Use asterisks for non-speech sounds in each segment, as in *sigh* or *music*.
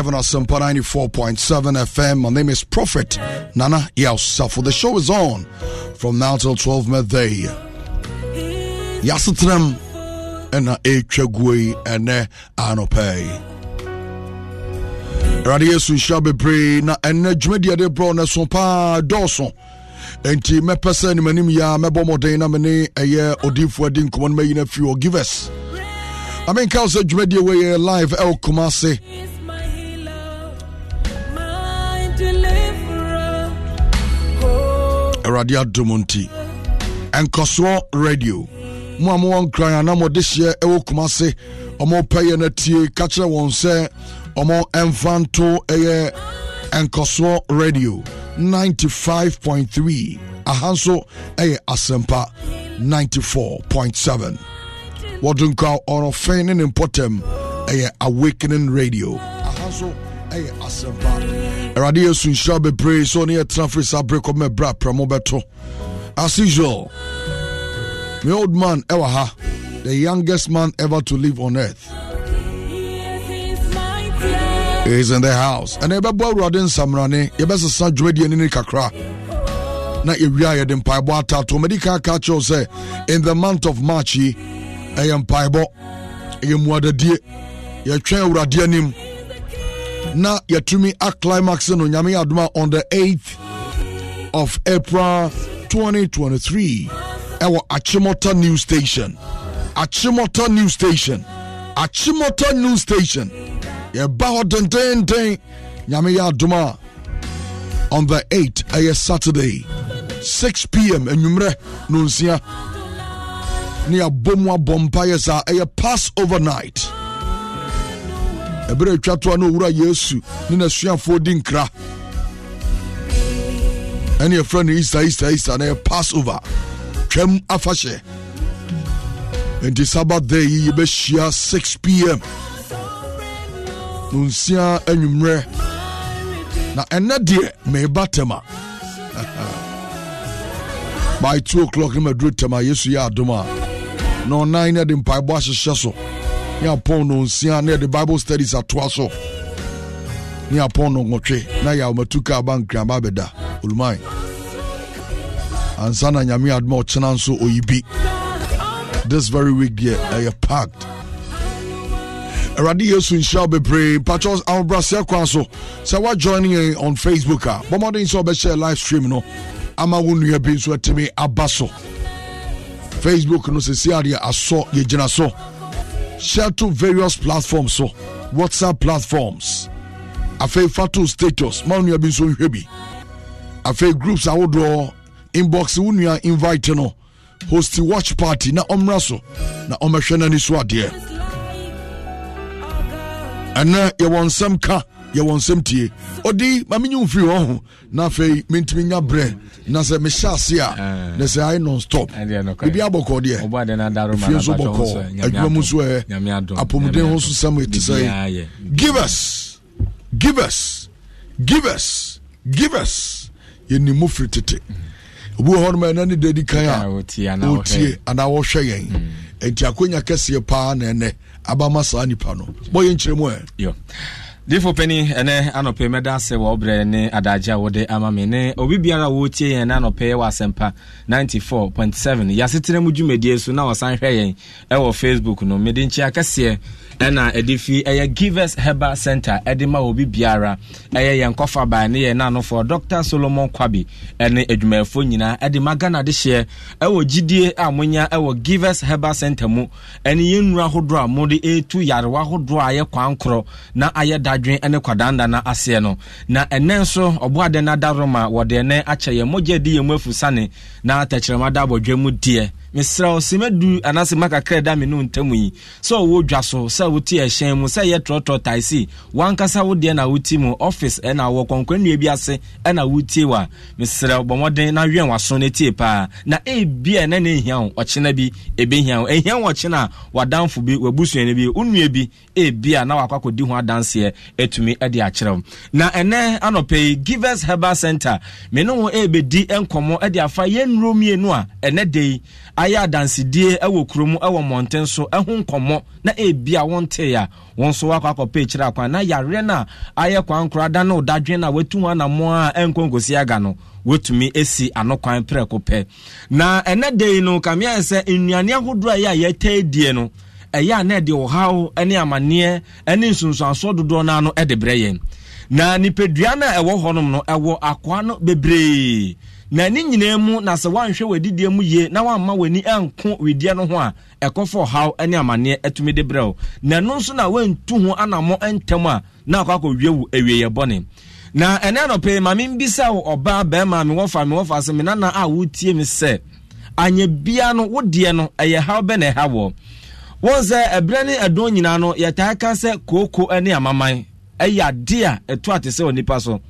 Heaven Asempa 94.7 FM. My name is Prophet Nana Yausafo. The show is on from now till 12 midday. Yasitram and Echegui and Anope. Radio Sunshine Bebre na ene dwumadie de bro na so paa dɔɔso enti mɛpɛ sɛ nimanim yia mɛbɔ mmɔden na mene eh, ɛyɛ odiifoɔ adi nkɔmmɔ no mayi no afiri ɔ givers amenka wo sɛ dwumadie wei yɛ live el koma Radio Dumonti and ɛnkɔsoɔ radio mo a mowɔ nkran ana mɔde hyeɛ ɛwɔ kuma se ɔmo pɛyɛ no atie and kyerɛ radio 95.3 Ahanso nso ɛyɛ 94.7 wɔde nkaw ɔrɔfen ne ne mpɔtam ɛyɛ awakening radio Ahanso ɛyɛ asɛmpa awurade yɛ sunhyira bebree sɛ ɔne yɛtena firi saa bere kɔ mɛbrɛ prɛmo bɛto as usual me old man ɛwɔ ha the youngest man ever to live on earth is in the house ɛna yɛbɛbɔ awurade nsamrane yɛbɛsesa dwumadie ne ne kakra na yɛwie a yɛde mpaebɔ atato madi ka ka kyerɛw sɛ in the month of march yi ɛyɛ mpaebɔ ɛyɛ muadadie yɛtwɛn awurade anim na yɛtumi aclimax no nyame adoma on the 8th of april 2023 ɛwɔ achimota new station achimota new station achimota new station yɛba hɔ dendenden nyame yɛ adoma on the 8th ɛyɛ saturday 6 pm anwummerɛ nonsia ne yɛabɔ mu abɔ mpayɛ saa ɛyɛ pass overnight ɛberɛ atwa toa no owura yesu ne n'asuafoɔ di nkra ɛne yɛfrɛ no easter easter easter na yɛ passover twam afahyɛ enti sabat da yi yɛbɛhyia 6 pm nonsia anwummerɛ na ɛnɛ deɛ meba tɛma *laughs* by 2 o'clock ne maduro tɛma yesu yɛ adom a na ɔnan ne de mpaebɔ ahyehyɛ so ne apɔn no nsia the bible studies atoa so ne apɔn no nwɔtwe na yɛ awomatu ka aba nkranba bɛda oluman ansa na nyame adoma ɔkyena nso oyibi this very week I ɛyɛ packed awurade be nhyira bebree our ahobrɛseɛ kwan so what joining on facebook a bɔmmɔden sɛ wɔbɛhyɛ live stream no ama wo nnua bi nso atumi aba so facebook no sesie adeɛ asɔ yɛgyina so share to various platforms so whatsapp platforms afei fato status ma nua bi nso nhwɛ bi afei groups ahodoɔ inbox wo nua invite no host watch party na ɔmmra so na ɔmmɛhwɛ n'ani so adeɛ ɛnɛ yɛwɔ nsɛm ka yɛwɔ nsɛm tie ɔde ma menye wo mfiri ho na afei nya berɛ na sɛ mehyɛ ase a eh. na sɛ ayɛ nonstop biribi abɔkɔ deɛ fie nso bɔkɔ adwuma mu nso ɛ apɔmuden ho so sɛm ɛte sɛ give us give us give us give us yɛnim mu firi tete obi wɔ hɔ nom ɛna ne da di kan a ɔtie anaa wɔhwɛ yɛn ɛnti hmm. akonya kɛseɛ paa na ɛnɛ aba saa nnipa no bɔyɛ nkyerɛ mu ɛ difo pani ɛnɛ anɔpɛ mɛda ase wɔ berɛ ne adagye a wode ama me ne obi biara a wɔtie yɛn ne anɔpɛ wɔ asɛmpa 94.7 yɛasetena mu dwumadie so na wɔsan hwɛ yɛn ɛwɔ facebook no mede nkyia kɛseɛ ɛna ɛde fi ɛyɛ givers heba center ɛde ma obi biara ɛyɛ yɛn kɔfa baa ne yɛn nanofo dr solomon kwabi ɛne adwumayɛfoɔ nyinaa ɛde ma ghana dehyeɛ ɛwɔ gyidie a monya ɛwɔ givers heba center mu ɛne yɛn nnura ahodoɔ a mode ɛtu yarewa ahodoɔ a ayɛ kwankorɔ na ayɛ da dadwen ne kwadandana aseɛ no na ɛnɛ nso ɔboaden no adaroma wɔde ɛnɛ akyɛ yɛn mogya di yɛn mu afusane na tɛkyerɛma da abɔdwa mu deɛ mesrɛ wo sɛ madu anaasɛ makakra da me no ntam yi sɛ so sɛ wote ɛhyɛn mu sɛ yɛ wo na woti mu office ɛna wɔ kɔnkɔ nnua bi ase ɛna wotie a mesrɛ bɔmmɔden na wɛn waso no tie paa na ɛbia ɛna ne ɛhia wo ɔkyena bi ɛbɛhia wo ɛhia wo a wadamfo bi bi wo nnua bi ɛbia na wakɔ akɔdi ho adanseɛ ɛtumi ɛde akyerɛ wo na ɛnɛ anɔpɛ yi givers herbal center me nnuro mmienu a ɛnɛ de yi ayɛ adansidie wɔ kurom ɛwɔ mmɔnten so ɛho nkɔmɔ na ebi a wɔnte a wɔn nso wakɔ akɔpɛ akyire akwan na yareɛ no ayɛ kwan korada na ɔdadwen no a watu ho anammɔ a ɛnkɔ nkosi aga no wotumi esi ano kwan prɛko pɛ na ɛnɛ de yi no kamea sɛ nnuane ahodoɔ a ɛyɛ a yɛtɛ die no ɛyɛ a na ɛde ɔhaw ɛne amaneɛ ne nsonsansoɔ dodoɔ no ɛde brɛ yɛn na nipadua na ɛwɔ hɔnom no ɛwɔ akoa no bebree na ne nyinaa mu na sɛ woanhwɛ w'adidiɛ mu yie na woamma w'ani anko wedeɛ no ho a ɛkɔfa ɔhaw ne amanneɛ atumi de brɛ wo na ɛno nso na woantu ho anammɔ ntɛm a na akɔ akɔwie wo awieyɛ bɔne na ɛne nɔpɛ mame mbisa wo ɔbaa bɛrima mewɔfa mewɔfa sɛ me nana a wotie me sɛ anyɛ bia no wodeɛ no ɛyɛ haw bɛ na ɛha wɔ wɔn sɛ ɛberɛ ne ɛdɔn nyinaa no yɛtaa ka sɛ kooko ne amaman ɛyɛ ade a ɛto ate sɛ onipa so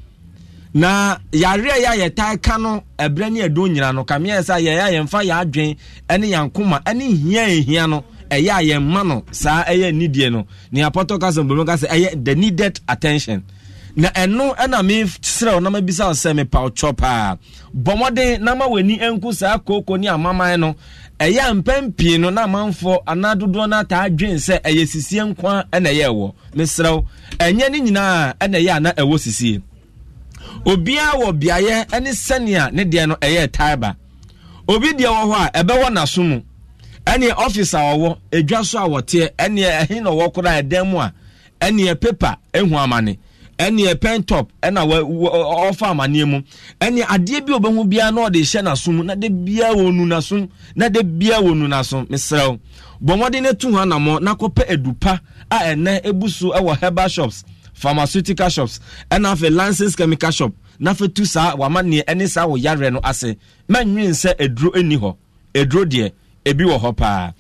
na yàrá yà yẹ ta ka no ẹbrẹ ni ẹdun nyina no kàmi yẹ yɛyɛ yẹ yà yẹ nfa yà adwen ẹni hia ehia no ɛyɛ a yɛmma no saa ɛyɛ nidie no ni apɔtɔ kasa mbɛmɛ kasa ɛyɛ the needed attention na ɛno ɛna mi srɛ ɔnam ebisa ɔsɛ mi pa ɔtɔ paa bɔmɔden nama w'ani nku saa kooko ne amaman no ɛyɛ mpɛn pii no na amanfoɔ anaa dodoɔ no ataa dwen sɛ ɛyɛ sisie nkwa ɛna ɛyɛ ɛwɔ mesrɛw ɛnyɛ ne nyinaa ɛna ɛyɛ ana ɛwɔ sisie obia wɔ beaeɛ ɛne sɛnea ne deɛ no ɛyɛ taiba obi deɛ wɔ hɔ a ɛbɛwɔ n'aso mu ɛne ɔfis a wɔwɔ edwa so a wɔteɛ ɛne ɛhe na ɔwɔ koraa ɛdan mu a ɛne pepa ehu amane ɛneɛ pɛntɔp ɛna ɔfa amaneɛ mu ɛne adeɛ bi a ɔbɛhu biara na ɔde hyɛ n'aso mu na de biara wɔ nu n'aso na de biara wɔ nu n'aso mesrɛw bɔnmɔden ne tu hɔ anamɔ na edupa a ɛnɛ ebu ɛwɔ herbal shops. pharmaceutical shops ɛna afei lances chemical shop na afei tu saa wama neɛ ɛne saa wɔ yareɛ no ase mɛnwin sɛ eduro ɛni hɔ eduro deɛ ebi wɔ hɔ paa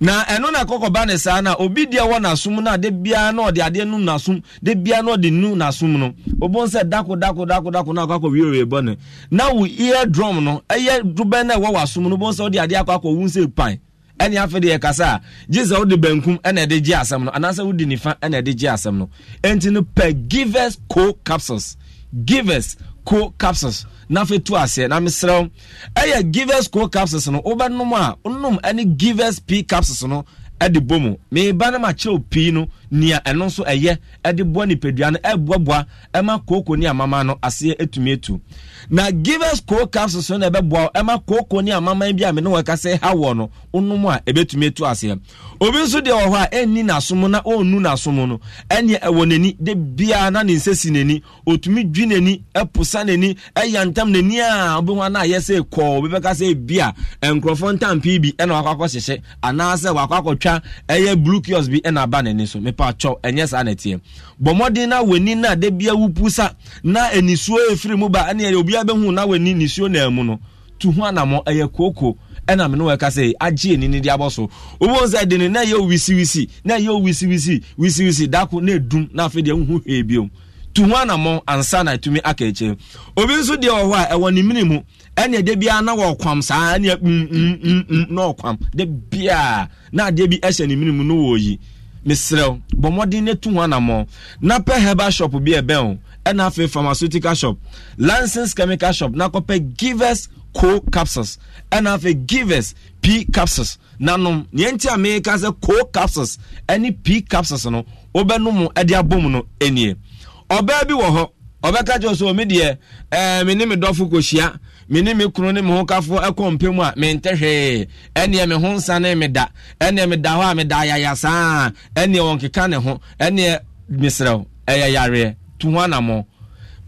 na ɛno na kɔkɔba ne saa na obi deɛ wɔ n'asom na ade biara na ɔde adeɛ num n'asom de biara na ɔde num n'asom no obon sɛ dako dako dako dako na akɔ akɔ wiewie bɔ ne na wo ear drum no ɛyɛ dubɛn na ɛwɔ wɔ asom no obon sɛ ɔde adeɛ akɔ akɔ wun pan ɛne afei deɛ yɛkasa a gye sɛ wode bankum ɛna ɛde gye asɛm no anaasɛ wode nifa ɛna ɛde gye asɛm no ɛnti no pɛ givers co capsules givers co capsules na afei to aseɛ na meserɛ wo ɛyɛ givers co capsules no wobɛnom a wonom ɛne givers p capsules no ɛde bɔ mu meba no makyerɛw pii no nea ɛno nso ɛyɛ ɛde boa nipadua no ɛboaboa ɛma kooko ne amama no aseɛ na givers koo capsules no na ɛbɛboa ɛma kooko ne amama bi a mene wɔn kasa ha wɔ no onom a ɛbɛtumi etu aseɛ obi nso deɛ wɔ hɔ a ɛnni n'asom na ɔnnu n'asom no ɛnea ɛwɔ n'ani de na ne si n'ani otumi dwi n'ani ɛposa n'ani ɛyantam n'ani a obi ana ayɛ sɛ kɔɔ obi sɛ ebia atwɔ ɛnyɛ saa nɛteɛ bɔ mmɔden na w'ani na ade bia wupu sa na nisuo efiri mu ba ɛne obi abɛhu na w'ani nisuo na ɛmu no tu ho anamɔ ɛyɛ kooko ɛna mene wɔka sɛ agye ani ne de abɔ so wobɛhu sɛ de no na ɛyɛ owisiwisi na ɛyɛ owisiwisi wisiwisi dako na ɛdum na afei deɛ wohu hwee biom tu ho anammɔ ansa na atumi aka akyire obi nso deɛ wɔ hɔ a ɛwɔ ne mene mu ɛne ɛde biara na wɔkwam saa ɛne na ɔkwam de biara na adeɛ bi ɛhyɛ ne mene mu no wɔyi mesrɛw bɔ mmɔden no atu ho anammɔ na pɛ heba shop bi ɛbɛn o ɛna afei pharmaceutical shop lansens chemical shop na kɔpɛ givers co capsules ɛna afei givers p capsules nanom nea nti a meka sɛ co capsules ɛne p capsules no wobɛnom ɛde abom no ɛnie ɔbaa bi wɔ hɔ ɔbɛka kyerɛ sɛ ɔme deɛ ɛɛ me ne me dɔfo kɔhyia me ne me kunu ne me kafo ɛkɔ mpɛ a mentɛ hwee ɛneɛ me ho nsa ne meda ɛneɛ meda hɔ a meda ayaya saa ɛneɛ wɔn keka ne ho ɛneɛ meserɛw ɛyɛ yareɛ to ho anammɔ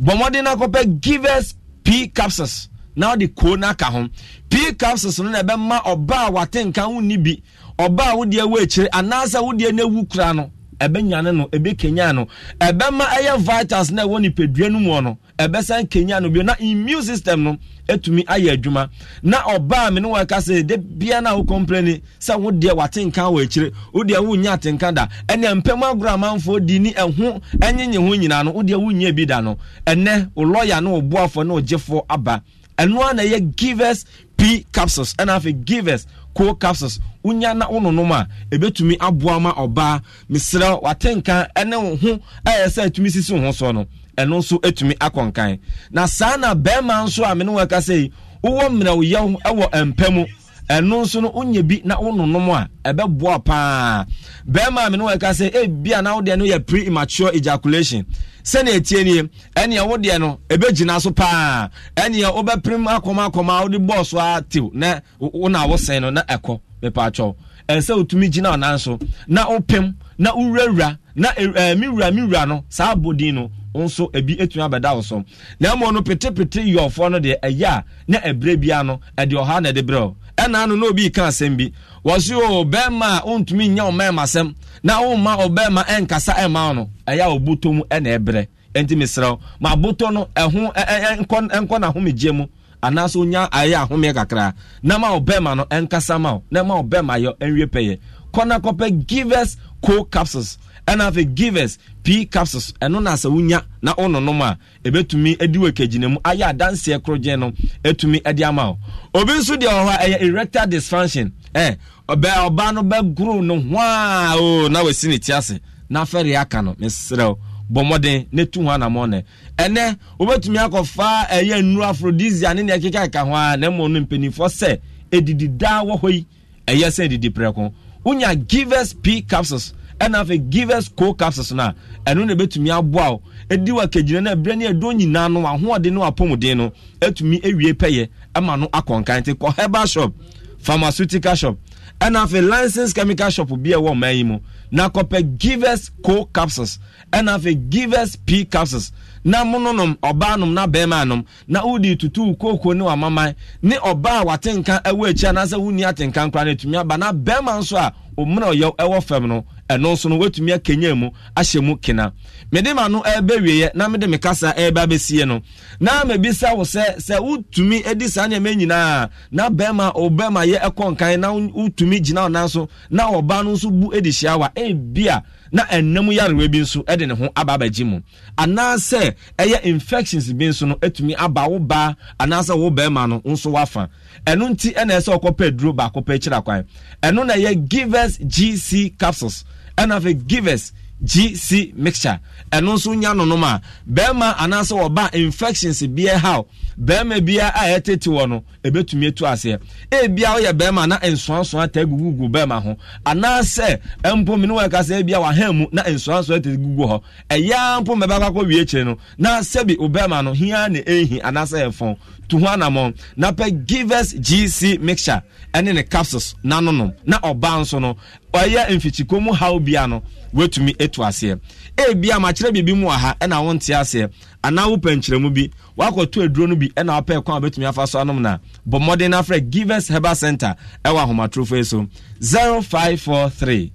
bɔmmɔden no akɔpɛ givers p capsules na ɔde koo no aka ho p capsules no na ɛbɛma ɔbaa wate nka ho ni bi ɔbaa wodeɛ wɔ akyire anaasɛ wodeɛ no awu kora no ɛbɛnyane no ɛbɛkenya no ɛbɛma ɛyɛ vitals na ɛwɔ nipadua no mu no ɛbɛsan kenya no bio na immune system no ɛtumi ayɛ adwuma na ɔbaa me ne wɔka sɛ de bia no a wokɔmprɛni sɛ wodeɛ watenka wɔ akyire wodeɛ wonya atenka da ɛne mpɛm agorɔ amanfoɔ di ni ɛho ɛnyenye ho nyinaa no wodeɛ wonyɛ bi da no ɛnɛ wo lɔya ne wo ne wo aba ɛno a na ɛyɛ givers p capsules ɛna afei givers co capsules wonya na wononom a ɛbɛtumi aboa ma ɔbaa mesrɛ watenka ɛne wo ho ɛyɛ sɛ atumi sisi wo ho soɔ no ɛno nso atumi akɔnkan na saa na bɛrima nso a mene wɔka sɛ yi wowɔ mmerɛwoyɛw ɛwɔ mpɛ mu ɛno nso no wonya bi na wononom a ɛbɛboa paa bɛrima a mene wɔka sɛ ebia na wodeɛ no yɛ pre immature ejaculation sɛnea ɛtie nie ɛnea wo no ɛbɛgyina so paa ɛnea wobɛpem akɔm akɔm a wode bɔɔ so a tew na wona wosɛn no na ɛkɔ mepaakyɛw ɛnsɛ wotumi gyina ɔnan so na wopem na wowurawura na me wura me wura no saa abɔdin no nso ebi etumi abɛda wo so na mmom no petepete yɔɔfoɔ no deɛ ɛyɛ a na ɛbrɛ bia no ɛde ɔha na ɛde brɛ ɛna ano na obi ka asɛm bi wɔsi o bɛrima a ontumi nya ɔmɛɛma asɛm na ɔmma ɔbɛrima ɛnkasa ɛma no ɛyɛ a ɔbotɔ mu ɛna ɛbrɛ ɛnti mesrɛ ma abotɔ no ɛho ɛnkɔ na ahomegye mu anaasɛ onya ayɛ ahomeɛ kakra na ma ɔbɛrima no ɛnkasa ma o na ma ɔbɛrima yɛ ɛnwie pɛyɛ kɔnakɔpɛ givers co capsules ɛna afei givers p capsules ɛno na sɛ wonya na wononom a ɛbɛtumi ediwe wɔ kagyina mu ayɛ adanseɛ korogyen no ɛtumi de ama wo obi nso deɛ wɔ hɔ a ɛyɛ erectile dysfunction ɛɛ ɔbɛ ɔbaa no guru no hwaa oo na wasi ne ti ase na afɛre aka no mesrɛ bɔ mmɔden ne tu ho anamɔ nɛ ɛnɛ wobɛtumi fa ɛyɛ e nnuro afrodisia ne neɛ kekaka ho a na mmɔ no mpanimfoɔ sɛ edidi daa e wɔ hɔ yi ɛyɛ sɛ ɛdidi prɛko wonya givers p capsules ɛna afei givers co capsules no a ɛno na ɛbɛtumi aboa wo ɛdi wɔ akagyina no ɛberɛ ne ɛdɔ nyinaa no ahoɔden no apɔmuden no ɛtumi awie pɛyɛ ɛma no akɔnkan nti kɔ herbal shop pharmaceutical shop ɛna afei license chemical shop bi ɛwɔ ɔman yi mu na kɔpɛ givers co capsules ɛna afei givers p capsules na mononom ɔbaa nom na bɛrima nom na wodi tutu kooko ne wamaman ne ɔbaa watenka ɛwɔ akyi anaasɛ wonni atenka nkora no atumi aba na bɛrima nso a ɔmmerɛ ɔyɛw ɛwɔ fam no ɛno nso no watumi akanya mu ahyɛ mu kena mede ma no ɛbɛ wieɛ na mede me kasa ɛba bɛsie no na mabisa wo sɛ sɛ wotumi di saa nneɛma nyinaa na bɛrima ɔbɛrima yɛ ɛkɔ nkan na wotumi gyina ɔnan so na ɔbaa no nso bu di hyiawa ebia na ɛnam yarewa bi nso ɛde ne ho aba abɛgye mu anaasɛ ɛyɛ infections bi nso no atumi aba wo baa anaasɛ wo bɛrima no nso wafa ɛno nti ɛna ɛsɛ ɔkɔpɛ duro baako pɛ akyire akwan ɛno na ɛyɛ givers gc capsules ɛna afei givers gc mixture ɛno nso nya nonom a bɛrima anaasɛ wɔba infections biɛ haw bɛrima bia a ɛtete wɔ no ɛbɛtumi atu aseɛ ebia woyɛ bɛrima na nsoansoa taa gugugu bɛrima ho anaasɛ mpo mi ne wɔyɛ kasa ebia wahan mu na nsoansoa taa gugu hɔ ɛyɛ mpo mɛbɛ akɔkɔ wie akyire no na sɛbi obɛrima no hia na ehi anaasɛ ɛfɔn e to ho anammɔ na pɛ givers gc mixture ɛne ne capsules nanonom na ɔbaa nso no ɔyɛ mfikyiko mu haw bia no wɔatumi atu aseɛ ebia makyerɛ biribi mu wɔ ha ɛna wonte aseɛ anaa wopɛ nkyerɛmu bi wakɔto aduro no bi ɛna wapɛ kwan a wobɛtumi afa so anom na bɔ mmɔden no afrɛ givers herbal center ɛwɔ ahomatorofo yi so five four three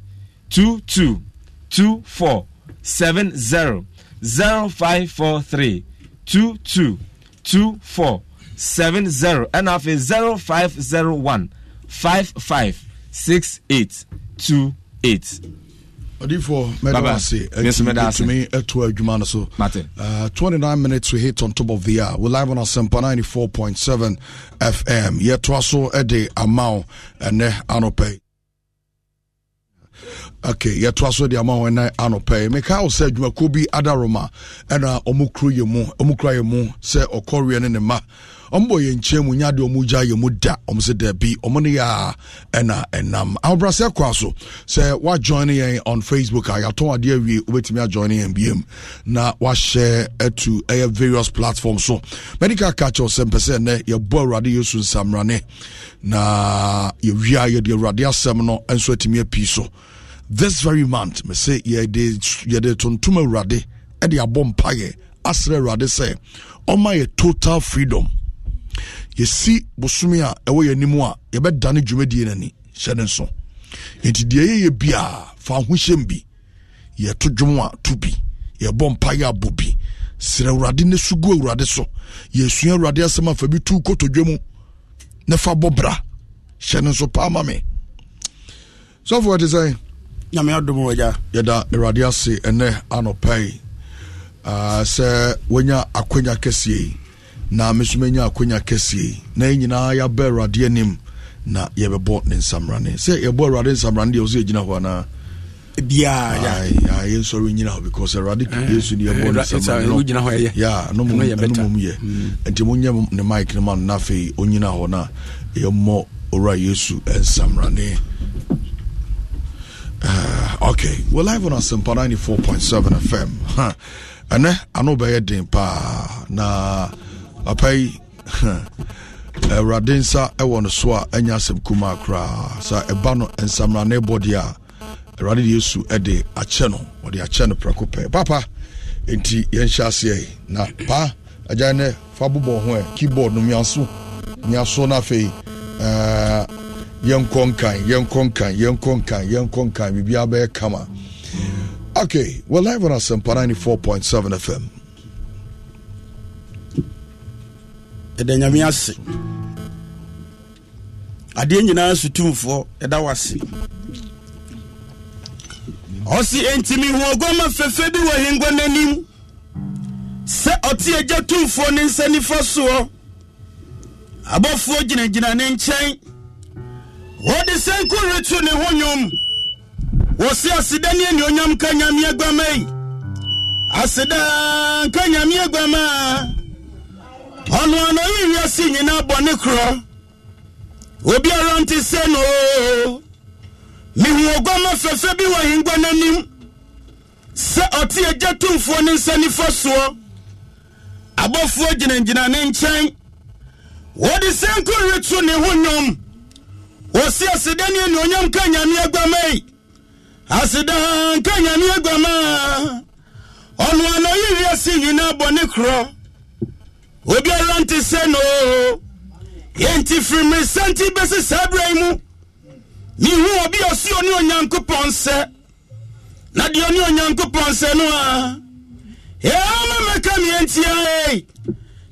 two two two four seven zero ɛna is zero five zero one five five six eight two eight. ɔdifoɔ mɛda ase ɛtumi ɛto adwuma no so uh, 29 minutes we hit on top of the hour we're live on our asempa 94.7 fm yɛtoa so ɛde amau wo ɛnɛ anɔpɛ okay yɛtoa so de ama wɔn nan anɔpɛ meka wo sɛ adwumakuo bi adaroma ɛna ɔmo kura yɛ mu sɛ ɔkɔreɛ ne ne ma ɔmbɔ yɛ nkyɛn mu nyaade ɔmo gya yɛ mu da ɔmo sɛ daabi ɔmo ne yɛ a ɛna ɛnam ahobrɛsɛ kɔa so sɛ wajoin yɛn on facebook a yɛatɔn adeɛ awie wobɛtumi ajoin yɛn biam na wahyɛ atu ɛyɛ various platform so medical ka kyɛw sɛ mpɛ sɛ nnɛ yɛbɔ awurade yesu nsamrane na yɛwie a yɛde awurade asɛm no nso atumi api so this very month me say ye de ye de tuntum awurade ɛde e abɔ mpaeɛ asrɛ awurade sɛ ɔma yɛ total freedom yɛsi bosome a ɛwɔ yɛn anim a yɛbɛdane dwumadie no ani hyɛ ne nso nti deɛ yɛyɛ biaa fa ahohyɛm bi yɛto dwom a to bi yɛbɔ mpaeɛ abɔ bi srɛ awurade ne so gu awurade so yɛsua awurade asɛm afa bi tu kotodwa mu ne fa bɔ bra hyɛ ne nso paa me sɔfoɔ te sɛn nyame adom wagya yɛda awurade ase ɛnɛ anɔpɛi uh, ah, sɛ wanya akwanya kɛsie na me so manya akwanya kɛsie na yɛ nyinaa yɛabɛ awurade anim na yɛbɛbɔ ne nsamrane sɛ yɛbɔ awurade nsamrane deɛ wo sɛ yɛgyina hɔ anaa biayɛnsɔre nyina hɔ because awurade eh, yesu ne yɛbɔnomom yɛ mm. nti monyɛ ne mike no ma no na afei ɔnyina hɔ no yɛmmɔ owura yesu nsamrane *sighs* okay, we're live on a Asimpa 94.7 FM. Huh. And then I know by din pa na apai Radin *laughs* sa e won swa enya sem kuma kra sa e ba no ensamra ne body a Radin Yesu e channel ache no o de papa enti yen hyase na pa agya ne fa keyboard no miaso miaso na fei yɛnkɔ nkan yɛnkɔ nkan yɛnkɔ nkan yɛnkɔ nkan biribiara bɛyɛ kama okay we're live on asempa 94.7 fm ɛda nyame ase adeɛ nyinaa sotumfoɔ ɛda wase ɔse ɛntimi hu ɔgɔma fɛfɛ bi wɔ hengua n'anim sɛ ɔte agya tumfoɔ ne nsa nifa soɔ abɔfoɔ gyinagyina ne nkyɛn wɔde sɛnko retu ne ho nwom wɔse aseda ne anuonyam ka nyameɛ guama yi aseda nka nyameɛ guama a ɔno ano yi wiase nyinaa bɔ ne korɔ obiara nte sɛ no oo mehu oguama fɛfɛ bi wɔ ahengua n'anim sɛ ɔte agya tomfoɔ ne nsa nifa soɔ abɔfoɔ gyinagyina ne nkyɛn wɔde sɛnko retu ne ho nwom wɔsi aseda ne anuonyam ka nyame aguama yi aseda ka nyame aguama ɔno ana ɔyɛ wiase nyinaa bɔ ne korɔ obiara nte sɛ no yɛnti firi mmeresa nti bɛsi saa berɛ yi mu mehu obi ɔsuo ne onyankopɔn sɛ na deɛ ɔne onyankopɔn sɛ no a ɛama mɛka meɛntia eh,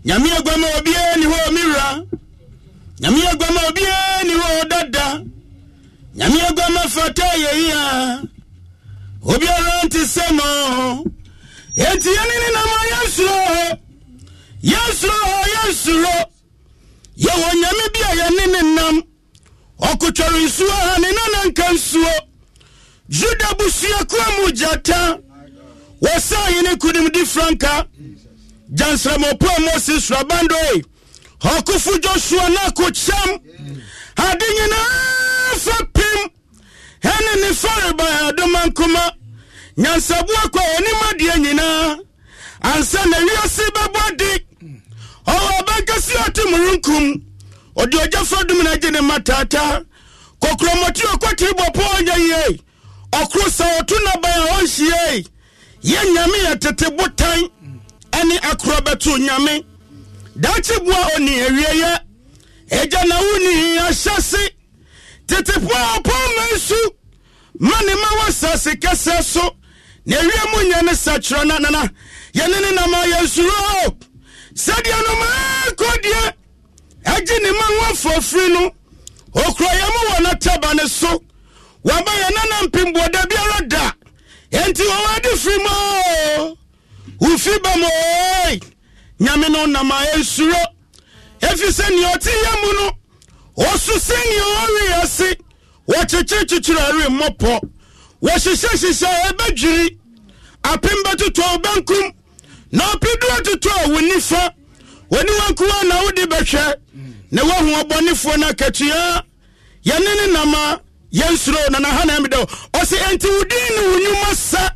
nyame aguama obiara ne hɔ me wura nyame aguama obiaa ni hɔ dada nyame aguama fata yɛyi a obiara nte sɛ no enti yɛne ne nama yɛnsuro yɛnsuro yɛnsuro yɛwɔ nyame bi a yɛne ne nam ɔkotwɔre nsuo a ne nananka nsuo juda busuakoa mu gyata wɔsaa yene kudimdi franka gyansramɔpoa mose surabandoi ɔkofo joshua na akokyɛm ade nyinaa fa pem ɛne ne farebae adoma nkoma nyansaboa kɔ anim adeɛ nyinaa ansa na wiase bɛbɔ de ɔwɔ abɛnkasi ɔte murenkum ɔde ɔgyafa dum no agye ne mataata kɔkurɔmɔte ɔkɔtiri bɔpɔ ɔnyɛ yie ɔkoro sa ɔto naban a ɔnhyiei yɛ nyame yɛ tete botan ɛne akorɔ bɛto nyame daakye bua oni awieyɛ agya na wo ni ahyɛ se tete pɔɔpɔ ma nsu ma ne ma wɔsase kɛsɛ so na awie mu nyɛ ne sɛkyerɛ na nana yɛne ne nama yɛnsuro sɛdeɛ no maa kɔdeɛ agye ne ma wɔmfɔfiri no ɔkurɔyɛ mu wɔ no taba ne so wɔba yɛ nana mpemboɔ da biara da enti wɔwɔ ade firi mu o wofi ba mo oi nyame no nam a ɛnsuro ɛfiri sɛ nea ɔte yɛ mu no ɔso sɛ nea ɔwe ase wɔkyekyerɛkyekyerɛ ɛremmɔpɔ wɔhyehyɛhyehyɛ ɛbɛdwiri apem bɛtotɔ bɛnkum na ɔpedua totɔ wo nifa wɔne wankuwa na wode bɛhwɛ na woahu ɔbɔnefoɔ no akatua yɛne ne nam a yɛnsuro na nahana medɛ ɔsɛ ɛnti wo din ne wo nnwuma sa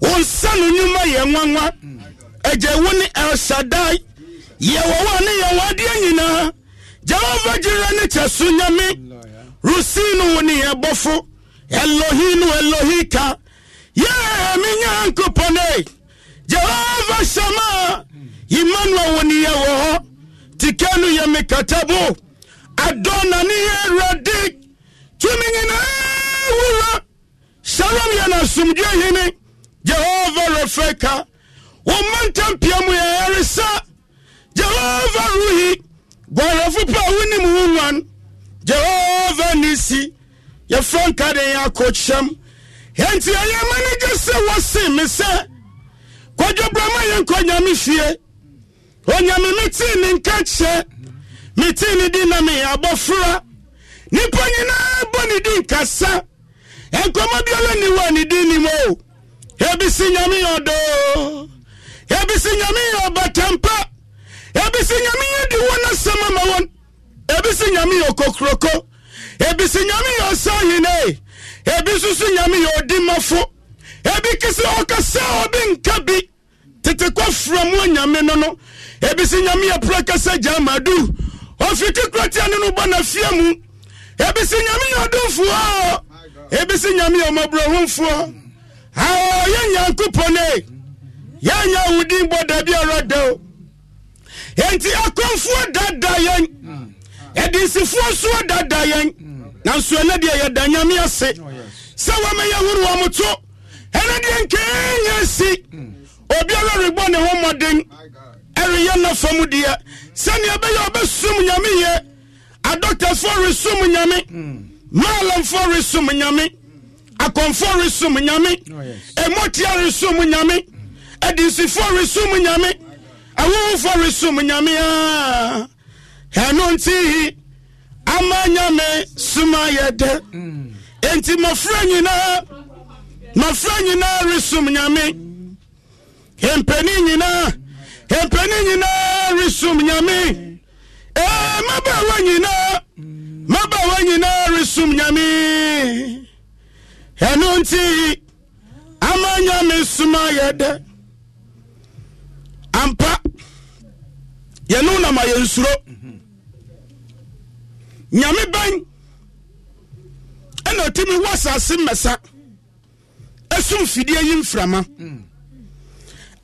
wo nsa no nnwuma yɛ nwanwa agya wo ne elsadai yɛwɔ wɔ ne yɛwɔ nyinaa jehova gyerɛ ne kyɛ so nyame rusi no wo ne yɛbɔfo elohi no elohi ka yɛɛ menya jehova sama emmanuel wo ne yɛwɔ hɔ tikɛ no yɛ mekatabo na ne yɛ awurade tumi nyinaa wura shalom yɛ no asomdwe hene jehova refeka wɔma ntampia mu yɛyaresa jehova ruhi guarɛfo pɛ a wonim wo wan jehova nisi yɛfrɛ nka de yɛ akɔkyɛm enti ɛyɛ ma no gye sɛ wɔse me sɛ kwadwobrama yɛnkɔ nyame fie onyame metee ne nka kyɛ metee ne di na meyɛ abɔfra nipa nyinaa bɔ ne din nkasa, nkɔmmɔ biara ni wɔ ne din nim o ebisi nyame yɛ ɔdoo yɛbisi nyame yɛ ɔbatampa yɛbisi nyame yɛ di wɔn asɛm ama wɔn yɛbisi nyame yɛ okokoroko yɛbisi nyame yɛ ɔsahene ebi soso nyame yɛ ɔdi ebi kese ɔkasa ɔbi nka bi tete kɔ furamu nyame no no ebi si nyame yɛ pura kasa gyamadu ɔfiti kuratia ne no bɔ na fia mu ebi si nyame yɛ ɔdomfoɔ ebi si nyame yɛ ɔmɔborɔhomfoɔ awɔ yɛ nyankopɔn yɛnyɛ awudin bɔ dabi awurade o enti akɔmfoɔ dada yɛn ɛdinsifoɔ hmm. nso dada yɛn hmm. nanso ɛnɛ deɛ yɛda nyame ase sɛ wɔmɛyɛ horo wɔ mo to ɛnɛ deɛ nkee nyɛ si hmm. obiara rebɔ ne ho mmɔden ɛreyɛ nafa mu deɛ sɛnea ɛbɛyɛ ɔbɛsom nyame yɛ adɔktafoɔ resom nyame maalamfoɔ resom nyame akɔmfoɔ resom nyame oh, ɛmɔtia resom nyame adinsifoɔ resum nyame awofoɔ resum nyame a ah. ɛno nti ama nyame soma yɛ dɛ enti mafra nyinaa mafra nyinaa resum nyame mpani nyinaa mpani nyinaa resum nyame ee mabawa nyinaa mabawa nyinaa resum nyame ɛno nti ama nyame yɛ dɛ ampa yɛno nama yɛ nsuro nyame bɛn ɛna ɔtumi wɔ asase mmɛsa ɛsum fidie yi mframa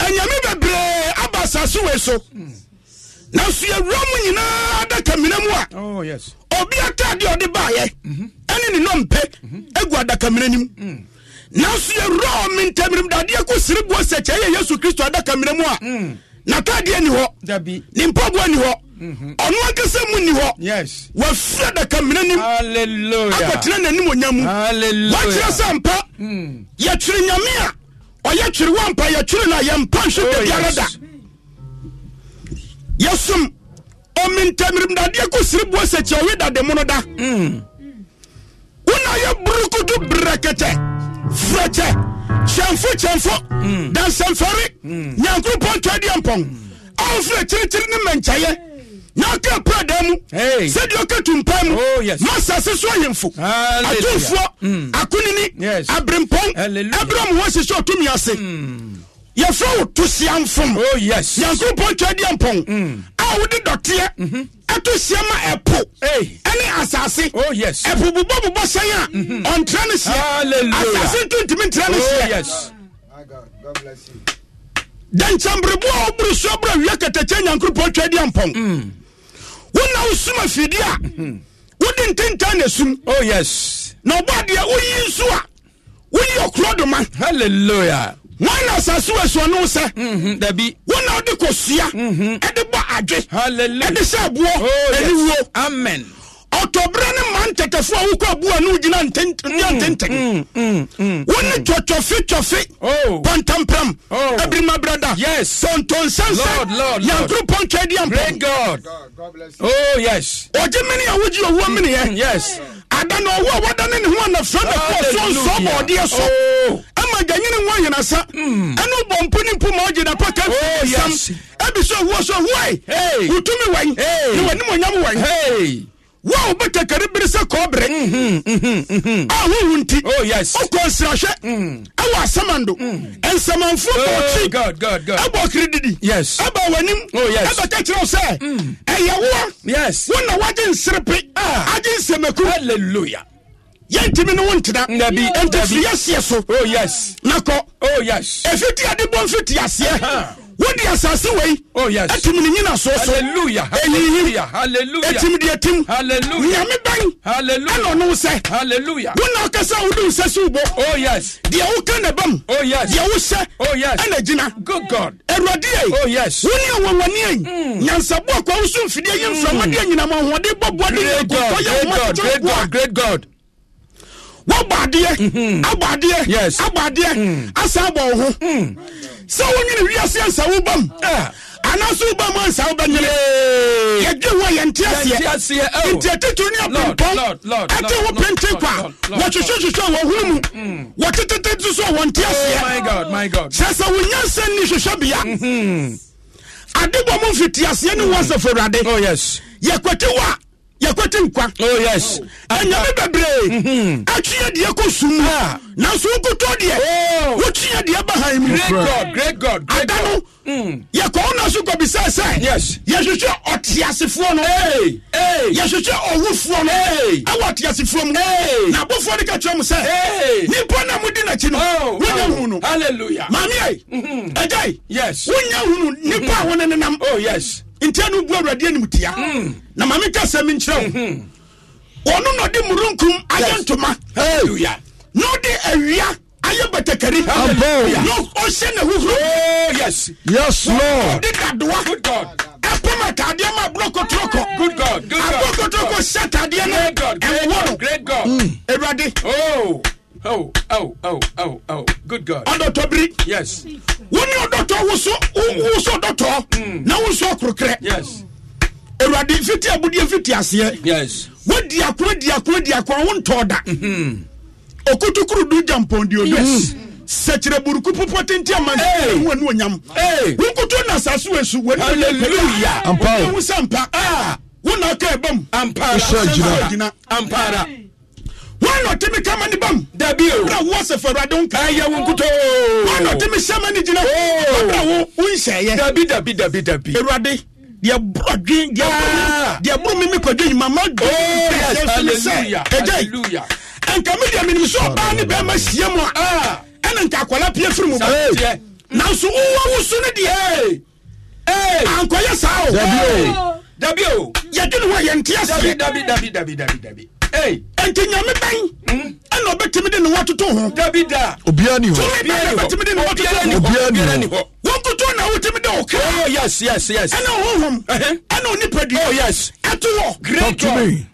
anyame bebree aba asase wei so nanso yɛwura mu nyinaa adaka mu a oh, obi ataadeɛ ɔde baayɛ ɛne ne nɔmpɛ agu adaka nim nanso yɛwura ɔmentamirim dadeɛ kɔ siriboɔ sɛ kyɛɛ yɛ yesu kristo adaka mu a n'ataadeɛ ni hɔ ne mpaboa ni hɔ mhm. ɔno ankasa mu ni hɔ wafira daka mmena nim akɔtena n'anim onya wakyerɛ sɛ mpa hmm. yɛtwere nyame a ɔyɛ twere wa mpa yɛtwere no yɛmpa nhwe oh, da biara da yɛsom ɔmentamirimdadeɛ kɔ siriboɔ sɛ kyɛ ɔwe dade mo no da hmm. wona yɛ burukutu berɛkɛtɛ frɛkyɛ kyɛmfo kyɛmfo hmm. dansɛmfɛre hmm. nyankoropɔn twadeɛ mpɔn amfrɛ kyirikyiri ne mankyɛeɛ na ɔka prada mu sɛdeɛ ɔka tumpa mu oh, masase so ahemfo atomfoɔ hmm. akonini aberempɔn ɛberɛ mo hɔ hyehyɛ ɔtumi ase yɛfrɛ wo toseamfom oh, nyankoropɔn twadeɛ mpɔn a wode dɔteɛ mhm. ɛto hyia ma ɛpo ɛne asase oh, ɛpo bobɔ bobɔ a mhm. ɔntra no hyia asase nto ntumi ntra no hyia dɛnkyɛmbereboa a woboro so abrɛ awia katakyɛ nyankoropɔn twa di ampɔn mm. wona wo sum afidi a mhm. wode ntenta na sum oh, na ɔbɔ adeɛ woyi nso a woyi ɔkorɔ doma wọn na asase wa esu ọnu sẹ. Mhm, dabi. wọn na ọdi kò sua. ẹdi mhm. bọ adwe. hallelujah ẹdi sẹ ẹbuọ ẹni wuo. amen ɔtɔbrɛ ne ma ntɛtɛfo a wokɔ bua ne wogyina ntenten mm, mm, mm, wo ne twɔtwɔfe twɔfe oh. pɔntampram oh. abirimabrada sɔntɔnsansa yankoropɔn twɛ di ampɔ ɔgye mene a wogye owuo meneɛ ada na ɔwo a wada ne ne ho anafra ne kɔɔ so nsɔ bɔɔdeɛ so oh. ama ganyene ho ahenasa ɛne wobɔ mpo ne mpo ma ɔgye napɔka sam ɛbi sɛ owuo so huai wotumi wai ne w'animonyam wai wo wobɛtakari bere sɛ kɔɔberɛ mhm, mhm, mhm. a wowu nti oh, wokɔ nsirahwɛ mm. ɛwɔ asamando ɛnsamanfoɔ mm. bɔɔkyi oh, ɛbɔ kiri didi ɛba w'anim oh, ɛbɛka kyerɛ wo sɛ mm. ɛyɛwoa wo na woagye nserepe ah. agye nsɛmaku halleluya yɛntimi no wo ntena ɛnti firi yɛseɛ so na kɔ ɛfiti ade bɔ mfiti aseɛ wodi asase wei oh yes ɛtum ne nyina so so hallelujah hallelujah hallelujah ɛtum deɛ tim hallelujah nyame bɛn hallelujah ɛna ɔno sɛ hallelujah wona ɔkasa wode nsɛ so wobɔ oh yes deɛ woka na bam oh yes deɛ wohyɛ oh yes ɛna gyina good god awurade ai oh yes wone awɔwɔne ai mm. nyansaboa kwa wo so mfidie yi mframa mm. deɛ nyinam ahoɔden bɔboa de yɛ kɔkɔ yɛ womatwɛkoa great god wọ́n bọ̀ adìyẹ abọ̀ adìyẹ abọ̀ adìyẹ asa abọ̀ ọ̀hún sɛ wonyene wiase ansa wobam anaso wobam ansa wobɛnyere yɛdwe hɔ yɛnteaseɛ nti atitiri ne apempɔn ɛte wo pente kwa wɔhwehwehwehwɛ wɔ hono mu mm. wɔtetete so so a wɔnteaseɛ oh, sɛ sɛ wonya nsɛm ne hwehwɛbea mm-hmm. ade bɔ mu mfitiaseɛ ne mm. wɔ asafo awurade oh, yɛkwati wɔ a yɛkɔte nkwa oh yes anyame eh, bebree mm-hmm. atweɛ deɛ kɔ sum mu ah. nanso wokotɔ deɛ oh. wotweɛ deɛ ba han mu ada no mm. yɛkɔɔ na so kɔbisaa sɛ yɛhwehwɛ ɔteasefoɔ no yɛhwehwɛ ɔwofoɔ no ɛwɔ ɔteasefoɔ mu na abofoɔ no ka kyerɛ mu sɛ nnipa na modi n'akyi no oh, mm-hmm. wonya hu no maame ai agyae wonya hunu nnipa a mm-hmm. wo ne nenam oh, ntia no bu awurade anim tia hmm. na ma meka sɛ menkyerɛ wo hmm. ɔno na ɔde murunkum ayɛ ntoma na ɔde awia ayɛ batakari na ɔhyɛ ne hohoro oh, ɔde dadoa ɛpem ataadeɛ ma aborokotoroko aborokotoroko hyɛ ataadeɛ no ɛwɔ no hmm. awurade oh. Oh, oh, oh, oh, oh. Good God. And Dr. Bri. Yes. When your doctor was so, was so doctor, now was so crooked. Yes. Awurade fiti abudi fiti aseɛ. Yes. Wodi akoro di akoro di akoro wo ntɔ da. Mm-hmm. Okutukuru du jampɔn di odo. Yes. Sɛkyerɛ buruku popɔ tente amanti wo ne onyam. Wokutu na asase wo esu wo ne onyam. Ampa. Wo nsa ah. ampa. Wo na aka ɛbam. gyina wọn nọ tí mi ká mani bam. dabi o abira wọ sẹfọ ẹwurade nka. ẹ wọn kuto. wọn nọ tí mi sẹ mani jìnnà. abira wọn n yẹ. dabi dabi dabi dabi. ẹwurade diẹ búrọ dín diẹ búrọ diẹ búrọ mi mi kọ dín yìí mama dùn. ooo yes hallelujah hallelujah. nka mi diẹ mi sọ ọba ni bẹẹ ma ṣiẹ mu a ẹnna nka akọla firi mu ba. nanso wọ́n wusu diẹ. ankọ yẹ sáà o. dabi o dabi o. yẹ di ni yẹ n tiẹ sẹ. nti nyame bɛn hmm? ɛna ɔbɛtumi de ne ho atoto ho obiara ni hɔbɛtumi de ne ho atoto ni hɔ wɔnkoto na wotumi de ɔkra oh, ɛna honhom ɛna onipadua oh, ɛto wɔ mote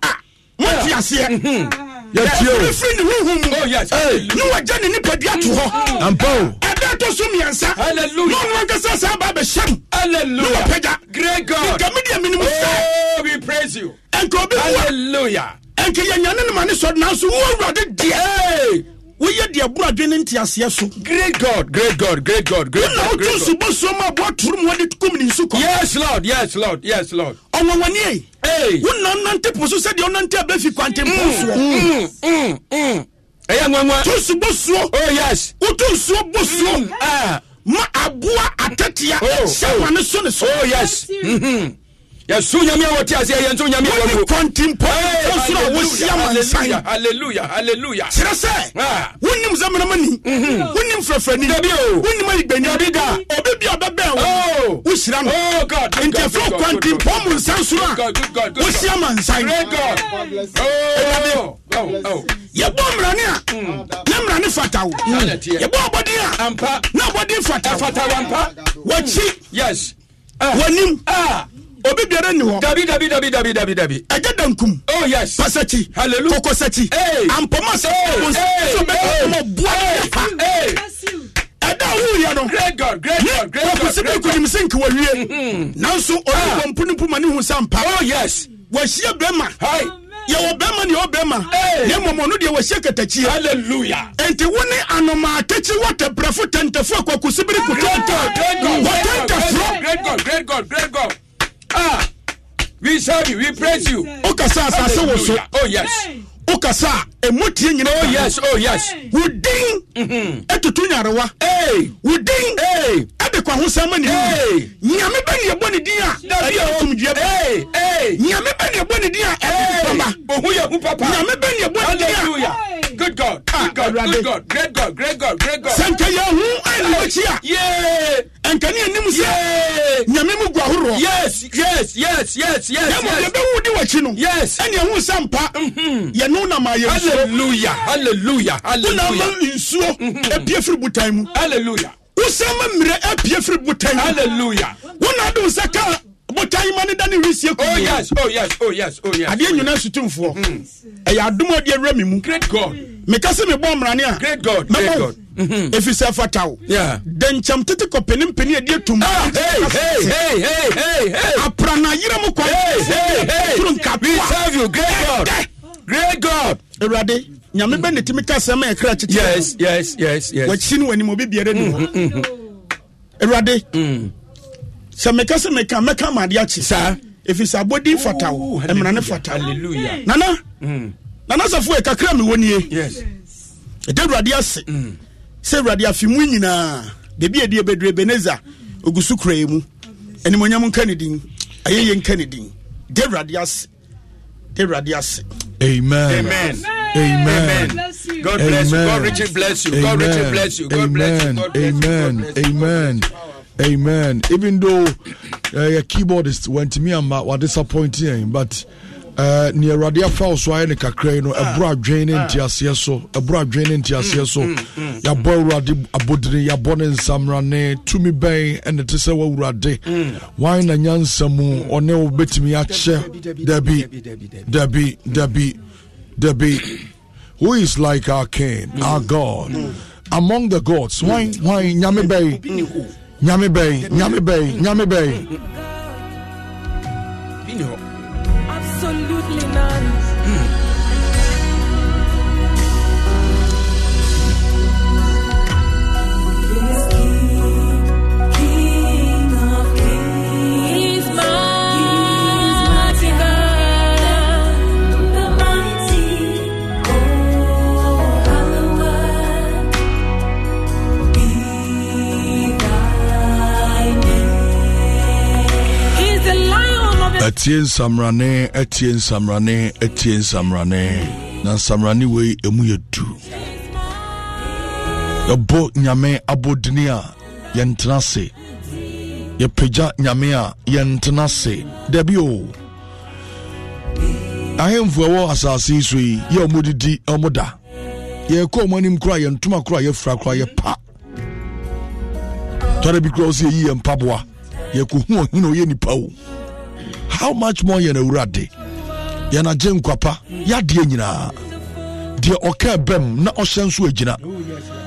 ah, aseɛ mm-hmm. yɛtiefiri ne honhom mu oh, ne wagya ne nipadua mm-hmm. to hɔ ɛda tɔ so mmiɛnsa na ɔno ankasa saa ba bɛhyɛm ne wapagya nka medeɛ menim sɛ ɛnka obi mua ɛnti yɛ nyane no ma ne sɔ nanso wo awurade deɛ woyɛ deɛ boro adwene ne nteaseɛ so great god great god great god great god ma aboa toro mu wɔde kum ne nsu kɔ yes lord yes lord yes lord ɔnwanwanie wona nante po so sɛdeɛ wonante abɛfi kwantempo mm, soɔ mm, mm, ɛyɛ nwanwa tu nsubɔ oh yes nsuo bo ah. ma aboa atatea hyɛ oh, oh. wane so ne so oh yes yɛso nyame a wɔte aseɛ yɛnso nyame wne kɔntimpo soro a wohyia ma nsan halleluya halleluya kyerɛ sɛ ah. wonim sɛ menama ni mhm. wonim frɛfrɛni wonim ayigbani da obi bia ɔbɛbɛn wo wohyira no oh, nti ɛfrɛ kɔntimpo mu nsan soro a wohyia ma mm. nsan yɛbɔ mmerane a na mmerane fata wo yɛbɔ abɔden a na abɔden fata wo wɔkyi ah. wɔnim ah. obi biara ni hɔ. dabi dabi dabi dabi dabi dabi. ɛjɛ dankum. oh yes. pasaki. hallelujah kokosaki. ee ampomasa. ee ee ee buwa ne fa. ɛda wuyɛ no ɔkosi bɛ kunim se nke wawie nanso ɔde wɔmponimpo ah. ma ne hu sa mpa oh, wahyia bɛma yɛwɔ bɛrima ne yɛwɔ bɛrima ne mmɔmɔ no deɛ wɔahyɛ katakyia hallelujah enti wo ne anomaa kakyi wɔtɛprɛfo tɛntɛfo akwakusibiri kutɔntɔ wɔtɛntɛforɔ ah we serve you we praise you. ó kasa asase wò so. oh yes. ó kasa a emu tie nyina. oh yes oh yes. wò dín. Mm-hmm. etutu nyarewa. wò dín. ɛde kɔ ahosɛn ma nìyí. nyame bɛ ni ɛbɔ ni din a. dabi o kumdiɛ bɔ. nyame bɛ ni ɛbɔ ni din a. ɛde ni papa. ohun yɛ papa. nyame bɛ ni ɛbɔ ni din a. hallelujah good god good god good god great god great god great god. sɛ nka yɛn ho ɛnumɔkyi a nkani anim sɛ nyame mu gu ahoroɔ. yes yes yes yes yes. yamma yɛbɛwu di wɔkyi no. yes ɛni ɛhu sɛ mpa. Mm-hmm. yɛnu nam ayɛ nsuo. hallelujah hallelujah hallelujah. wuna ama nsuo mm-hmm. epie firi butan mu. hallelujah. wusama mmerɛ epie firi butan oh, mu. hallelujah. wuna adi wusa kaa botan ma ne da ne wisie kɔ. oh yes oh yes oh yes oh yes. adeɛ nyinaa sutumfoɔ. ɛyɛ mm-hmm. adumu ɔdi ewura mi mu. great god. mekase mebɔ mmrane a mɛbɔ ɛfiri sɛ fata wo dɛnkyɛm tete kɔpene mpani adi atum ah, aprana yerɛ mu kwatoro great god nyame bɛ ne tumi ka sɛm ɛkra kyekyerɛ wakyi wanim obi biara mm, mm, mm. awurade sɛ meka sɛ meka mɛka maade akye saa abɔdin fata wo mmara fata wo nana nanasafo yɛ kakra mi wɔ nie ɛda awurade ase mm. sɛ awurade afi mu nyinaa baabi a ɛdi ɛbɛduru ebeneza ogu so kura yɛ mu animonyam nka ne din ayɛyɛ nka ne din awurade ase da awurade ase. amen. amen. Amen. God bless you. God richly bless you. God richly bless you. God bless you. God bless you. Amen. Amen. Amen. Even though uh, your keyboardist went to me, and uh, disappointing, but. Eh, ne awurade afa wo so ayɛ no kakra yi no ah. ɛborɔ adwen ah. ne nteaseɛ mm, so ɛborɔ adwen ne nteaseɛ so yɛabɔ mm. awurade abodene yɛabɔ ne nsamra ne tumi bɛn ɛne te sɛ woawurade mm. wan na nyansa mu ɔne wo bɛtumi akyɛ dabi dabi dabi dabi who is like our king our god among the gods wan wan nyame bɛn nyame bɛn nyame bɛn nyame bɛn absolutely none. ɛtie nsamrane ɛtie nsamrane ɛtie nsamrane na nsamrane wei ɛmu yɛ du yɛbɔ nyame abɔdini a yɛntena ase yɛpagya nyame a yɛntena ase dabi o ahemfo ɛwɔ asase yi so yi yɛ ɔmo didi ɔmo da yɛkɔ ɔmo anim koraa yɛntoma koraa yɛfura koraa yɛpa tɔre bi koraa ɔsɛ eyi yɛ mpaboa yɛkɔhu ɔhene ɔyɛ nipa o how much more yɛn awurade yɛn agye nkwapa yadeɛ nyinaa deɛ ɔka bɛm na ɔhyɛ nso agyina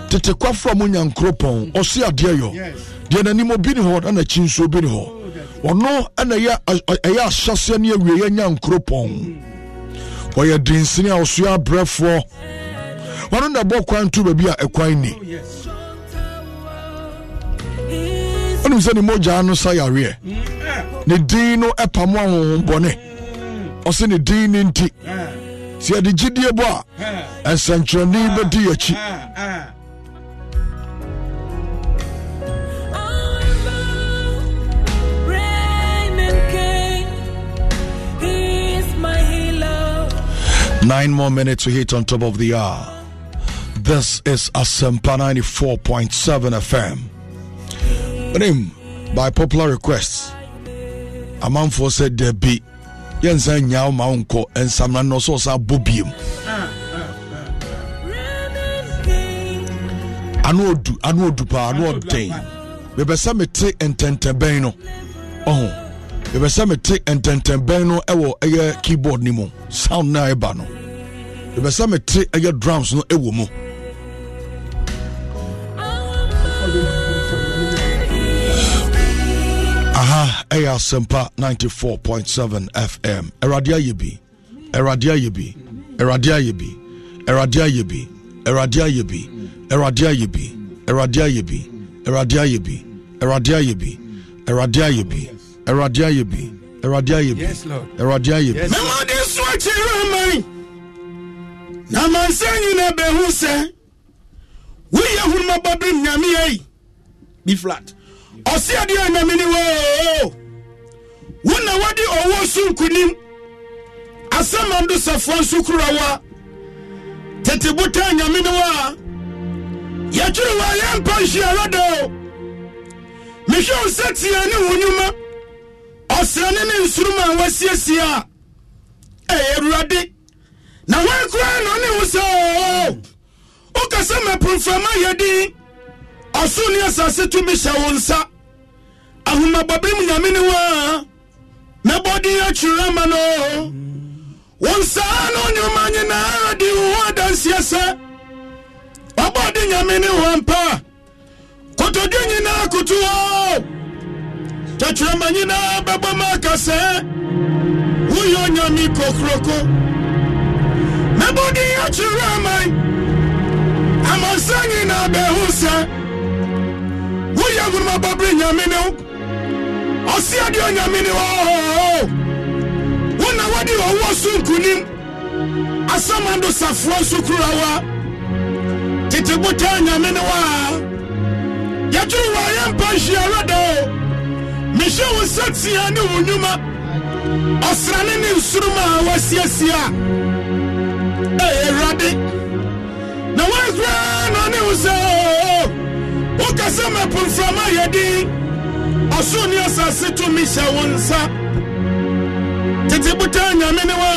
tete kwafoɔ mu monya nkuropɔn ɔse adeɛ yɔ deɛ n'anim obi ne hɔ na n'akyi nso obi ne hɔ ɔno ɛna ɛyɛ ahyɛseɛ ne yɛ nya nkuropɔn ɔyɛ dinsini a ɔsoa abrɛfoɔ ɔno na ɛbɔ kwan to baabi a ɛkwan ni ɔnim sɛ ne mogyaa no sa yareɛ ne din no ɛpamo ahohom bɔne ɔsɛ ne din ne nti sɛ yɛde gyidie bɔ a ɛnsɛnkyerɛnne bɛdi yɛakyi Nine more minutes to hit on top of the hour. This is Asempa 94.7 FM. Name by popular requests. amanfoɔ sɛ dɛbi yɛnsa nyaa ma wo nkɔ nsamna no sɛ ɔsa bɔ biem ano odu ano odu paa ano ɔden bɛbɛsɛ mete ntɛntɛbɛn no ɔho bɛbɛsɛ mete ntɛntɛbɛn no ɛwɔ ɛyɛ keyboard no mu sound na ɛba no bɛbɛsɛ mete ɛyɛ drums no ɛwɔ mu ɛyɛ asɛmpa 94.7 fm Eradia yibi, eradia yibi, eradia yibi, eradia yibi, eradia yibi, eradia yibi, eradia yibi, eradia yibi, eradia yibi, eradia yibi, eradia yibi. ayɛ bi ɛwurade ayɛ bi ɛwurade ayɛ bi ɛwurade ayɛ bi na ayɛ bi ɛwurade ayɛ bi. na bẹ̀ hù sẹ́ wíyẹ hùn mọ́ bọ́ bí nyàmíyẹ́ yìí bí flat ọ̀sẹ̀ adìyẹ nyàmí ni wọ́ọ́. wo e, na wode ɔwɔ so nkonim asɛmando safoɔ nso kurowa tete botaa nyame no a yɛkyere wɔ yɛmpa nhyiara da o mehwɛ wo sɛ tia ne wo nnwuma ɔsrane ne nsoroma a na wɔn koraa na ɔne wo sɛ woka sɛ maporomframa yɛ din ɔso ne asase tumi hyɛ wo nsa ahomabɔberem nyame ne mɛbɔde ya ma no wo nsaa no nnwoma nyinaa de wo ho adanseɛ sɛ wabɔde nyame ne ho ampa kotodwe nyinaa koto hɔ tɛkyerɛma nyinaa bɛbɔ ma aka sɛ woyɛ nyame kokuroko mɛbɔde akyirɛ aman amansa nyinaa bɛhu sɛ woyɛ ahoromabɔbere nyame no ɔsi adi onyame ni hɔ wɔn na wɔde ɔwɔ so asamando safoɔ sukura wa, tete bota onyame ni hɔ a yɛturu wɔ ayɛ mpa nhyia rada o mehyɛ wo nsa tia ne wo nnwuma ɔsrane ne nsoroma a wɔasiesie a ɛyɛ awurade na wɔn akura na ɔne wo sɛ o wokasɛ mapomframa ɔsoro ne asase tumi hyɛ wo nsa tete botaa nyame ne wa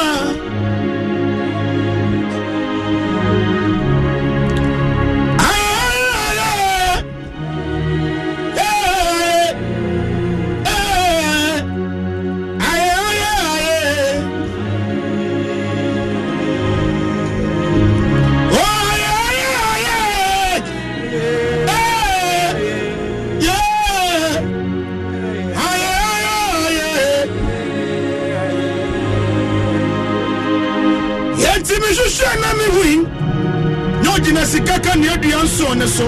de na sika ka nneadua nsoɔ ne so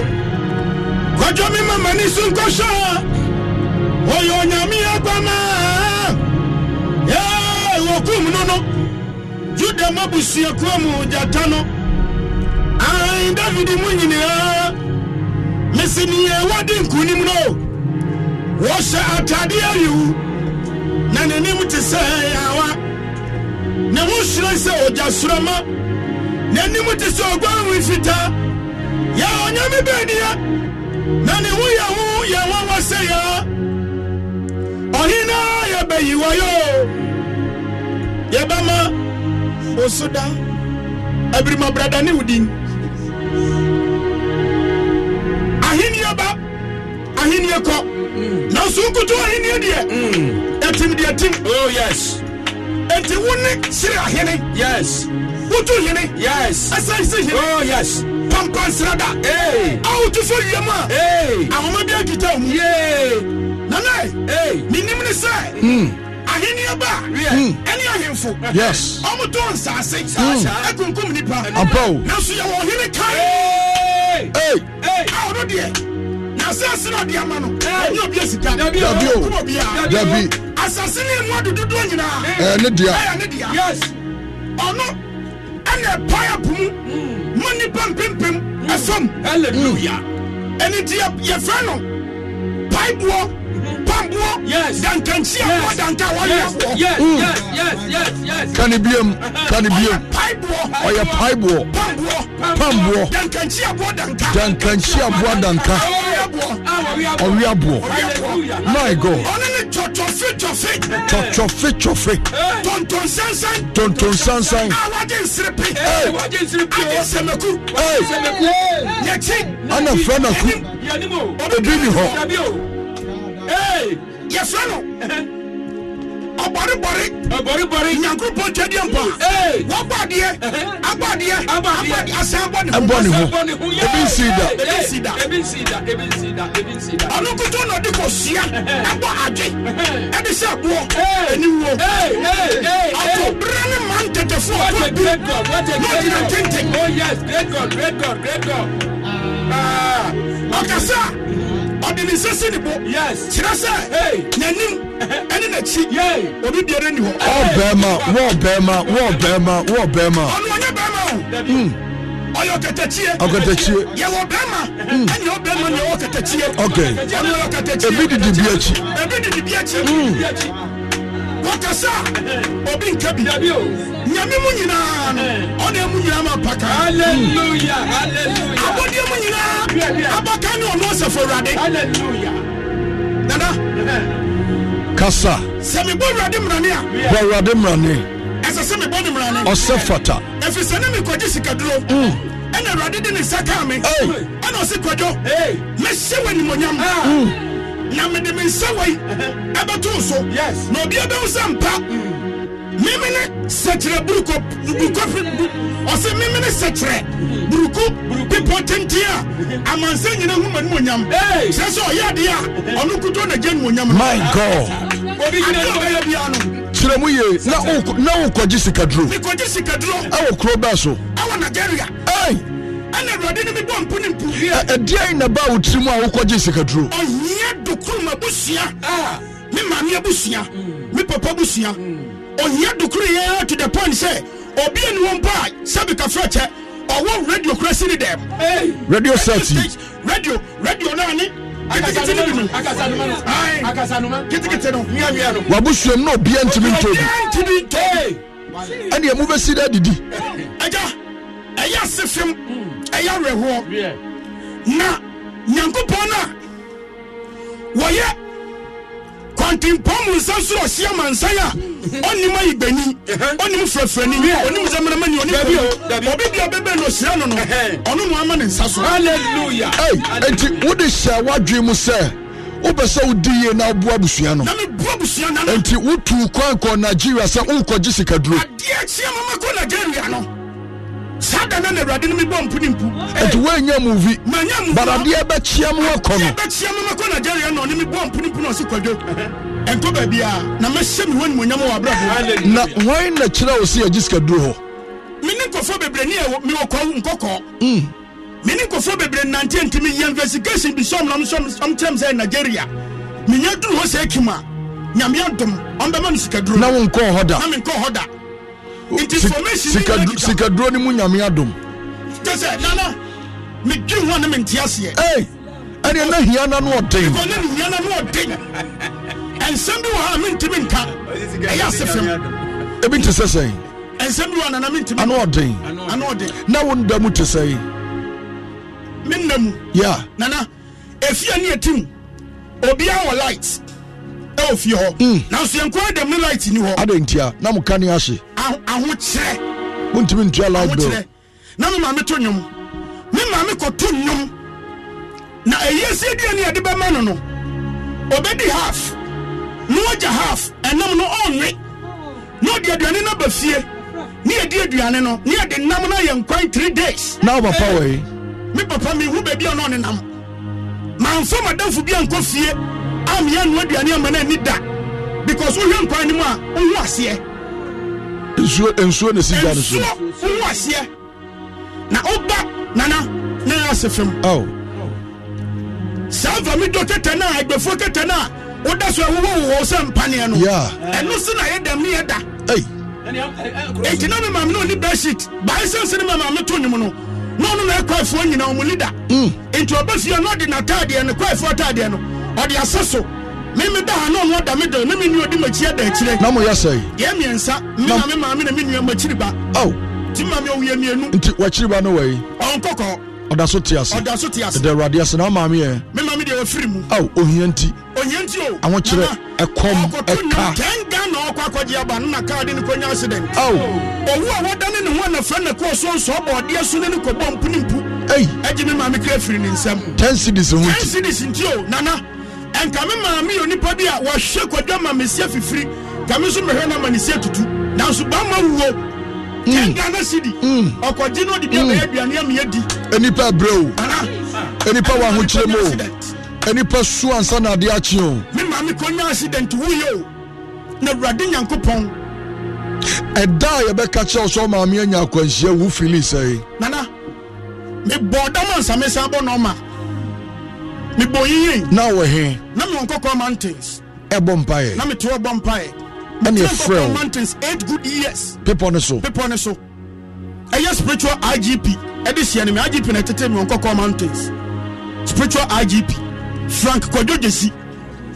kwadwo me ma m'ani so nkɔhwɛ ɔyɛ onyame agwama ee wɔkum no no yuda mabusuakuo mu gyata no an david mu nyinaa mese neɛ wɔde nkonim no wɔhyɛ atade ayiwu na n'anim te sɛ awa ne ho hyerɛ sɛ ogyasorɔma n'anim te sɛ ɔguanwe fitaa yɛ ɔnyame bɛadiɛ na ne ho yɛ ho yɛ wawa sɛ yɛa ɔhena yɛbɛyi wɔ yɛ o yɛbɛma wo so da abirimabrada ne wo din ahenniɛ ba ahenniɛ kɔ hmm. nanso nkoto ahenniɛ deɛ ɛtim hmm. deɛ tim oh yes enti wo ne sere ahene yes wotu yini. yes ɛsɛnsi yini. oh yes. pɔnpɔnsirada. ee awo tu so yie mu a. ee ahomadi akita mu. yee nana hmm. ye. Hmm. ee ni nimini sɛ. aheniaba ɛne ahemfo ɔmoto nsase akunkum nipa nanso yɛwɔ ɔhene kae a ɔno deɛ nasɛ asene ɔde ama no ɛne obi asika obiaa asase ne mu adododoɔ nyinaa ɛyɛ ne dea ɔno yɛ paya pum mm. ma nipa ɛfam mm. hallelujah ɛni ti yɛ fɛn no paiboɔ. Yes. aboɔ Yes. aboɔ mm. danka wɔyɛ aboɔ kane biam kane biam ɔyɛ paeboɔ pamboɔ dankansi aboɔ danka ɔwe aboɔ my god tɔtɔfe tɔfe eh. tonton sansan ana fɛ na ku obi ni hɔ yɛfrɛ no ɔbɔrebɔre ɔbɔrebɔre nyankopɔn twɛdeɛ mpa wɔbɔ adeɛ abɔ adeɛ asɛ abɔ ne ho ebi nsi da ɔno koto na ɔde kɔ sua abɔ adwe ɛde sɛ aboɔ aniwuo ɔto berɛ ne ma ntetefoɔ kɔdunɔgyina ntenten ɔkasa ɔde ne nsɛsi ne bo kyerɛ sɛ n'anim *laughs* ɛne n'akyi obi biara ni hɔ ɔbɛɛma wɔɔbɛɛma wɔɔbɛɛma wɔɔbɛɛma ɔno ɔnyɛ bɛɛma o hmm. ɔyɛ ɔkatakyie ɔkatakyie yɛwɔ bɛrima hmm. ɛna yɛwɔ bɛrima na yɛwɔ ɔkatakyie ɔno yɛ ɔkatakyie ebi didi bi akyi ebi didi bi akyi. Hmm wɔkasa obi nka bi nyame mu nyinaa no ɔne mu nyinaa ma paka abɔdeɛ mu nyinaa abaka ne ɔno ɔsɛfo awurade nana kasa sɛ mebɔ awurade mmarane a bɔ awurade mmarane ɛsɛ sɛ mebɔ ne mmarane ɔsɛ fata ɛfiri sɛ ne mekɔgye sikaduro mm. ɛna awurade de ne nsa kaa me ɛna ɔse ni mehyɛ w'animonyam ah. mm na mede me nsa wei ɛbɛto so na obi ɛbɛwo sɛ mpa mímíní sẹkyerẹ buruko buruko ọsẹ mímíní sẹkyerẹ buruko pípọ tẹntẹn a amansa nyina hu mẹnu mọnyam sẹsẹ ọyẹ adi a ọnu kutu na jẹ nu mọnyam. my god kyerɛ mu yie na wokɔgye sikaduro ɛwɔ kuro bɛɛ so ɛwɔ nigeria ɛna awurade no mebɔ mpo ne mpuhia ɛdeɛn na ba wo tirim a wokɔgye sikaduro ɔhia dokuruma busua me maame abusua mm. me papa busua mm. ɔhia dokuro yɛ to the point sɛ obi ani wɔn ba sɛbi kafra kyɛ ɔwɔ radio kura si ni dɛm. radio sati. radio radio naani. akitikiti ni binu. akasanuma. kitikiti no. miamia no. wabusuamu na obiara ntumi ntobi. obiara ntumi ntobi. ɛni emu bɛ si dɛ didi. ɛja ɛyɛ asefem ɛyɛ awerɛhoɔ na nyankopɔn no a wɔyɛ kwantempɔn mu nsa soro ma amansan a hmm. ɔnim ayigbani ɔnim frɛfrɛni ɔnim sɛmmeramani ɔnim ɔbi bia ɔbɛbɛ no ɔhyira no no ɔno no ama ne nsa so enti wode hyɛ woadwee mu sɛ wopɛ sɛ wodi yie na woboa abusua no enti wotuu kwan kɔ nigeria sɛ wonkɔgye sikaduro adeɛ kyeɛ mama kɔ nigeria no saa da na na awurade no mebɔ mpu ne mpu nti woanya movi but adeɛ bɛkyea mo akɔ no bɛkyea mo makɔ nigeria na mi mebɔ mpu ne mpu na ɔse kwadwo *laughs* ɛnkɔ baabia na mɛhyɛ me ho animonyam wɔ abrabɔ na hwan na kyerɛ wo sɛ yɛgye sikaduro hɔ mene nkɔfoɔ bebree ne mewɔ kɔw mi mm. mene nkɔfoɔ bebree nante ntimi yɛ investigation bi sɛ ɔmnɔmkyerɛm sɛ nigeria menya duro hɔ sɛ akim a nyame adom ɔmbɛma no sikaduro na wonkɔɔ hɔ na menkɔɔ hɔ sikaduro ni mu nyame adom kyesɛ nana medwe ho ne mente aseɛ ɛneɛ na hia na no ɔden ne hia na no ɔden ɛnsɛm bi wɔ ha mentimi nka ɛyɛ ase fem ebi nte sɛ sɛn ɛnsɛm bi wɔ nana mentimi ano ɔden ano ɔden na wo nda mu te sɛn me nna mu ya nana ɛfie ne ɛtim obiara wɔ light da wɔ fie hɔ nanso yɛn kora dɛm ne light ni hɔ adɛ ntia na mo ka ne ahye ahokyerɛ wontumi ntua light bill na mo maame to nnwom me maame kɔto nnwom na ɛyɛ sɛ dua ne yɛde bɛma no no ɔbɛdi half na half ɛnam no ɔnwe na ɔde aduane no aba fie ne yɛdi aduane no ne yɛde nam no ayɛ nkwan 3 days na wo papa wɔ yi me papa mehu baabi a na ɔne nam mamfa madamfo bi ankɔ fie a meyɛ noa aduane ama no da because wohwɛ nkwan eh, mm. no mu a wohu aseɛ nsuo nsuo na sigya no nsuo wohu aseɛ na woba nana na yɛ ase fem saa vamido kɛtɛ no a agbafuo kɛtɛ no a woda so ɛwowɔ wowɔ sɛ mpaneɛ no ɛno so na yɛdam ne yɛda enti na me maame no ɔni bɛshit bae sɛ nsɛ ne ma maame to nim no na ɔno na ɛkwaefoɔ nyina ɔmu lida enti ɔbɛfie no ɔde nataadeɛ no kwaefoɔ taadeɛ no ɔde asa so mímí da ha náà wọn da mi dùn mímí ni odi mẹkyi ẹdá ẹkyẹrẹ. náà mo yẹ sẹ yẹ mìẹnsa mi na mi maame na mi nua mẹkyiri ba. aw ti maame owiye mienu. nti w'akyiri ba ni ɔda so ase. ɔda so ase. ɛdɛ ase na yɛ. mi de efiri mu. ohia nti. ohia nti o. kyerɛ ɛkɔm ɛka. ɔkɔ aba kaadi ni accident. owu na kó ɛnka me maame yɛ onipa bi a wɔhyɛ kwadwa ma mesia fifiri kame nso mehwɛ no ma ne sia tutu nanso bama wuo kɛnka mm. na sidi mm. ɔkɔgye no ɔde bi abɛyɛ mm. aduane ameyɛ di nipa brɛ o nipa wɔ ahokyerɛ mu o nipa su ansa na ade akye o me maame kɔnya accident woyɛ o na awurade nyankopɔn ɛda a yɛbɛka kyerɛ wo sɛ ɔmaame anya akwanhyia wo fili sɛe eh? nana mebɔɔ dama nsa mesan bɔ no ɔma mebɔ yiye na wɔ he na mewɔ nkɔkɔɔ mountains ɛbɔ e mpaeɛ na mete wɔbɔ mpaeɛ ɛne ɛfrɛ mountains eight good years pepɔ no so pepɔ no so ɛyɛ e spiritual igp ɛde hyia no me igp na ɛtete mewɔ nkɔkɔɔ mountains spiritual igp frank kwadwo gyesi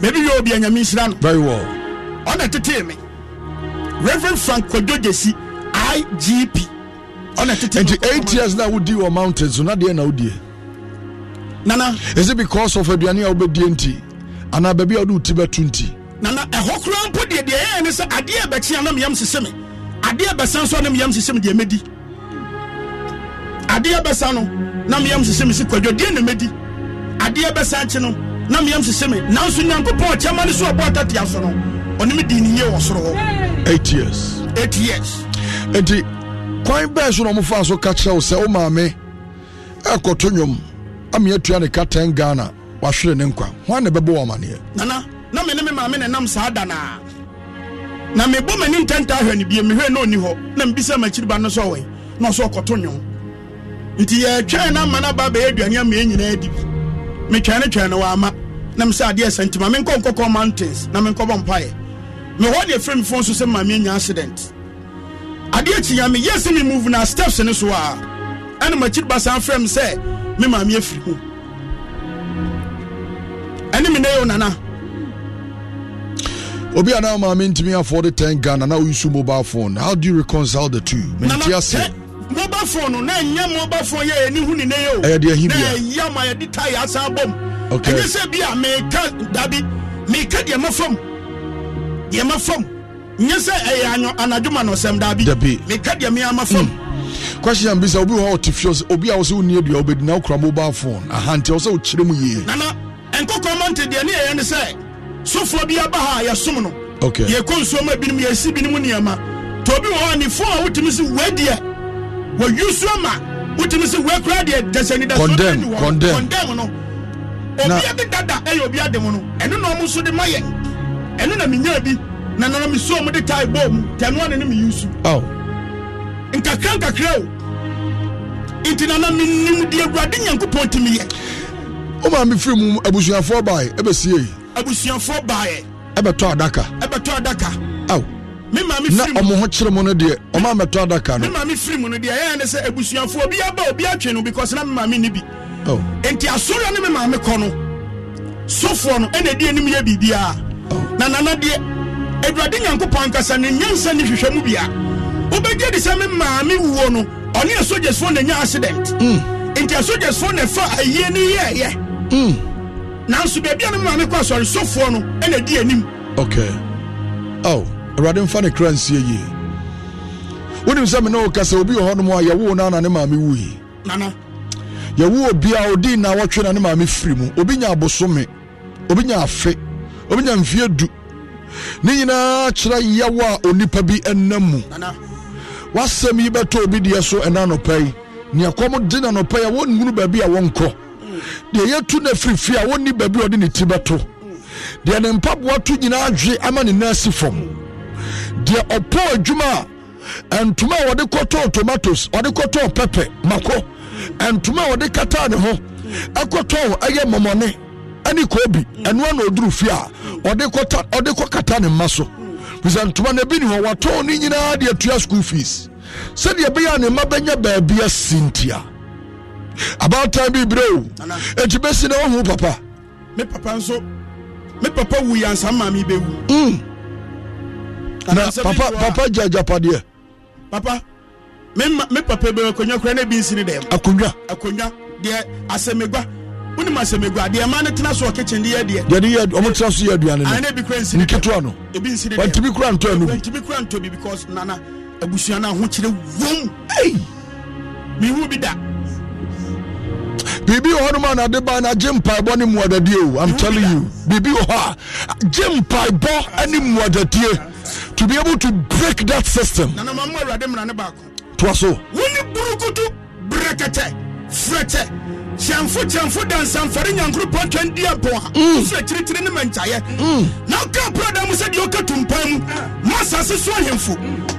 baabi yɛ obi anyame nhyira no very well ɔna ɛtetee me reverend frank kwadwo gyesi igp ɔna ɛtete nti eight years na wodi wɔ mountains so na deɛ na wodie nana. is it because of aduane a wobɛdie nti anaa baabi a wode woti bɛto nti. nana ɛhɔ koraa mpo deɛ deɛ ɛyɛ ne sɛ adeɛ a bɛkye a nam yam sese me adeɛ bɛsa nso a nam yam sese me deɛ mɛdi adeɛ bɛsa no nam yam sese me si kwadwa deɛ na mɛdi adeɛ bɛsa akyi no nam yam sese me nanso nyankopɔn ɔkyɛma ne so ɔbɔ atatea so no ɔne me dii ne yie wɔ soro hɔ. eight years. eight years. nti kwan bɛɛ so na ɔmo fa so ka kyerɛ wo sɛ wo maame ɛkɔto nnwom. ameatua ne ka ten ghana wahwere ne nkwa hwan na ɛbɛbɔ wɔ amaneɛ nana na me ne me maame ne nam saa da naa na mebɔ m'ani ntɛnta ahwɛ no bie mehwɛ na ɔni hɔ na mebisa m'akyiri ba no sɛ ɔwɛ na ɔsɛ ɔkɔto nwo nti yɛtwɛn no ama no aba bɛyɛ aduane ama yɛ nyinaa adi bi metwɛn no twɛn no wɔama na mesɛ adeɛ sɛ nti ma menkɔ nkɔkɔ mountains na menkɔbɔ mpaeɛ mehɔ deɛ frɛ me fon so sɛ maame anya accident adeɛ kyiya meyɛ sɛ me move na steps ne so a ɛne m'akyiri ba saa frɛ me sɛ me maame afiri ho ɛne me nɛ yɛ nana obi a now maame ntumi afford ten ghana na oyisu mobile phone how do you reconcile the two menti ase mobile phone no na ɛnyɛ mobile phone yɛ ɛni hu ni ne yɛ o ɛyɛ deɛ hin bia na ɛyɛ ama yɛde ta yɛ asan abom. okay ɛnyɛ sɛ bi a meka dabi meka deɛ ma fam deɛ ma fam nyɛ sɛ ɛyɛ anadwo ma na ɔsɛm dabi dabi meka deɛ mea ma fam. Mm question bi sɛ obi wɔ ɔte fie obi a wɔsɛ wonni adua wobɛdi na wokura mobile phone ahanteɛ wɔ sɛ mu yie nana ɛnkɔkɔ mante deɛ ne yɛyɛ ne sɛ sofoɔ bi aba ha a yɛsom no yɛkɔ nsuoma binom yɛsi binom nneɛma to obi wɔ hɔ a ne fon a wotumi sɛ wadeɛ wɔyusuo ma wotumi sɛ wakura deɛ dasanidasoɔndɛm no obi ade dada ɛyɛ obi ade mu no ɛno na ɔmo nso de ma yɛ ɛno na menyaa bi na nana mesuo mu de tae bɔɔ mu tɛnoa ne ne Oh nkakra nkakra o nti nana menim deɛ awurade nyankopɔn tumi yɛ wo maa me firi mu abusuafoɔ baeɛ ɛbɛsie yi abusuafoɔ baeɛ ɛbɛtɔ adaka ɛbɛtɔ adaka aw na ɔmo ho kyerɛ mu no deɛ ɔma mɛtɔ adaka no memaame firi mu no deɛ ɛyɛ ne sɛ abusuafoɔ bi aba obi atwe no because na memaame ni bi enti asɔre ne memaame kɔ no sofoɔ no ɛna ɛdi anim yɛ biribiaa na nana deɛ awurade nyankopɔn ankasa ne nyansa ne hwehwɛ mu biaa wobɛgye de sɛ me maame wuo no ɔne asogyafoɔ na ɛnya accident mm. nti asogyafoɔ na ɛfa ayie no yɛɛyɛ mm. nanso baabi a ne maame kɔ asɔresofoɔ no ɛna di anim okay oh awurade mfa ne kra nsie yie wonim sɛ mene wo ka sɛ obi wɔ hɔ nom a yɛwoo no ana ne maame wui yɛwo obia odii na wɔtwe na ne maame firi mu obi nya abosome obi nya afe obi nya mfie du ne nyinaa kyerɛ yɛwo a onipa bi ɛnam mu Nana wasɛm yi bɛtɔ obi deɛ so ɛna anɔpa yi nea kɔm de na anɔpa yi a wɔnhunu baabi a wɔnkɔ deɛ yɛtu no afiri a wɔnni baabi a ɔde ne ti bɛto deɛ ne mpaboa to nyinaa adwe ama ne nan si fam deɛ ɔpɔ adwuma a ntoma a wɔde kɔtɔɔ tomatoes ɔde kɔtɔɔ pɛpɛ mako ntoma a wɔde kataa ne ho ɛkɔtɔɔ ɛyɛ mɔmɔne ɛne koobi ɛnoa na ɔduru fie a ɔde kɔkata ne mma so bisa ntoma no bi ne hɔ wɔtɔn no nyinaa de atua school fees sɛdeɛ ɛbɛyɛ ne mma bɛnya baabi asi ntia abaatan bi berɛ o ɛnti na woahu papa me papa nso me papa wu yansa maa mi bɛwu mm. na papa papa gya agyapadeɛ papa me, me papa bɛ akonnwa kora na bi nsi ne dɛm akonnwa akonnwa deɛ asɛmegua wonim asɛm agu adeɛ ma no tena so ɔkekyen de yɛ deɛ deɛ de yɛ ɔmo tena so yɛ aduane no ana bi kura nsiri nketewa no ebi nsiri deɛ wantumi kura ntɔ anum wantumi kura ntɔ bi because nana abusua no ahokyerɛ wom Mi mehu bi da biribi wɔ hɔ nom a nade ba na agye mpaebɔ ne mmuadadie o am telling you biribi wɔ hɔ a gye mpaebɔ ne mmuadadie to be able to break that system toa so wone burukutu berekɛtɛ frɛtɛ kyɛnfo kyɛnfo dansamfare nyankoropɔn twɛn di ɛbɔ a wosɛ kyirikyiri ne mɛnkyaeɛ na woka prada mu sɛdeɛ woka tumpan mu ma asase so ahemfo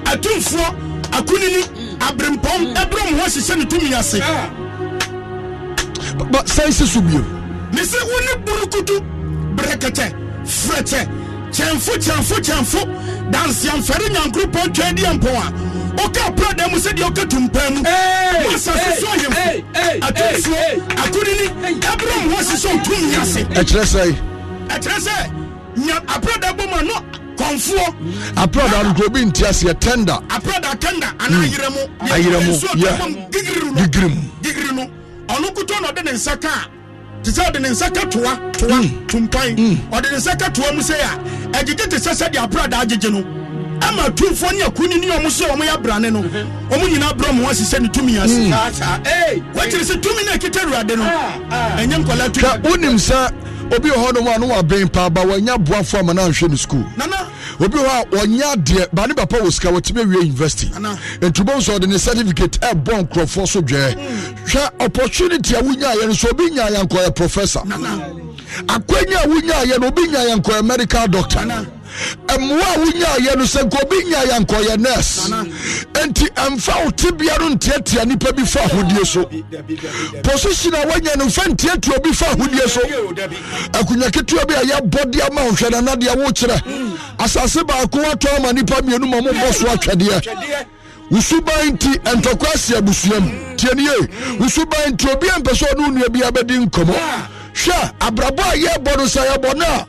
atumfoɔ akonini aberempɔn ɛberɛ mo mm. hɔ hyehyɛ ne tumi ase sɛn si so bio me sɛ wo ne burukutu berɛkɛtɛ frɛkyɛ kyɛnfo kyɛnfo kyɛnfo danseamfare nyankoropɔn twɛn di ɛmpɔn a woka prada mu sɛdeɛ woka tumpa mu maasase so ayɛmfo atomsuo akonini ɛberɛ m ho asi sɛ ɔtumi ase ɛkyerɛ sɛ ɛkyerɛ sɛ aprada bɔ mu a no kɔnfoɔ aprada nko nti aseɛ tenda aprada tenda anaa mu ayerɛ mu gigirim gigiri no ɔno kotɔ na ɔde ne nsa ka te sɛ ɔde ne nsa ka toa toa hmm. tumpan hmm. ɔde ne nsa ka toa mu sɛ a ɛgyegye te sɛ sɛdeɛ aprada agyegye no ama tumfoɔ ne akuni ne ɔmo sɛ ɔmo yɛ abrane no ɔmo nyinaa brɛ mo ase sɛ ne tumi ase wakyerɛ sɛ tumi no ɛkita ah, ah. awurade no ɛnyɛ nkɔla tumi wonim sɛ obi wɔ hɔ nom a no wabɛn paa ba wanya boafoɔ ama no anhwɛ no skuul nana obi hɔ a ɔnyɛ adeɛ ba ne papa wɔ sika wɔtumi awie university ntubo nso ɔde ne certificate ɛbɔ nkurɔfoɔ so dwɛɛ hmm. hwɛ opportunity a wonyaayɛ no so obi nyaayɛ nkɔyɛ professor akwanya a wonyaayɛ no obi nyaayɛ nkɔyɛ medical doctor Nana mmoa a wonyaayɛ no sɛ nka obi nyaayɛ nkɔyɛ nurse enti ɛmfa wo tebea no ntiatia nnipa bi fa ahodie so position a woanya no mfa ntiatia obi fa ahodie so akunya ketewa bi a yɛbɔde ama wohwɛ nanadeɛ wokyerɛ hmm. asase baako woatɔ ama nnipa mmienu ma mommɔ so atwɛdeɛ wosuban nti ntɔkwa asi abusua mu hmm. tienie wosuban nti obi a mpɛ sɛ ɔne wo nua bi abɛdi nkɔmmɔ hwɛ abrabɔ a yɛbɔ no sɛ yɛbɔ no a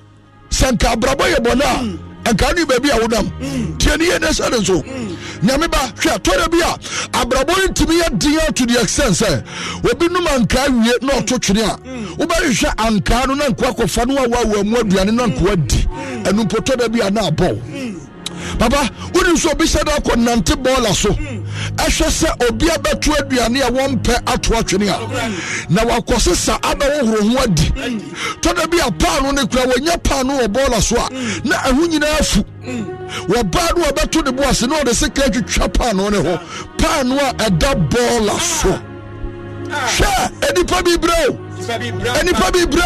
sɛ nka abrabɔ yɛ bɔne a ɛnka mm. ne baabi a wonam mm. tie ne ne sɛne so mm. nyame ba hwɛ tɔre bi a abrabɔ no ntumi yɛ den to the extent sɛ obi nom ankaa wie na ɔto twene a wobɛhwehwɛ ankaa no na kɔfa no a woawamu aduane na nkoa di ɛnompotɔ tɔda bi a na abɔw papa wone nso obi sɛ da akɔnante bɔɔla so ɛhwɛ sɛ obi abɛto aduane a wɔmpɛ ato atwene a na wakɔ se sa abɛwohoro ho adi tɔda bi a paano ne kura wɔnyɛ paano wɔ bɔɔla so a na ɛho nyinaa afu wɔbaa no wɔbɛto ne boase na ɔde sika atwitwa paano ne ho paano a ɛda bɔɔla so hwɛ ɛnipa bibrɛo enipa bi brɛ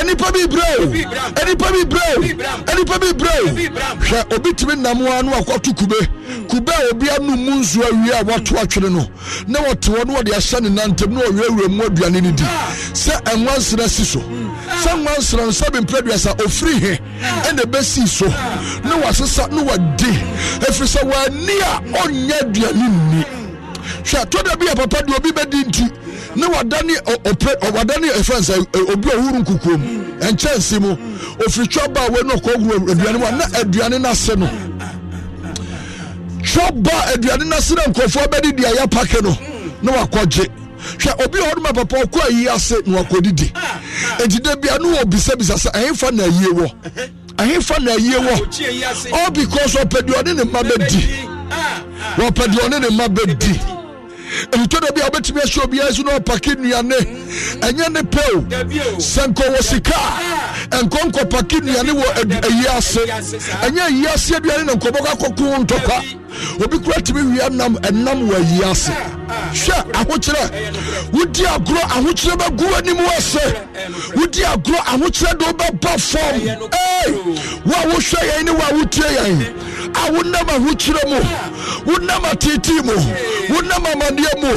enipa bi brɛ enipa bi brɛ enipa bi brɛ hwɛ obi tumi namoa no akɔto kube kube a obi anu mu nsuo awie a wato atwene no na wɔte hɔ na wɔde ahyɛ ne nantam na wɔwerɛwerɛ mu aduane no di sɛ ɛnwansena si so sɛ nwansena no sɛbe mprɛduasa ɔfiri he ɛna ɛbɛsii so na wasesa na wadi ɛfiri sɛ wɔani a ɔnyɛ aduane nni hwɛ tɔ da bi a papa deɛ obi bɛdi nti ne wadane ɔpɛ ɔwadane ɛfɛn sɛ e, e, obi a ɔwuru nkukuo mu nkyɛnse mu ofiri twaba awo na ɔkɔ wuru aduane mu a na aduane n'ase no twaba aduane n'ase na nkurɔfoɔ bɛde di aya pake no na wakɔgye hwɛ obi a ɔdoma papa ɔkɔ ayi ase na wakɔdidi eti de bia no wɔ bisabisa sɛ ɛhefa na ayie wɔ ɛhefa na ayie wɔ all because ɔpɛ deɛ ɔne ne mma bɛdi ɔpɛ deɛ ɔne ne mma bɛdi ɛtotɔ bi a wobɛtumi ahyɛ obiara so na ɔpake nnuane ɛnyɛ ne pɛo sɛ nkɔ wɔ sika a ɛnkɔ nnuane wɔ ayi ase ɛnyɛ ayi ase aduane na nkɔbɔkɔ akɔko ntɔkwa obi kura tumi wia nam ɛnam wɔ ayi ase hwɛ ahokyerɛ wodi agorɔ ahokyerɛ bɛgu w'anim wɔse wodi agorɔ ahokyerɛ de wobɛbɔ fam ee wo a wohwɛ yɛn ne wo a wotie yɛn a wonam ahokyerɛ mu wonam ateetee mu wonam amanneɛ mu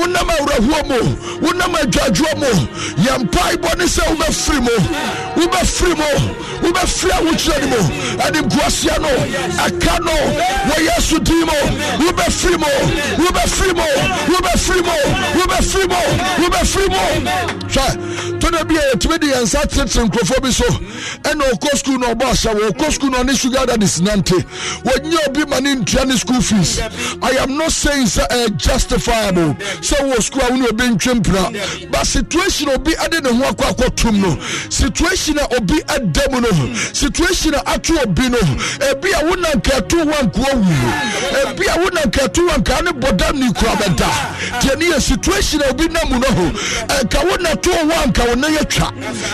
wonam awurahoɔ mu wonam adwadwoɔ mu yɛmpaebɔ ne sɛ wobɛfiri mu wobɛfiri mu wobɛfiri awokyerɛ no mu ɛde nkoasia no ɛka no wɔ yesu din mu wobɛfiri mu wobɛfiri mu wobɛfiri mu wobɛfiri mu wobɛfiri mu hwɛ ɛna bi a yɛtumi de yɛn nsa tenetene nkurɔfoɔ bi so ɛna ɔkɔ skul na ɔbɔ ahyɛ wɔ ɔkɔ skul na ɔne sugar daddies nante wɔnyɛ obi ma ne ntua ne school fees i am not saying sɛ ɛyɛ eh, justifiable sɛ wɔ skul a wo ne obi ntwe mpena but situation a obi de ne ho akɔ akɔtom no situation a obi ada mu no situation a ato obi no ebi a wo nanka ɛto ho ankoa wuo ebi a wo nanka ɛto ho ankaa ne bɔdam ne kura bɛda deɛ ne yɛ situation a obi nam mu no ɛnka wo na to ho anka wo ne yɛ twa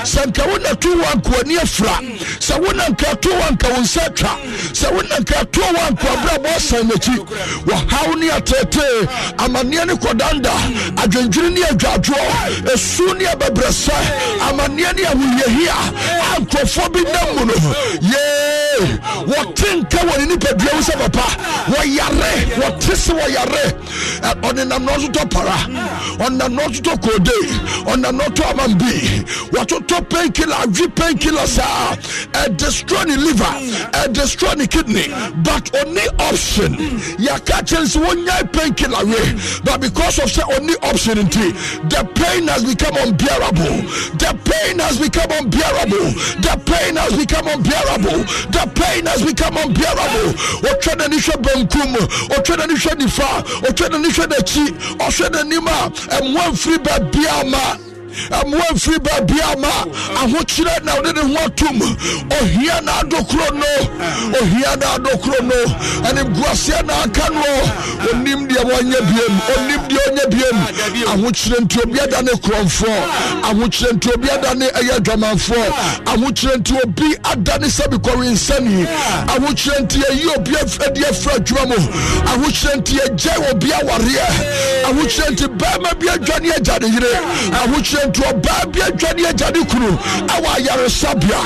sɛ nka wo na to wo anka ani sɛ wo na nka to wo anka wo nsa twa sɛ wo na nka to wo anka abrabɔ n'akyi wɔhaw ne atetee amanneɛ ne kɔdanda adwendwene ne adwadwoɔ ɛsu ne abɛbrɛsɛ amanneɛ ne ahoyahia a bi nam mu no yee wɔte nka wɔ ne nipadua wo sɛ papa wɔyare wɔte se wɔyare ɔnenam na ɔtotɔ para ɔnenam na ɔtotɔ koode ɔnenam na ɔtɔ amambi What you take painkiller adwi painkiller and destroy the liver destroy the kidney but only option yɛka kyerɛ sɛ wɔnyae painkiller we but because of the only option the pain has become unbearable the pain has become unbearable the pain has become unbearable the pain has become unbearable wɔtwɛ n'ani hwɛ bankum wɔtwɛ n'ani hwɛ nifa wɔtwɛ n'ani hwɛ n'akyi ɔhwɛ n'anim one free by baabiaa mmoa mfiri baabi ama ahokyerɛ na wode ne ho atom ohia na adokoro no ohia na adokoro no ɛne guaseɛ na aka no onim deɛ wɔnyɛ biam onim deɛ ɔnyɛ biam ahokyerɛ nti obi ada ne korɔmfoɔ ahokyerɛ nti obi ada ne ɛyɛ adwamanfoɔ ahokyerɛ nti obi ada ne sɛ bikɔre nsani ahokyerɛ nti ɛyi obi adi afra adwuma mu ahokyerɛ nti ɛgyae obi awareɛ ahokyerɛ nti bɛrima bi adwane agya ne yere ahokyerɛ nti ɔbaa bi atwa ne agya ne kunu awɔ ayaresabea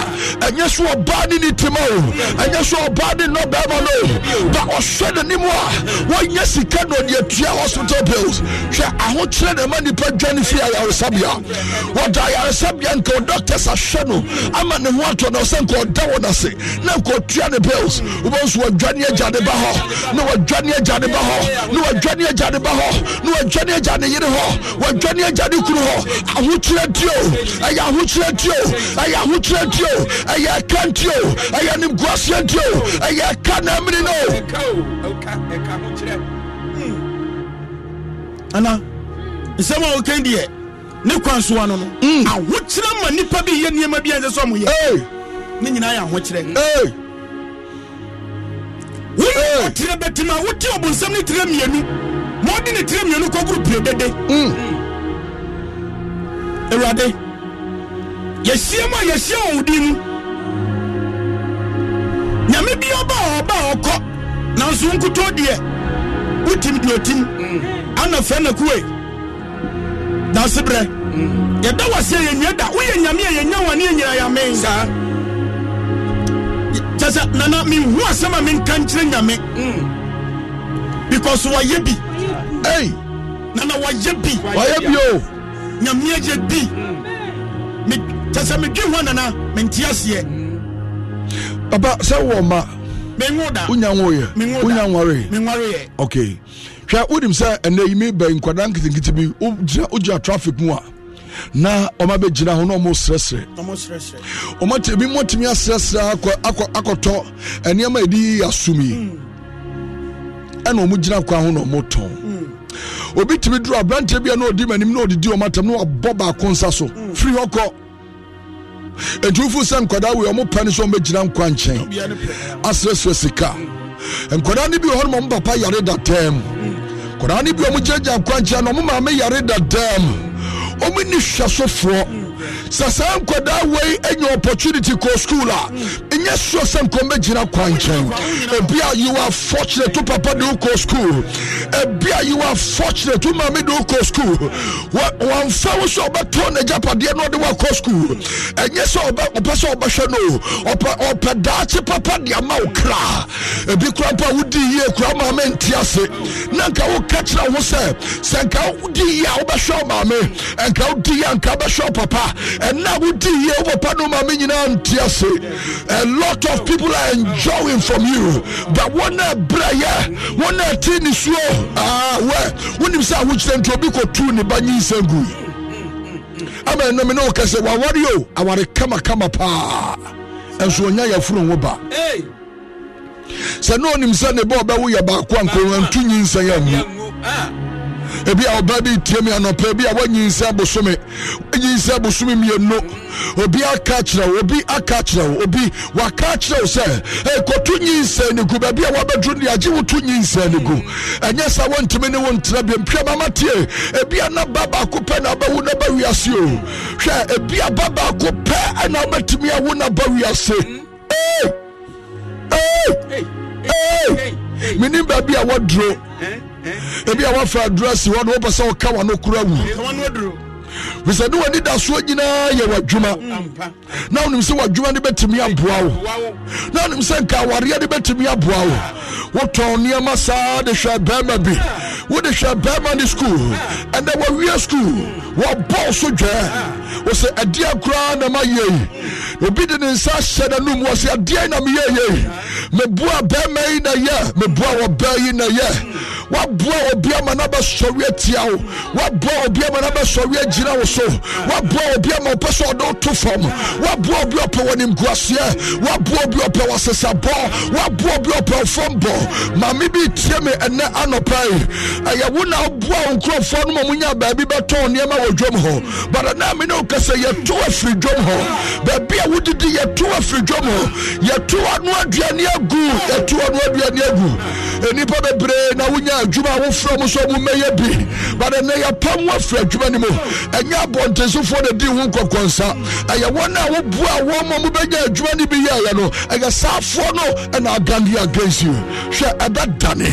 ɛnyɛ so ɔbaa ne ne tema o ɛnyɛ so ɔbaa ne nnɔ no ba ɔhwɛ n'anim a wɔnyɛ sika na ɔde atua hospital bills hwɛ ahokyerɛ na ɛma nipa dwane firi ayaresabea wɔda ayaresabea nka doctors ahwɛ no ama ne ho atɔ na ɔsɛ nka ɔda wɔn ase na nka ɔtua ne bills wobɛnso wɔadwane agya ne ba hɔ na wɔadwane agya ne ba hɔ na wɔadwane agya ne ba hɔ na wɔadwane agya ne yere hɔ wɔadwane agya ne kunu hɔ ahokyerɛ dio ɛyɛ ahokyerɛ dio ɛyɛ ahokyerɛ dio ɛyɛ ɛka dio ɛyɛ nimguaseɛ dio ɛyɛ ɛka na amini no ana nsɛm a wokan deɛ ne kwansoa no no mm. ahokyerɛ ma nnipa bi yɛ nneɛma bi ɛnsɛ sɛ ɔmo yɛ ne nyinaa yɛ ahokyerɛ wone ɔtrɛ bɛtim a wote ɔbonsɛm ne tirɛ mmienu ma ɔde ne tirɛ mmienu kɔgoro pire dede mm awurade yɛhyia mu a yɛhyia wɔ wo din mu nyame bi ɔba a ɔba a ɔkɔ nanso nkutɔ deɛ wotim deɛ ɔtim ana fɛ na kuwe danse berɛ yɛda wɔ sɛ yɛnyɛ da woyɛ nyame a yɛnya wane yɛnyina yame saa kyɛ sɛ nana menhu asɛm a menka nkyerɛ nyame because wɔyɛ bi ei nana wɔyɛ bi wɔyɛ bi o nyame agye di kyɛ sɛ medwe hɔ nana mente aseɛ papa sɛ ma wonya woyɛ wonya nwareyɛ ok hwɛ wonim sɛ ɛnɛ yi mebɛn nkwadaa nketenkete bi wogyina traffic mu a na ɔma bɛgyina ho na ɔmo akɔtɔ hmm. ɛna ɔmo gyina kwa ho na ɔmo tɔn hmm. obi tumi duro aberanteɛ bi a na odi m'anim na odidi wɔn atam na wabɔ baako nsa so mm. firi hɔ kɔ ntumfo sɛ nkwadaa wei ɔmo pɛ ne sɛ ɔmɛgyina nkwa nkyɛn asrɛsrɛ sika nkwadaa no bi wɔ hɔ ɔmo papa yare da tɛm mm. nkwadaa no bi ɔmo gyagya nkwa nkyɛn na ɔmo maame yare da tɛm ɔmo ni hwɛ sɛ saa nkwadaa wei anya opportunity kɔ school a ɛnyɛ sure sɛ nkɔm bɛgyina kwa nkyɛn ebia you are fortunate to papa de wokɔ school ebia you are fortunate to maame de wokɔ school wɔamfa wo sɛ ɔbɛtɔ n'agyapadeɛ na ɔde woakɔ school ɛnyɛ sɛ ɔpɛ sɛ ɔbɛhwɛ no ɔpɛ daakye papa de ama wo kra ebi kora mpo a wodi yie kora maame nte ase na nka woka kyerɛ wo sɛ sɛ nka wodi yie a wobɛhwɛ maame nka wodi yie a nka wobɛhwɛ papa ɛna wodi yie wo papa no ma me nyinaa nte ase a lot of people are enjoying from you but wɔn a brɛ yɛ wɔn a ti nisuo aa wɛ wonim sɛ ahokyerɛ nti obi kɔtu ne ba nyinsɛn gui ama ɛnam ne wo kɛsɛ waware o aware kamakama paa ɛnso ɔnya yɛforo wo ba sɛ ne ɔnim sɛ ne bɛ ɔbɛwo yɛ baako a nkɔwantu nyinsɛn amu ebi a ɔbaa bi tie mi anɔpɛ ebi a wɔnyinsɛ bosome wɔnyinsɛ bosome mmienu obi aka kyerɛ wo obi aka kyerɛ wo obi waka kyerɛ wo sɛ ekotu nyi ne gu baabi a wabɛduru ne agye wotu nyinsɛ ne gu ɛnyɛ sa wɔntumi ne wo bi mpia mama tie ebi a naba baako pɛ na abɛwu na ba wiase o hwɛ ebi a ba baako pɛ ɛna ɔbɛtumi awo na ba wiase ee ee ee menim baabi a wɔduro ebi a wafa dress hɔ no wopɛ sɛ wa no kora wu fisɛ ne w'ani da soɔ nyinaa yɛ w'adwuma na wonim sɛ w'adwuma no bɛtumi aboa wo na wonim sɛ nka awareɛ no bɛtumi aboa wo wotɔn nneɛma saa de hwɛ bɛrima bi wode hwɛ bɛrima ne skuul ɛnɛ wawie skuul wɔbɔɔ so dwɛɛ wo sɛ ɛdeɛ koraa na mayei obi de ne nsa hyɛ n'anom wɔ ɛdeɛ na meyɛyei meboa bɛrima yi na yɛ meboa wɔ bɛɛ yi na yɛ waboa obi ama na bɛsɔre atia wo waboa obi ama na bɛsɔre agyina wo so waboa obi ama wopɛ sɛ ɔde wo to fam waboa obi ɔpɛ wɔ nimguaseɛ waboa obi ɔpɛ wɔ sesabɔ waboa obi ɔpɛ wo fam bɔ maame bi tie me ɛnɛ anɔpa yi ɛyɛ wo na woboa wo nkurɔfoɔ no ma monya baabi bɛtɔn nneɛma wɔ dwom hɔ but ɛnɛ me ne wo kɛ sɛ yɛto afiri dwom hɔ baabi a wodidi yɛto afiri dwom hɔ yɛto ano aduane agu yɛto ano aduane agu nnipa bebree na wonya adwuma a wofrɛ mu sɛ mommɛyɛ bi but ɛnɛ yɛpam wafiri adwuma no mu ɛnyɛ abɔntensofoɔ na di wo nkɔkɔnsa ɛyɛ wɔn a woboa wɔn ma mobɛnya adwuma no bi yɛɛyɛ no ɛyɛ saafoɔ no ɛna adane yɛ against you hwɛ ɛbɛdane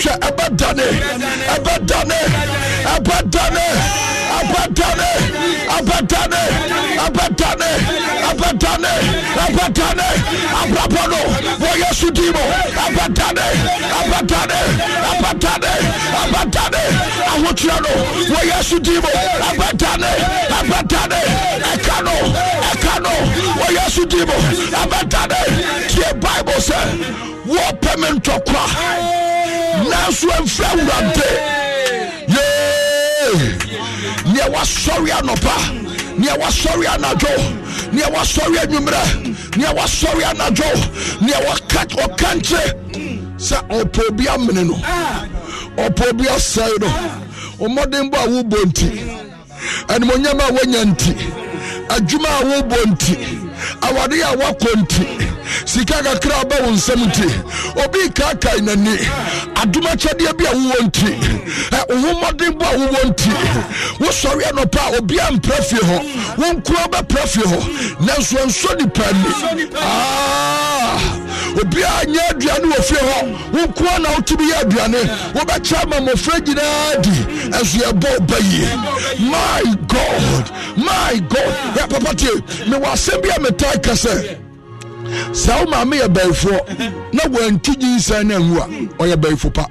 hwɛ ɛbɛdane ɛbɛdane ɛbɛdane ɛbɛdane ɛbɛdane ɛbɛdane Abatane, Abatane, abrabɔ no wɔ yesu din Abatane, ɛbɛdane ɛbɛdane Abatane, ɛbɛdane ahokyerɛ no wɔ yesu din mu ɛbɛdane ɛbɛdane ɛka no ɛka no wɔ yesu din mu ɛbɛdane tie bible sɛ wɔpɛ me ntɔkwa nanso ɛmfrɛ awurade yee neɛ wasɔre anɔpa nea wasɔre anadwo nea wasɔre anwummerɛ nea wasɔre anadwo nea ɔka nkyerɛ sɛ ɔpɛ obi amene no ɔpɛ obi asɛe no ɔmmɔden bɔ a nti animonyam a woanya nti adwuma a wobɔ nti awade a wakɔ nti sika kakra bɛ wo nsɛm nti obi kaakae n'ani adomakyɛdeɛ bi a wowɔ nti wohommɔden bo a wowɔ nti wosɔre anɔpa a obia mprɛ fie hɔ wo nkuro bɛprɛ fie hɔ nanso ɛnsɔ nipa ni obiara nyɛ aduane wɔ fie hɔ wo na wotumi yɛ aduane wobɛkyɛ ma mmɔfra nyinaa di ɛso yɛbɔ ɔba yie my god my god ɛ papa tie mewɔ asɛm bi a metae ka sɛ sɛ wo maame yɛ bayifoɔ na wanti nyinsɛn no anwu a ɔyɛ bayifo pa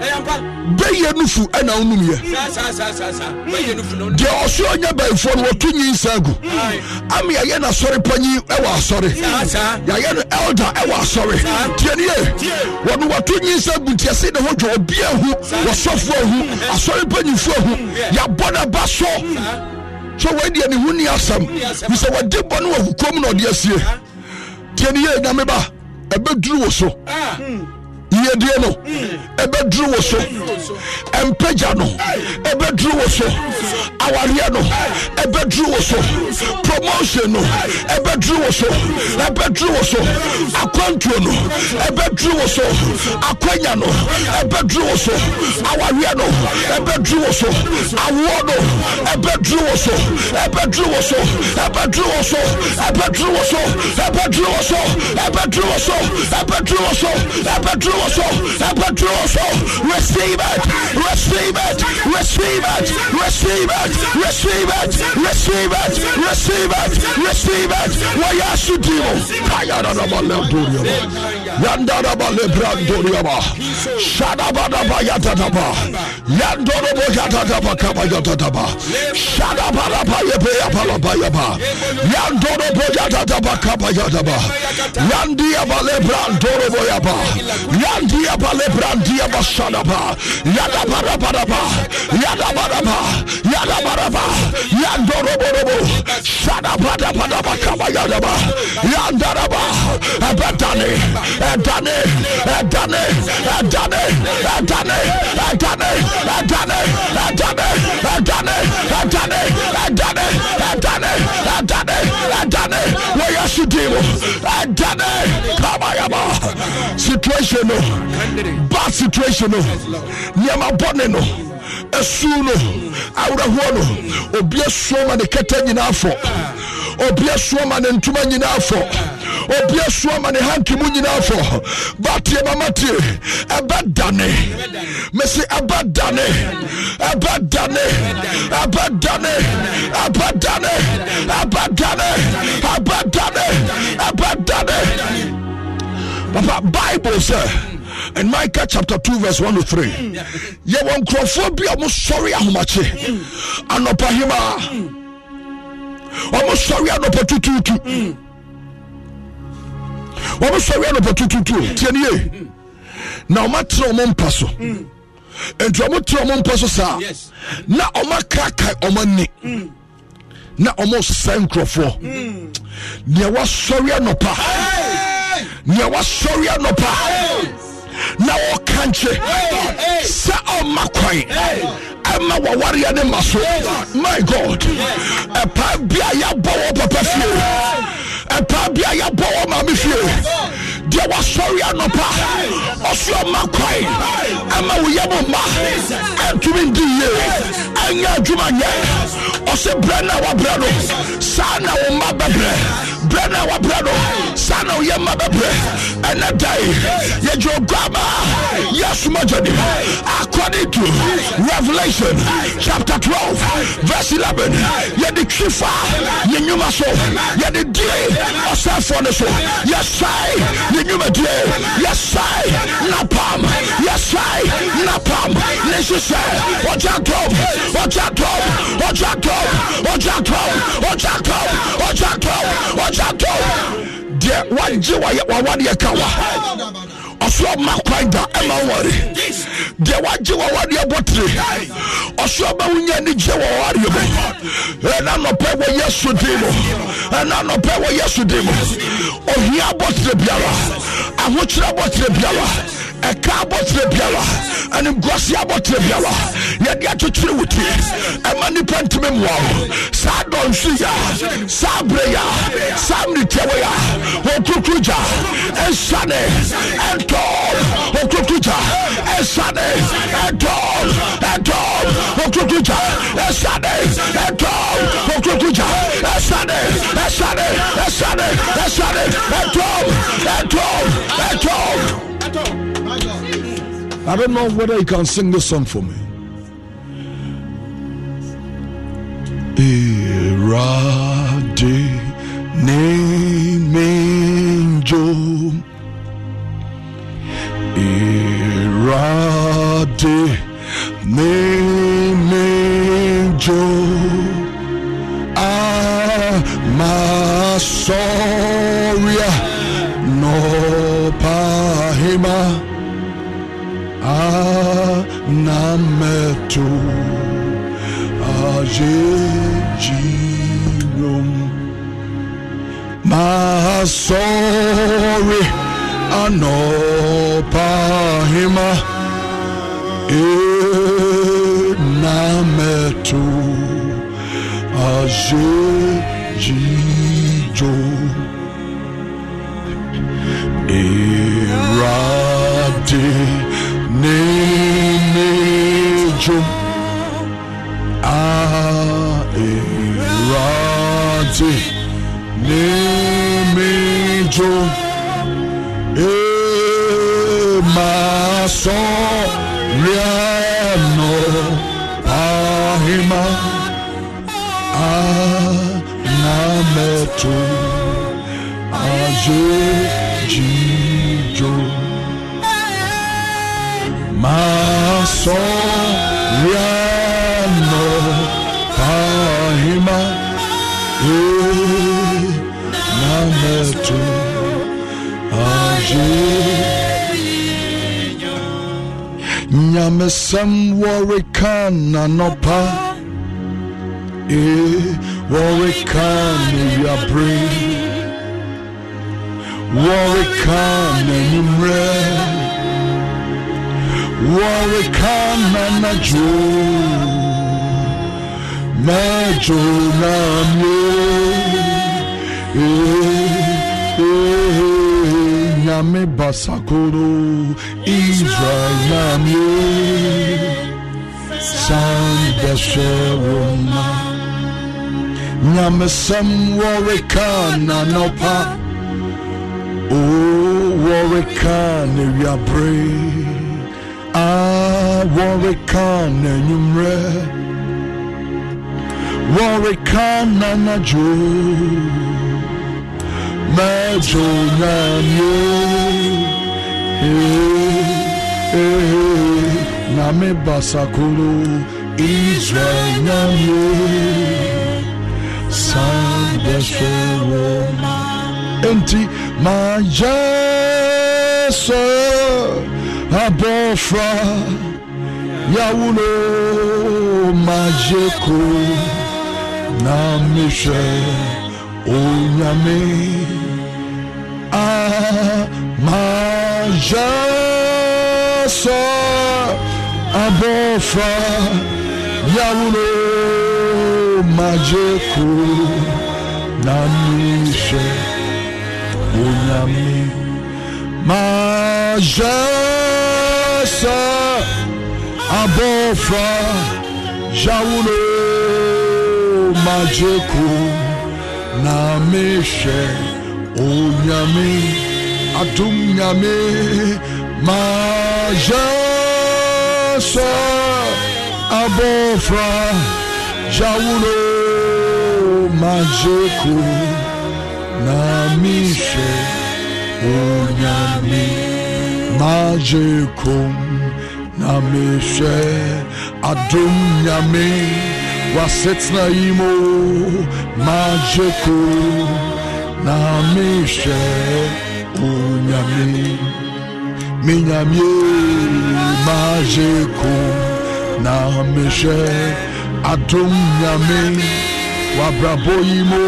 bɛyɛ no fu ɛna wo nomyɛ deɛ ɔso ɔnyɛ bayifoɔ no wɔto nyinsa gu ama yɛyɛ no asɔre panyi ɛwɔ asɔre yɛyɛ no elda ɛwɔ asɔre tiɛnie wɔno wɔto nyinsa gu ntiɛse ne ho dwa ɔbia hu wɔsɔfoɔ hu asɔre panyifoɔ hu yɛabɔ no ba so so wei deɛ ne ho ni asɛm fi sɛ wɔde bɔ no wɔ kukom na ɔde asie tiɛnie nyame ba ɛbɛduru wo so ah. hmm yiedie no ɛbɛduru wo so mpagya no ɛbɛduru wo so awareɛ no ɛbɛduru wo so promotion no ɛbɛduru wo so ɛbɛduru wo so akwantuo no ɛbɛduru wo so akwanya no ɛbɛduru wo so awareɛ no ɛbɛduru wo so awoɔ no ɛbɛduru wo so ɛbɛduru wo so ɛbɛduru wo so ɛbɛduru wo so ɛbɛduru wo so ɛbɛduru wo so ɛbɛduru wo so ɛbɛduru wo so. so, receive it, receive it, receive it, receive it, receive it, receive it, receive it, receive it. Why are you doing? Kayana na balabduriya ba, yanda na balabranduriya ba, shada ba na yaba, yando na ba yada na ba yaba, Brandia bale brandia basanaba. Yada bara bara ba. Yada bara ba. Yada bara ba. Yando robo robo. Sada bara bara ba kaba yada ba. Yanda raba. Ebedane. Edane. Edane. Edane. Edane. Edane. Edane. Edane. Edane. Edane. Edane. Edane. Edane. Edane. Where you see devil? Edane. Kaba yaba. Situation. bad situation no nneɛma bɔne no ɛsuu no awerɛhoɔ no obi asuo ma ne kɛtɛ nyinaa fɔ obi asuo ma ne ntoma nyinaa fɔ obi asuo ma ne hanki mu nyinaa fɔ batie mama tie ɛbɛ dane mesi ɛbɛ dane ɛbɛ dane ɛbɛ dane ɛbɛ dane ɛbɛ dane ɛbɛ dane ɛbɛ dane papa bible sɛ. In Micah chapter 2, verse 1 to 3. Yɛwɔ nkurɔfoɔ bi a wɔsɔre ahomakye hmm. hmm. anɔpa hemaa wɔsɔre anɔpa tutuutu hmm. wɔsɔre anɔpa tutuutu tie ne ye na wɔatena wɔn mpa so nti wɔtena wɔn mpa so saa na wɔakaakae wɔn ani na wɔresɛe nkurɔfoɔ nea wɔasɔre anɔpa nea wɔasɔre anɔpa na wɔka nkye sɛ ɔma kwan ɛma wɔwareɛ ne ma so my god ɛpaa bia yɛabɔ wɔ papa fie ɛpaa bia yɛabɔ wɔ maame fie deɛ wasɔre anɔpa ɔso ɔma kwae ama wo yɛ mo mma ɛntumi ndi yie ɛnyɛ adwuma nyɛ ɔsɛ brɛ na wabrɛ no saa na wo mma bɛbrɛ brɛ na wabrɛ no saa na woyɛ ma bɛbrɛ ɛnɛ dae yɛgye oguama yɛasoma gyane according to revelation chapter 12 verse 11 yɛde twi fa yɛ nnwuma so yɛde die ɔsɛfoɔ no so yɛsae ne nnwumadie yɛsae napam yɛsae napam ne nhyehyɛ ɔgya tom ɔgya tom ɔgya tom ɔgya tom ɔgya tom ɔgya tom agyadwo deɛ wagye wawadeɛ ka wa ɔsoro ma kwan da ɛma wɔre deɛ wagye wawadeɛ botire ɔsoro ma wonya anigye wawareɛ mu ɛna nɔpɛ wɔ yesu din mu ɛna nɔpɛ wɔ yesu din mu ohia botire biara ahokyerɛ botire biara ɛka abɔkyerɛ biara animguase abɔkyerɛ biara yɛde akyekyere wo tie ɛma nnipa ntimi mmoa wo saa dɔnhwe ya saa berɛ ya saa mmeretiawe ya wɔkurokuro gya ɛnsane ɛntɔɔl wɔkurokuro gya ɛnsane ɛntɔɔl ɛntɔɔl wɔkurokuro gya ɛnsane ɛntɔɔl wɔkurokuro gya ɛnsane ɛnsane ɛnsane ɛnsane ɛntɔɔl ɛntɔɔl ɛntɔɔl I don't know whether you can sing this song for me. Irade nemenjo Irade nemenjo Amasoria no pahima à na metu à Jésus ma sorry anopahima e na metu à Jésus erupted name, Jump. asɛm wɔreka nanɔpa ee wɔreka nawiabere wɔreka nanimmerɛ wɔreka nanadwo mɛdwo namie ee ee nyame basakoro Israel Nyame Sound the Sheroma Nyame Sam Warika Nanopa Oh Warika Newiabre Ah Warika Nenumre Warika Nanajo Majo Nyame na me basakolo israel nyamie san bɛhwɛ enti mayɛ sɛ abɔfra yawulo mayɛ ko na mehwɛ onyame ah abofa ya Yahweh Majeku Namisha Unyami abofa ya Yahweh Majeku Namisha Unyami adom nyame abofra yɛ sɛ abɔfra yawuro magyeko na mehwɛ onyame magyekom na mehwɛ adom nyame wasetena yi onyame minyamie majekum na mehyɛ adom nyame wabrabɔ yi mu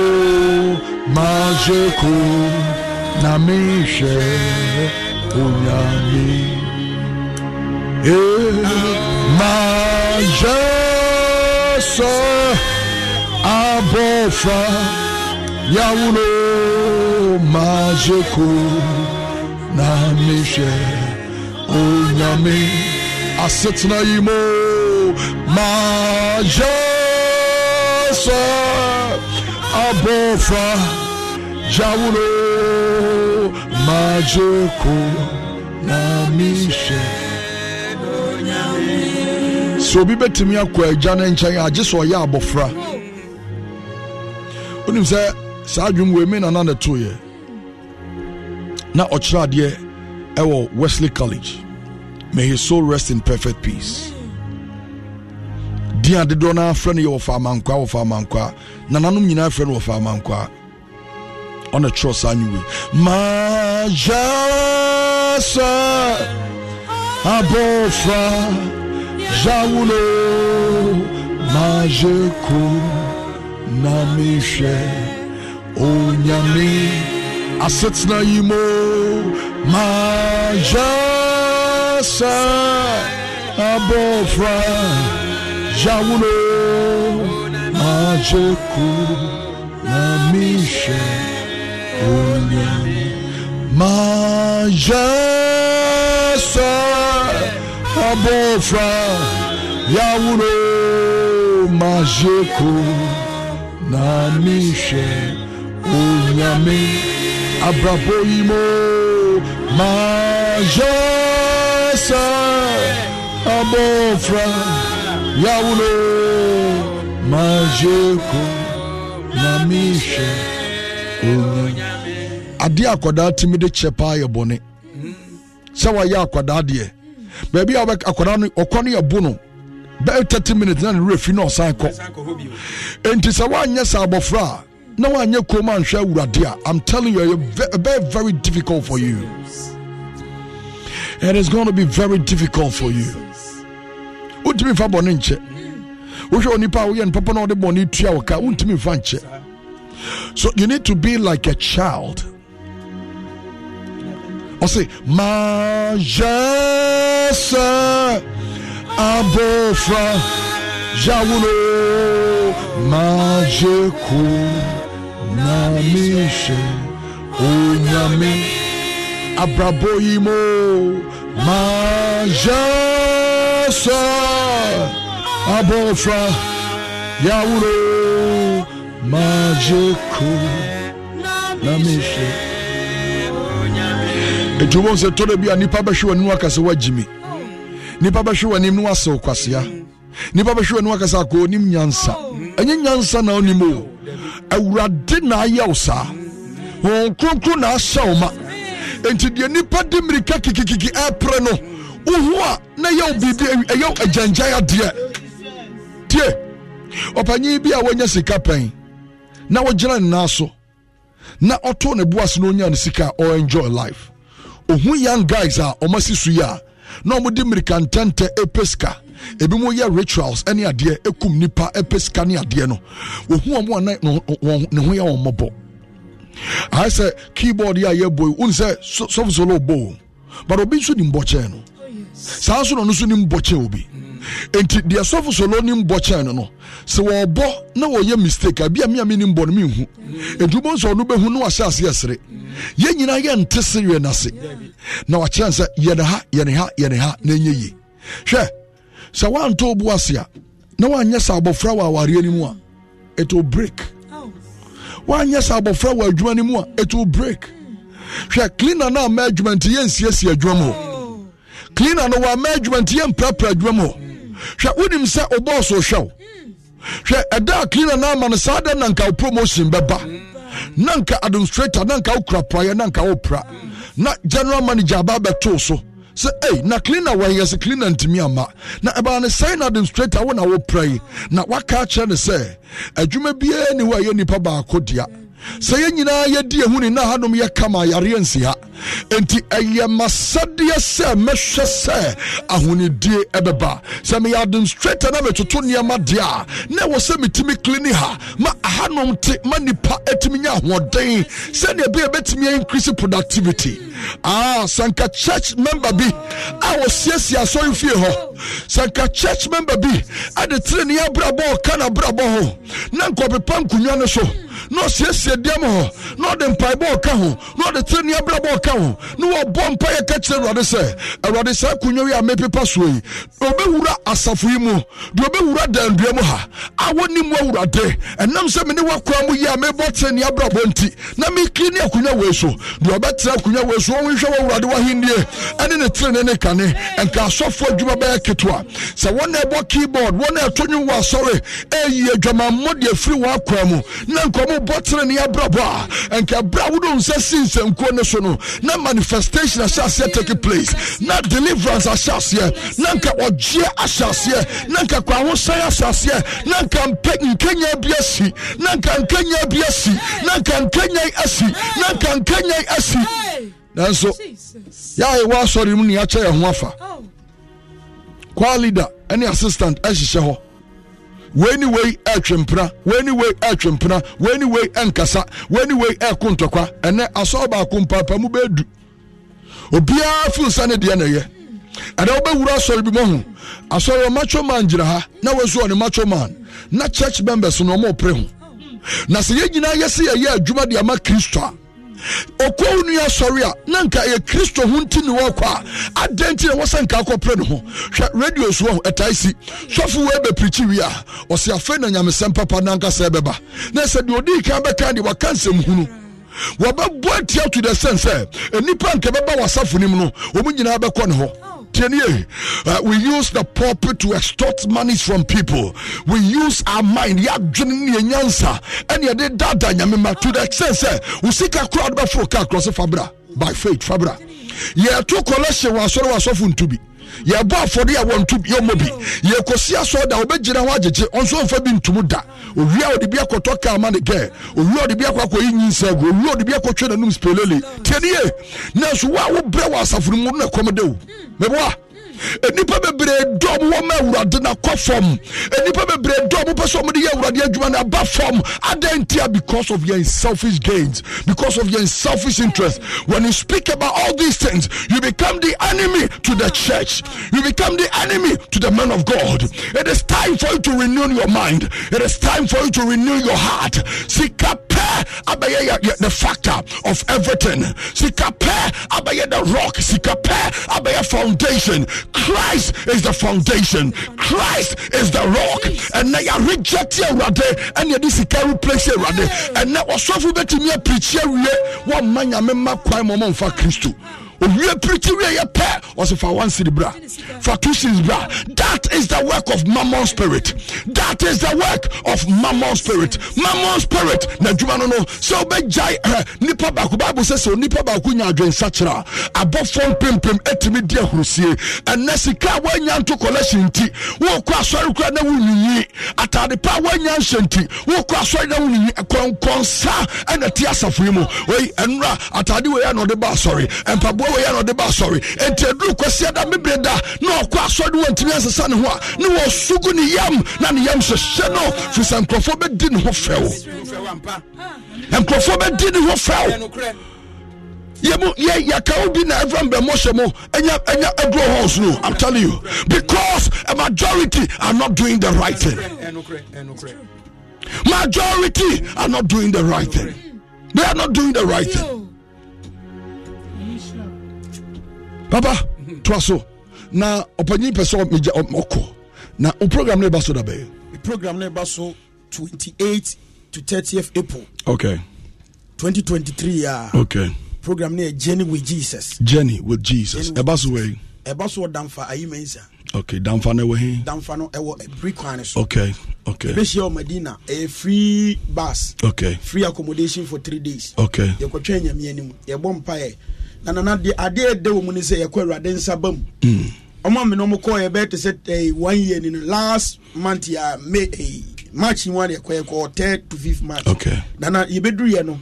na mehyɛ onyame e eh, mahyɛ abofa yawulo yawuro majekum na mehyɛ onyame asetena yi mu mayɛ sɛ abɔfra gyaworo magye ko na mehwɛ sɛ obi bɛtumi akɔ agya no nkyɛn agye sɛ ɔyɛ abɔfra wonim sɛ saa adwom wei me nana ne toeɛ na ɔkyerɛ adeɛ ɛwɔ wesley college may his soul rest in perfect peace Dear, the donor friend of no yɛ wɔfa amankwaa wɔfa amankwaa nananom nyinaa frɛ no wɔfa amankwaa ɔne kyerɛ saa nwe maja sɛ majeko asetena yi mu mayɛ sɛ abɔfra yawuro magye ku na mehwɛ onyam mayɛ sɛ abɔfra yawuro magye ku na mehwɛ onyame abrabọ yìí mo máa yọ sẹ abọ́fra yàwùlò máa yẹ kó nyàmé hwẹ onye. adeɛ akwadaa timi de kyɛ paa yɛ bɔne sɛ wayɛ akwadaa deɛ baabi a akwadaa no ɔkɔ no yɛ bo no bɛyɛ 30 minutes na ne werɛ fi na ɔsan kɔ enti sɛ woanyɛ sɛ abɔfra a Now na wanyɛ kurom anhwɛ awurade i i'm telling you ɛyɛ very very difficult for you and it is going to be very difficult for you wontumi mfa bɔne nkyɛ wohwɛ onipa a woyɛ npapa na wode bɔne tua wo ka wontumi mfa nkyɛ so you need to be like a child ɔse mayɛ sɛ abɔfra yawulo majeku nyamishe unyami abrabɔ yi mo majesɛ abɔfra yawuro majeko namishe ɛti wobɛhu sɛ tɔdɔ bi a nnipa bɛhwe w'anim aka sɛ woagye nnipa bɛhwe w'anim ne woasew kwasea nnipa bɛhwe w'anim aka sɛ akɔ onim nyansa ɛnyɛ nyansa na onim awurade na ayɛ wo saa wɔn kronkron na ahyɛ wo ma enti deɛ nipa de mmirika kikikiki ɛɛpere no wohu a na wo biribi wo agyangyan adeɛ tie ɔpanyin bi a wanya sika pɛn na wɔgyina ne nan so na ɔto ne boase na onya ne sika a ɔenjoy life ohu young guys a ɔmasi so yi a na ɔmode mmirika ntɛntɛ ɛpɛ sika ebi mo yɛ rituals ɛne adeɛ ekum nipa ɛpɛ sika ne adeɛ no ohun a mo anan ne ho yɛ wɔn mɔbɔ ayɛ sɛ keyboard yɛ a yɛ bɔ yi ohun sɛ sɔfosolo bɔ o but obi nso ni mbɔkyɛn no oh, saa nso na ɔno nso ni mbɔkyɛn obi nti deɛ sɔfosolo ni mbɔkyɛn no no sɛ wɔɔbɔ na wɔyɛ mistake a bi a mi a mi ni mbɔ no mi nhu nti mo nso ɔno bɛhu no wahyɛ ase ɛsere yɛn nyinaa yɛ nte se yɛ n'ase na wakyerɛ sɛ yɛn ha yɛn ha yɛn ha na enye yie hwɛ sɛ woantɔ wo ase a na woanyɛ sɛ abɔfra wɔ awareɛ no mu a it will break oh. woanyɛ sɛ abɔfra wɔ adwuma no mu a it will break hwɛ cleaner no ama adwuma nti yɛnsiesie adwuma mu hɔ oh. cleaner no wɔama adwuma nti yɛmprapra adwuma mu hɔ hmm. hwɛ wonim sɛ wo bɔɔso hmm. wo hwɛ ɛda a cleaner no ama no saa dɛ nanka wo promotion bɛba hmm. Nanka administrator nanka nka wo kura praeɛ na nka na general manager aba bɛtoo so sɛ ei na cleaner wɔyɛ sɛ cleaner ntumi ama na ɛbaa ne sɛe na administrator wo na wopra pray na waka akyerɛ ne sɛ adwuma biara ni hɔ a ɛyɛ nnipa baako dea sɛ yɛn nyinaa yɛdi ehu ne na hanom yɛ kama yareɛ nsi ha nti ɛyɛ masadeɛ sɛ mɛhwɛ sɛ ahonidie ɛbɛba sɛ meyɛ administrator na metoto nneɛma deɛ a na ɛwɔ sɛ metumi clini ha ma hanom te ma nipa atumi nya ahoɔden sɛdeɛ ɛbɛyɛ bɛtumi increase productivity ah sanka church member bi a wɔsiesie asɔre fie hɔ sanka church member bi a de tire ne abrabɔ ɔka n'abrabɔ ho na nkɔpepa nkonnwa no so na ɔsiesie deɛ mu hɔ na ɔde mpaebɔ ɔka ho na ɔde tiri nea brabɔ ɔka ho na wɔbɔ mpaeɛ ka kyerɛ awurade sɛ awurade saa akonnwa yi a mepepa soɔ yi obɛwura asafo yi mu deɛ obɛwura dandua mu ha awo wɔnim mu awurade ɛnam sɛ mene wakora mu yi a mebɔ tiri nea brabɔ nti na mekiri ne akonnwa wei so deɛ ɔbɛtena akonnwa wei so wɔnhwɛ wɔ awurade wahennie ɛne ne tiri ne ne kane ɛnka asɔfoɔ adwuma bɛyɛ ketewa sɛ wɔn na ɛbɔ keyboard wɔn na ɛto nwom wɔ asɔre ɛyi adwamanmmɔ deɛ firi wɔn wobɔ tere ne abrabɔ a ɛnka ɛberɛ a wodom sɛ si nsɛnkuo no so no na manifestation ahyɛ aseɛ take place na deliverance ahyɛ aseɛ na nka ɔgyeɛ ahyɛ aseɛ na nka kwahosan ahyɛ aseɛ na nka nkanya bi asi na nka nkanya bi asi na nka nkanya asi na nka nkanya asi nanso yɛa yɛwɔ asɔre mu ne yɛakyɛ yɛ ho afa kwa oh. leader ɛne assistant ɛhyehyɛ hɔ wei ni wei ɛtwe mpena wei ni wei ɛtwe mpena wei ni wei ɛnkasa wei ni wei ɛko ntɔkwa ɛnɛ asɔɔ baako mpaapa mu bɛɛdu obiara fi nsa ne deɛ na ɛyɛ ɛdɛ wobɛwura asɔre bi mu ho asɔre macho man gyina ha na wɔnso ɔne macho man na church members no ɔmo pere ho na sɛ yɛn nyinaa yɛsi yɛyɛ adwuma de ama kristo a ɔkɔw nua sɔre a na nka yɛ kristo ho nti ne wɔkɔ a adɛn nti na ɛwɔ nka akɔpere ne ho hwɛ radio so ɔho ɛtae si sɔfo wei bɛpirikyi wie a ɔsɛ afei na nyamesɛm papa nankasɛ bɛba na sɛ deɛ ɔdii kan bɛka deɛ waka nsɛm hunu wɔbɛbɔ atia to the sense sɛ nnipa nka bɛba wɔ nim no ɔmu nyinaa bɛkɔ ne hɔ uh, we use the pulpit to extort monies from people. We use our mind. Ya dwene nyansa. And ya de dada to the extent say we seek a crowd by fabra by faith fabra. Yeah, to collection was sorry to be. yɛbɔ afɔde a wɔntu yɛmmɔ bi yɛkɔsi asɔ da wɔbɛgyina ho agyegye ɔnso mfa bi ntum da owia ɔde bi akɔtɔ kaa ma ne gɛ owia ɔde bi akɔ akɔyi nyinsa gu owia ɔde bi akɔtwe n'anum spelele tiɛnie nanso wo a wobrɛ wɔ asafo na ɛkɔm de wo meboa nnipa bebree dɔm wɔma awurade na kɔ fam nnipa bebree dɔm pɛ sɛ ɔmde yɛ awurade adwuma no aba fam adɛn ntia because of your selfish gains because of your selfish interest when you speak about all these things you become the enemy to the church you become the enemy to the man of god it is time for you to renew your mind it is time for you to renew your heart seek up pɛ the factor of everything sika pɛ the rock sika pɛ abɛyɛ foundation christ is the foundation christ is the rock ɛnɛ yɛ reject awurade ɛnɛ yɛde sika replace awurade ɛnɛ ɔsɔfo bɛtumi apirikyi awie wɔn mma nyame mma kwai mɔmɔ nfa Christu. owie pirikyi wie yɛ pɛ ɔsi fa one seed bra fa two seeds bra that is the work of mammon spirit that is the work of mammon spirit mammon spirit na adwuma no no sɛ ɔbɛgyae ɛ nipa baako baabu sɛ sɛ onipa baako nya adwensa kyerɛ a abɔfo mpempem etimi di ahorosie ɛnɛ sika a wɔanya nto collection nti wɔɔkɔ asɔre kura na wɔnyiyi ataade pa a wɔanya nhyɛ nti wɔɔkɔ asɔre na wɔnyiyi kɔnkɔnsa ɛna ti asafo yi mu oyi ɛnura ataade wɔ yɛ na ɔde ba asɔre mpaboa. wɔyɛ no ɔde ba asɔre enti aduru kwasi ada mebere da na ɔkɔ asɔre wɔ ntumi ansesa ne ho a ne wɔsugu ne yam na ne yam hyehyɛ no firi sɛ nkurɔfoɔ bɛdi ne ho fɛw nkurɔfoɔ bɛdi ne ho fɛw yɛmu yɛ yɛkawo bi na everyone be mɔhyɛ mu ɛnya ɛnya aduro hɔ ɔsoro i'm telling you because a majority are not doing the right thing majority are not doing the right thing they are not doing the right thing. papa toa so na ɔpanyin pɛ sɛ megya ɔkɔ na o program ne ɛba so da bɛyɛ program ne ɛba so 28 to 30th april okay 2023 a okay program ne yɛ journey with jesus journey with jesus ɛba so wei ɛba so wɔ damfa ayimansa okay damfa ne ɛwɔ he damfa no ɛwɔ abiri e, kwan ne so okay okay ɛbɛhyia wɔ madina ɛyɛ e, free bus okay free accommodation for three days okay yɛkɔtwa nyame anim yɛbɔ mpaeɛ na nana deɛ adeɛ ɛda wɔ mu ne sɛ yɛkɔ awurade nsa ba mu hmm. ɔmo amene ɔmo kɔɔ yɛbɛyɛ te sɛ ɛyi eh, one year ni no last month yɛ may eh, march yi wa yɛkɔ yɛkɔ third to fifth march nana yɛbɛduru yɛ no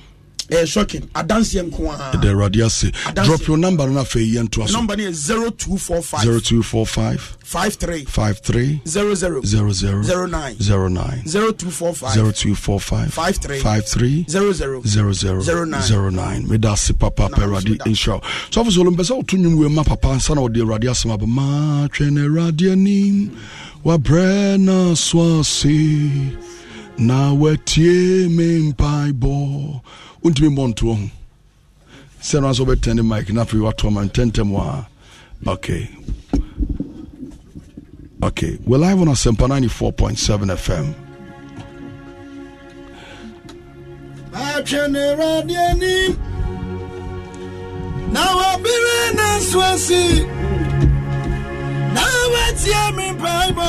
ɛyɛ eh, shocking adanseɛ nko a ɛdɛ awurade ase drop your number no afei yɛ ntoa so number no yɛ 0245 0245 53 53 00 00 09 09 0245 0245 53 53 00 00 09 meda ase papa pa awurade nhyira sɔfo sɛ olompɛ sɛ woto nwum wei ma papa nsa na wɔde awurade asɛm aba matwɛ no awurade anim wabrɛ na so ase na watie me wontumi mmɔ ntoɔ ho sɛ no asɛ wobɛtɛn ne mike na afei watoa ma ntɛntɛm a okay okay we're live on asempa 94.7 fm atwene awurade anim na wɔbere na nso asi na wɔatie me mpaebɔ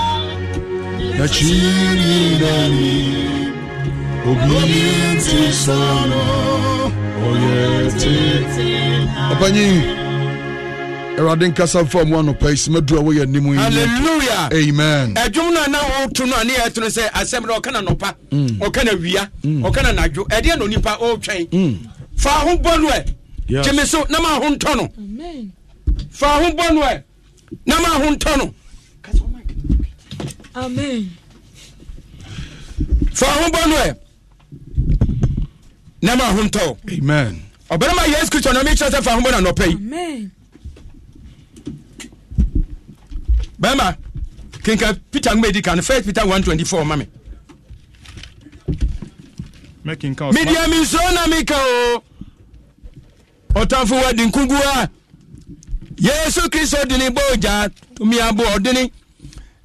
na chini nami obienti sana oyete apanyi awurade e nkasa mfa mu anɔpa yi simadu a woyɛ anim hallelujah amen ɛdwom no a na woto no a ne yɛto no sɛ asɛm no ɔka na nɔpa ɔka mm. na wia ɔka mm. na nadwo e ɛdeɛ mm. fa ho bɔ no ɛ so na ma ho ntɔ fa ho bɔ no ɛ na ma ho amen. fa ahobɔ no ɛ na ma ahontɔ amen ɔbɛrima yesu kristo na mekyerɛ sɛ fa ahobɔ no anɔpɛ yi bɛrima kenka peter nwoma edi kan first peter one twenty four mami. media mi nsoro na mi ka o ɔtanfo wa di nkugu a yesu kristo di ni bɔ ɔjà tumi abo ɔdini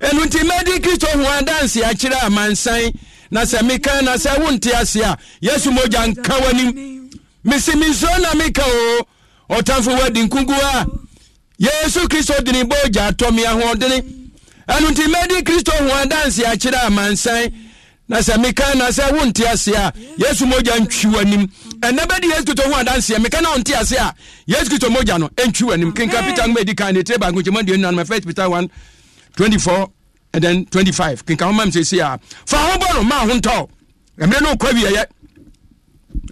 ɛnu mɛdi kristo ho adanse akyerɛ amansan na sɛ meka na sɛ wonte ase a yesu mogya nka w'anim mesi misuo na meka o ɔtamfo wadi nkungu a yesu kristo de ne bogya atɔme ahoɔdene ɛnu mɛdi kristo ho adanse akyerɛ amansan na sɛ meka na sɛ wonte ase a yesu mogya ntwi w'anim ɛnɛ bɛdi yesu kristo ho adanseɛ meka na wonte ase a yesu kristo mogya no ɛntwi w'anim kenka peter nwoma edi kan ne tire baako nkyɛn mo de enu anum first peter one. 24 and then 25 kenkan ma m sɛ si a fa ho bɔ no ma ho ntɔ mmerɛ no kɔ wieɛ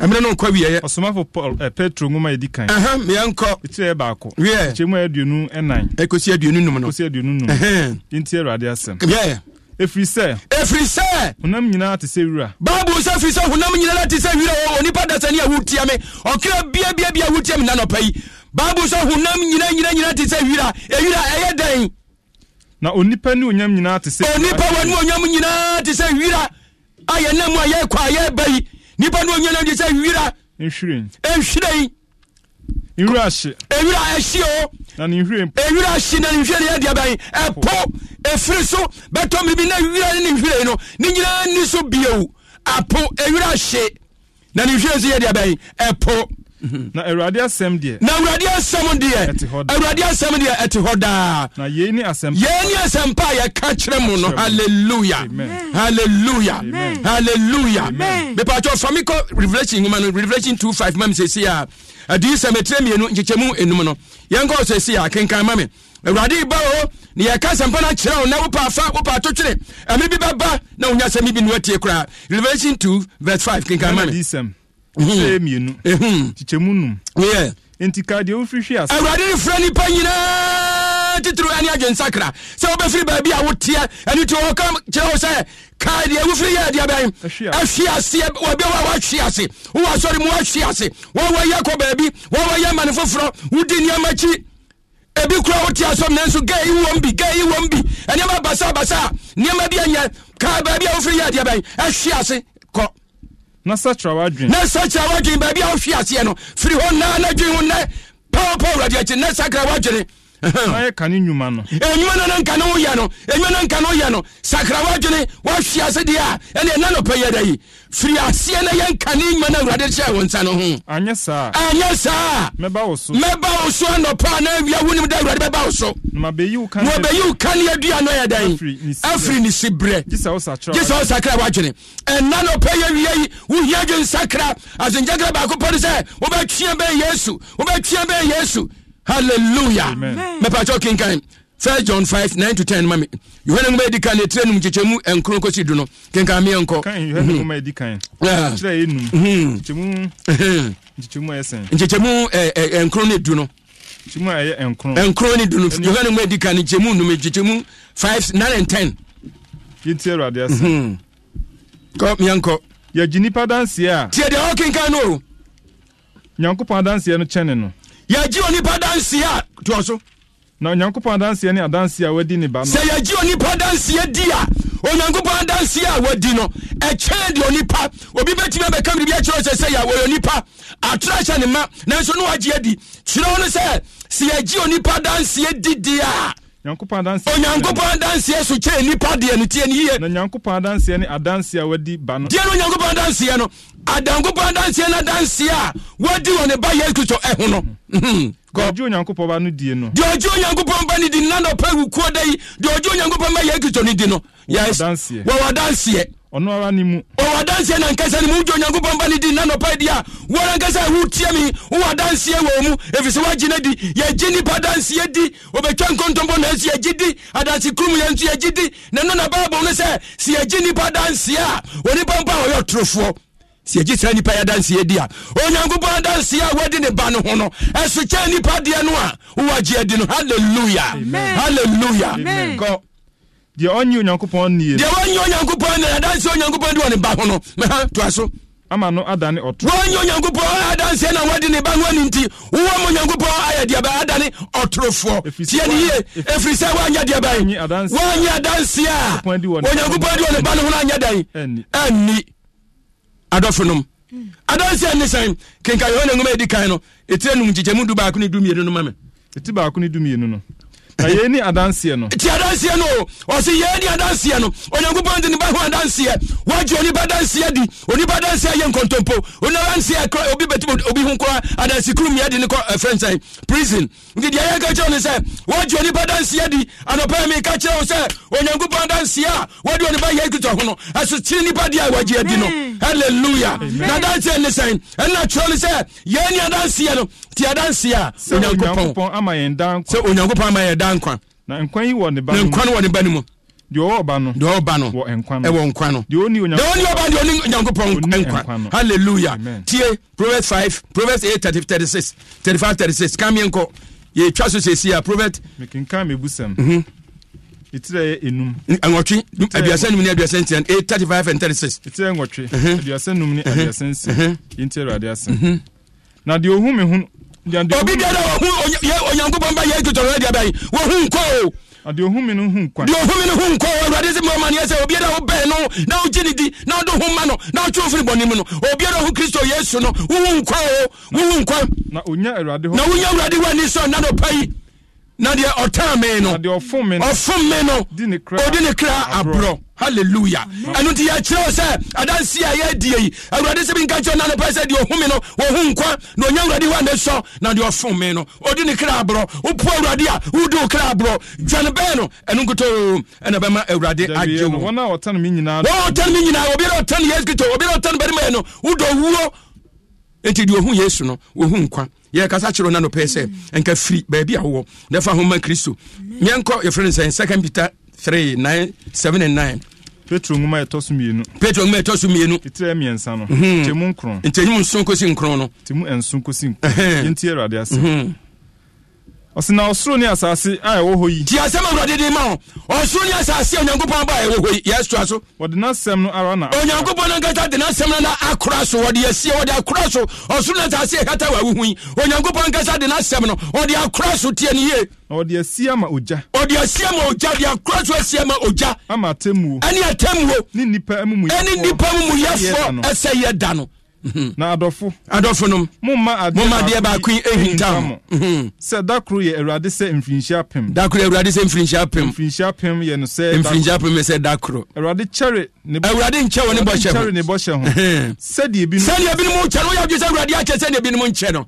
mmerɛ no kɔ wieɛ ɔsomafo paul eh, petro nwoma yɛdi kan ɛhɛ meyɛnkɔ ɛkyerɛ baako wiɛ ɛkyɛ mu aduonu ɛnan ɛkɔsi aduonu num no ɛkɔsi aduonu num ɛhɛn yɛnti awurade asɛm wiɛ ɛfiri sɛ ɛfiri sɛ honam nyinaa te sɛ wura bible sɛ ɛfiri sɛ honam nyinaa te sɛ wura wɔ onipa dasani a wotia me ɔkra biabiabia wotia me nanɔpa yi bible sɛ honam nyinaa nyinaa nyinaa te sɛ wura ɛwura ɛyɛ dɛn na onipa ne onyam nyinaa te sɛ onipa wɔ onyam nyinaa te sɛ wira a yɛnam mu a yɛkɔ a yɛba yi nipa ne onyam te sɛ wira nhwiren nhwiren nwura ahye nwura ahye o na nhwiren po nwura ahye na nhwiren yɛ deɛ bɛn ɛpo efiri so bɛtɔ mi na nwura ne nhwiren no ne nyinaa ni so bio apo nwura ahye na nhwiren so yɛ deɛ bɛn ɛpo na awurade asɛm deɛ na awurade asɛm deɛ awurade asɛm deɛ ɛte hɔ daa na yei ne asɛm yei ne asɛm pa yɛka kyerɛ mu no hallelujah hallelujah hallelujah mepatwɛ fa me kɔ revelation nwoma no revelation two five. Mam sɛsi a adiyi sɛ metire mmienu nkyekyɛmu enum no yɛnkɔ sɛsi a kenkan ma awurade ba o ne yɛka asɛmpa no akyerɛ wo na wopɛ afa wopɛ ato twene ɛmere bi bɛba na wonya asɛm bi ne watie koraa revelation two verse five. kenkan ma me sɛ mmienu kyekyɛmu num nti ka deɛ wofirihwe as awurade ne frɛ nnipa nyinaa titiri ɛne adwensakra sɛ wobɛfiri baabi a woteɛ ɛno nti wɔka kyerɛ wo sɛ ka deɛ wofiri yɛ deɛ bɛn ahwe aseɛ wɔbi wɔ wɔahwe ase wowɔ asɔre mu wɔahwe ase wɔwɔyɛ kɔ baabi wɔwɔyɛ mane foforɔ wodi nneɛma kyi ebi kura wo tia sɔm nanso gaa yi wɔm bi gaa yi wɔm bi nneɛma basabasa nneɛma bi anyɛ kaa baabi a wofiri yɛ deɛ bɛn ahwe ase kɔ na sakyera wadwen na sakyera wadwen baabi a wohwe aseɛ no firi hɔ naa na dwen ho nnɛ pawpɔ awurade akyi na sakra ayɛ kane nnwuma no ɛnwuma no no nka ne woyɛ no ɛnwuma no nka ne woyɛ no sakrawa adwene woahwe ase deɛ a ɛne ɛna nɔpɛ yɛ yi firi aseɛ na yɛnka ne nnwuma no awurade hyɛ wo nsa no ho anyɛ saa anyɛ saa mɛba wo so mɛba wo so anɔpa a na awia wonim da awurade bɛba wo so na wabɛyi wo ka ne adua no ɛyɛ dan afiri ne siberɛ gye sɛ wo sakra woadwene ɛna nɔpɛ yɛ wia yi wohia dwen sakra asenkyakra baako pɔ sɛ wobɛtwea bɛn yesu wobɛtwea bɛn yesu hallelujah mepatwɛ kenkan first john five nine to ten, mami yohane nwoma edi kan etire num kyekyɛmu nkron kɔsi du no kenkan miɛ nkɔ mhm. ah. mhm. Mhm. nkyekyɛmu eh, eh, eh, nkron ne du no nkron ne du no yohane nwoma edi kan nkyekyɛmu num nkyekyɛmu 5 9 and 10 yɛntie awurade ase kɔ miɛ nkɔ yɛgye nnipa danseɛ a tie deɛ ɔkenkan no o nyankopɔn adanseɛ no kyɛne no yɛgye onipa danseɛ a toɔ so na onyankopɔn adanseɛ ne adanseɛ a wadi ne ba no sɛ yɛgye onipa danseɛ di a onyankopɔn adanseɛ a wadi no ɛkyɛn deɛ onipa obi bɛtumi abɛka biribi akyerɛ sɛ sɛ yɛ wɔyɛ onipa atorɔ ahyɛ ne ma nanso ne wagye adi kyerɛ wo no sɛ sɛ yɛgye onipa danseɛ didi a onyankopɔn adanseɛ so kyerɛ nnipa deɛ no tie no yie na nyankopɔn adanseɛ ne adanseɛ a wadi ba no deɛ no onyankopɔn adanseɛ no adankopɔn adanseɛ no adanseɛ a wadi wɔ ne ba yesu kristo ɛho no mhm. deɛ ɔgye onyankopɔn ba no di no deɛ ɔgye onyankopɔn ba no di no na na ɔpɛ wukuo da yi deɛ ɔgye onyankopɔn ba yesu kristo no di no yes wɔwɔ adanseɛ ɔno ara ni mu ɔwɔ adanseɛ na nkasa ni mu wogye onyankopɔn ba ni di nna nɔpa di a wɔra nkasa a wotie me wowɔ adanseɛ wɔ mu ɛfiri sɛ woagye no di yɛgye nnipa adanseɛ di wɔbɛtwa nkontompɔ na ɛso yɛgye di adanse kurom yɛ nso yɛgye di na ɛno na bible no sɛ sɛ yɛgye nnipa adanseɛ a onipa mpa a ɔyɛ ɔtorofoɔ sɛ yɛgye saa nnipa yɛ adanseɛ di a onyankopɔn adanseɛ a wadi ne ba no ho no ɛso kyɛ nnipa deɛ no a wowagye adi no Amen. halleluya deɛ ɔnyi onyankopɔn nie deɛ wɔnyi onyankopɔn nie adanse onyankopɔn de wɔ ne ba ho no mɛha toa so ama no adane ɔto wɔnyi onyankopɔn adanseɛ na wɔde ne ba ho ani nti wowɔ mu onyankopɔn ayɛ deɛ bɛ adane ɔtorofoɔ tie ne yie ɛfiri sɛ woanyɛ deɛ bɛn woanyi adanseɛ a onyankopɔn de wɔ ne ba no ho no anyɛ dɛn anni adɔfonom adanseɛ ne sɛn kenka yohane nwoma ɛdi kan no ɛtire num nkyekyɛmu du baako ne dumienu no ma me ɛti baako ne dumienu no na yɛn ni adanseɛ no. ti adanseɛ no ɔsi yɛn ni adanseɛ no onyankopɔn de nipa ho adanseɛ wagye onipa danseɛ di onipa danseɛ yɛ nkontompo onipa danseɛ kora obi bɛtum obi ho kora adansi kurum yɛ de ne kɔ ɛfɛn eh, sɛn prison nti deɛ yɛn ka kyerɛ ne sɛ wagye onipa danseɛ di anɔpɛ mi ka kyerɛ sɛ onyankopɔn danseɛ a wagye onipa yɛ ekutɔ ho no ɛso kyerɛ nipa di a wagye di no hallelujah na danseɛ ne sɛn ɛna kyerɛ ne sɛ yɛn ni adanseɛ no ti adansi a onyankopɔn sɛ onyankopɔn ama yɛn dan kwa na nkwa yi wɔ ne ba mu nkwa no wɔ ne ba mu deɛ ɔwɔ ɔba no deɛ ɔba no ɛwɔ nkwa no deɛ ɔni ɔba deɛ ɔni onyankopɔn nkwa hallelujah tie proverbs five proverbs eight thirty thirty six thirty five thirty six kan miɛ nkɔ yɛtwa so sɛsi a proverbs. mekenkan mebusɛm ɛtirɛ mhm. yɛ enum. ɛnwɔtwi aduasa num ni aduasa nsia eight thirty five and thirty six. ɛtirɛ ɛnwɔtwi mhm. aduasa num ni mhm. aduasa nsia yɛn ti ɛwɛ adi ase na deɛ ohun mi hun obi biara wɔhu onyankopɔn ba yɛ kitɔrɔ deɛ bɛyi wɔhu nkɔ o deɛ ohun mi no hun kwan deɛ ohun mi no hun nkɔ o awurade sɛ mɔɔ ma ne yɛ sɛ obiara wo bɛn no na wo gye di na wo de ho ma no na wo twe ofiri bɔne mu no obiara ho kristo yesu no wohu nkɔ o wohu nkɔ na wonya awurade hɔ na wonya awurade hɔ ani sɔ na yi na deɛ ɔtaa me no ɔfom me no ɔdi ne kra aborɔ halleluya ɛno nti yɛkyerɛ wo sɛ adanse a yɛadie yi awurade sɛ bi nka kyerɛ na nopɛ sɛ deɛ ɔhu me no wɔhu nkwa na ɔnya awurade hɔ ane sɔ na deɛ ɔfom me no ɔdi ne kra aborɔ wopo awurade a wodi kra aborɔ dwane bɛɛ no ɛno nkotoo ɛna bɛma awurade agye wo wɔn a ɔtane me nyinaa obiara ɔtane yesu kristo obiara ɔtane bɛdemɛ no wodɔ wuo ɛti deɛ ɔhu yesu no wɔhu nkwa yɛkasa kyerɛ na nopɛɛ sɛ ɛnka firi baabi a wowɔ na fa homa kristo yɛnkɔ yɛfrɛ no sɛ second peter 3 9 7 and 9 petro nwoma ɛtɔ so mmienu petro nwoma ɛtɔ so mmienu etire mmiɛnsa no nkyɛmu mhm. nkron nkyɛmu nson kosi nkron no nkyɛmu nson kosi nkron yɛntie awurade ase mhm ɔsɛ ɔsoro ne asase a ɛwɔ hɔ yi. ti asɛm awurade de ma o ɔsoro ne asase a aba ɛwɔ hɔ yi yɛ so. wɔde n'asɛm no ara na. onyankopɔn no de n'asɛm no na akora so wɔde asie wɔde akora so ɔsoro ne asase ɛkata wɔ awuhu yi onyankopɔn nkasa de n'asɛm no wɔde akora so tie ne yie. na wɔde asie ama ogya. wɔde asie ama ogya de akora so asie ama ogya. ama atemuo. ɛne atemuo. ne nipa Mhm. na adɔfo adɔfo nom momma adeɛ baako yi ɛhinta mo mhm. sɛ da koro yɛ awurade sɛ mfirinhyia pem da koro yɛ awurade sɛ mfirinhyia pem mfirinhyia pem yɛ no sɛ mfirinhyia pem yɛ sɛ da koro awurade kyɛre ne bɔ awurade nkyɛ wɔ ne bɔhyɛ ho ne bɔhyɛ ho sɛdeɛ ebinom sɛdeɛ ebinom nkyɛ no woyɛ adwo sɛ awurade akyɛ sɛdeɛ ebinom nkyɛ no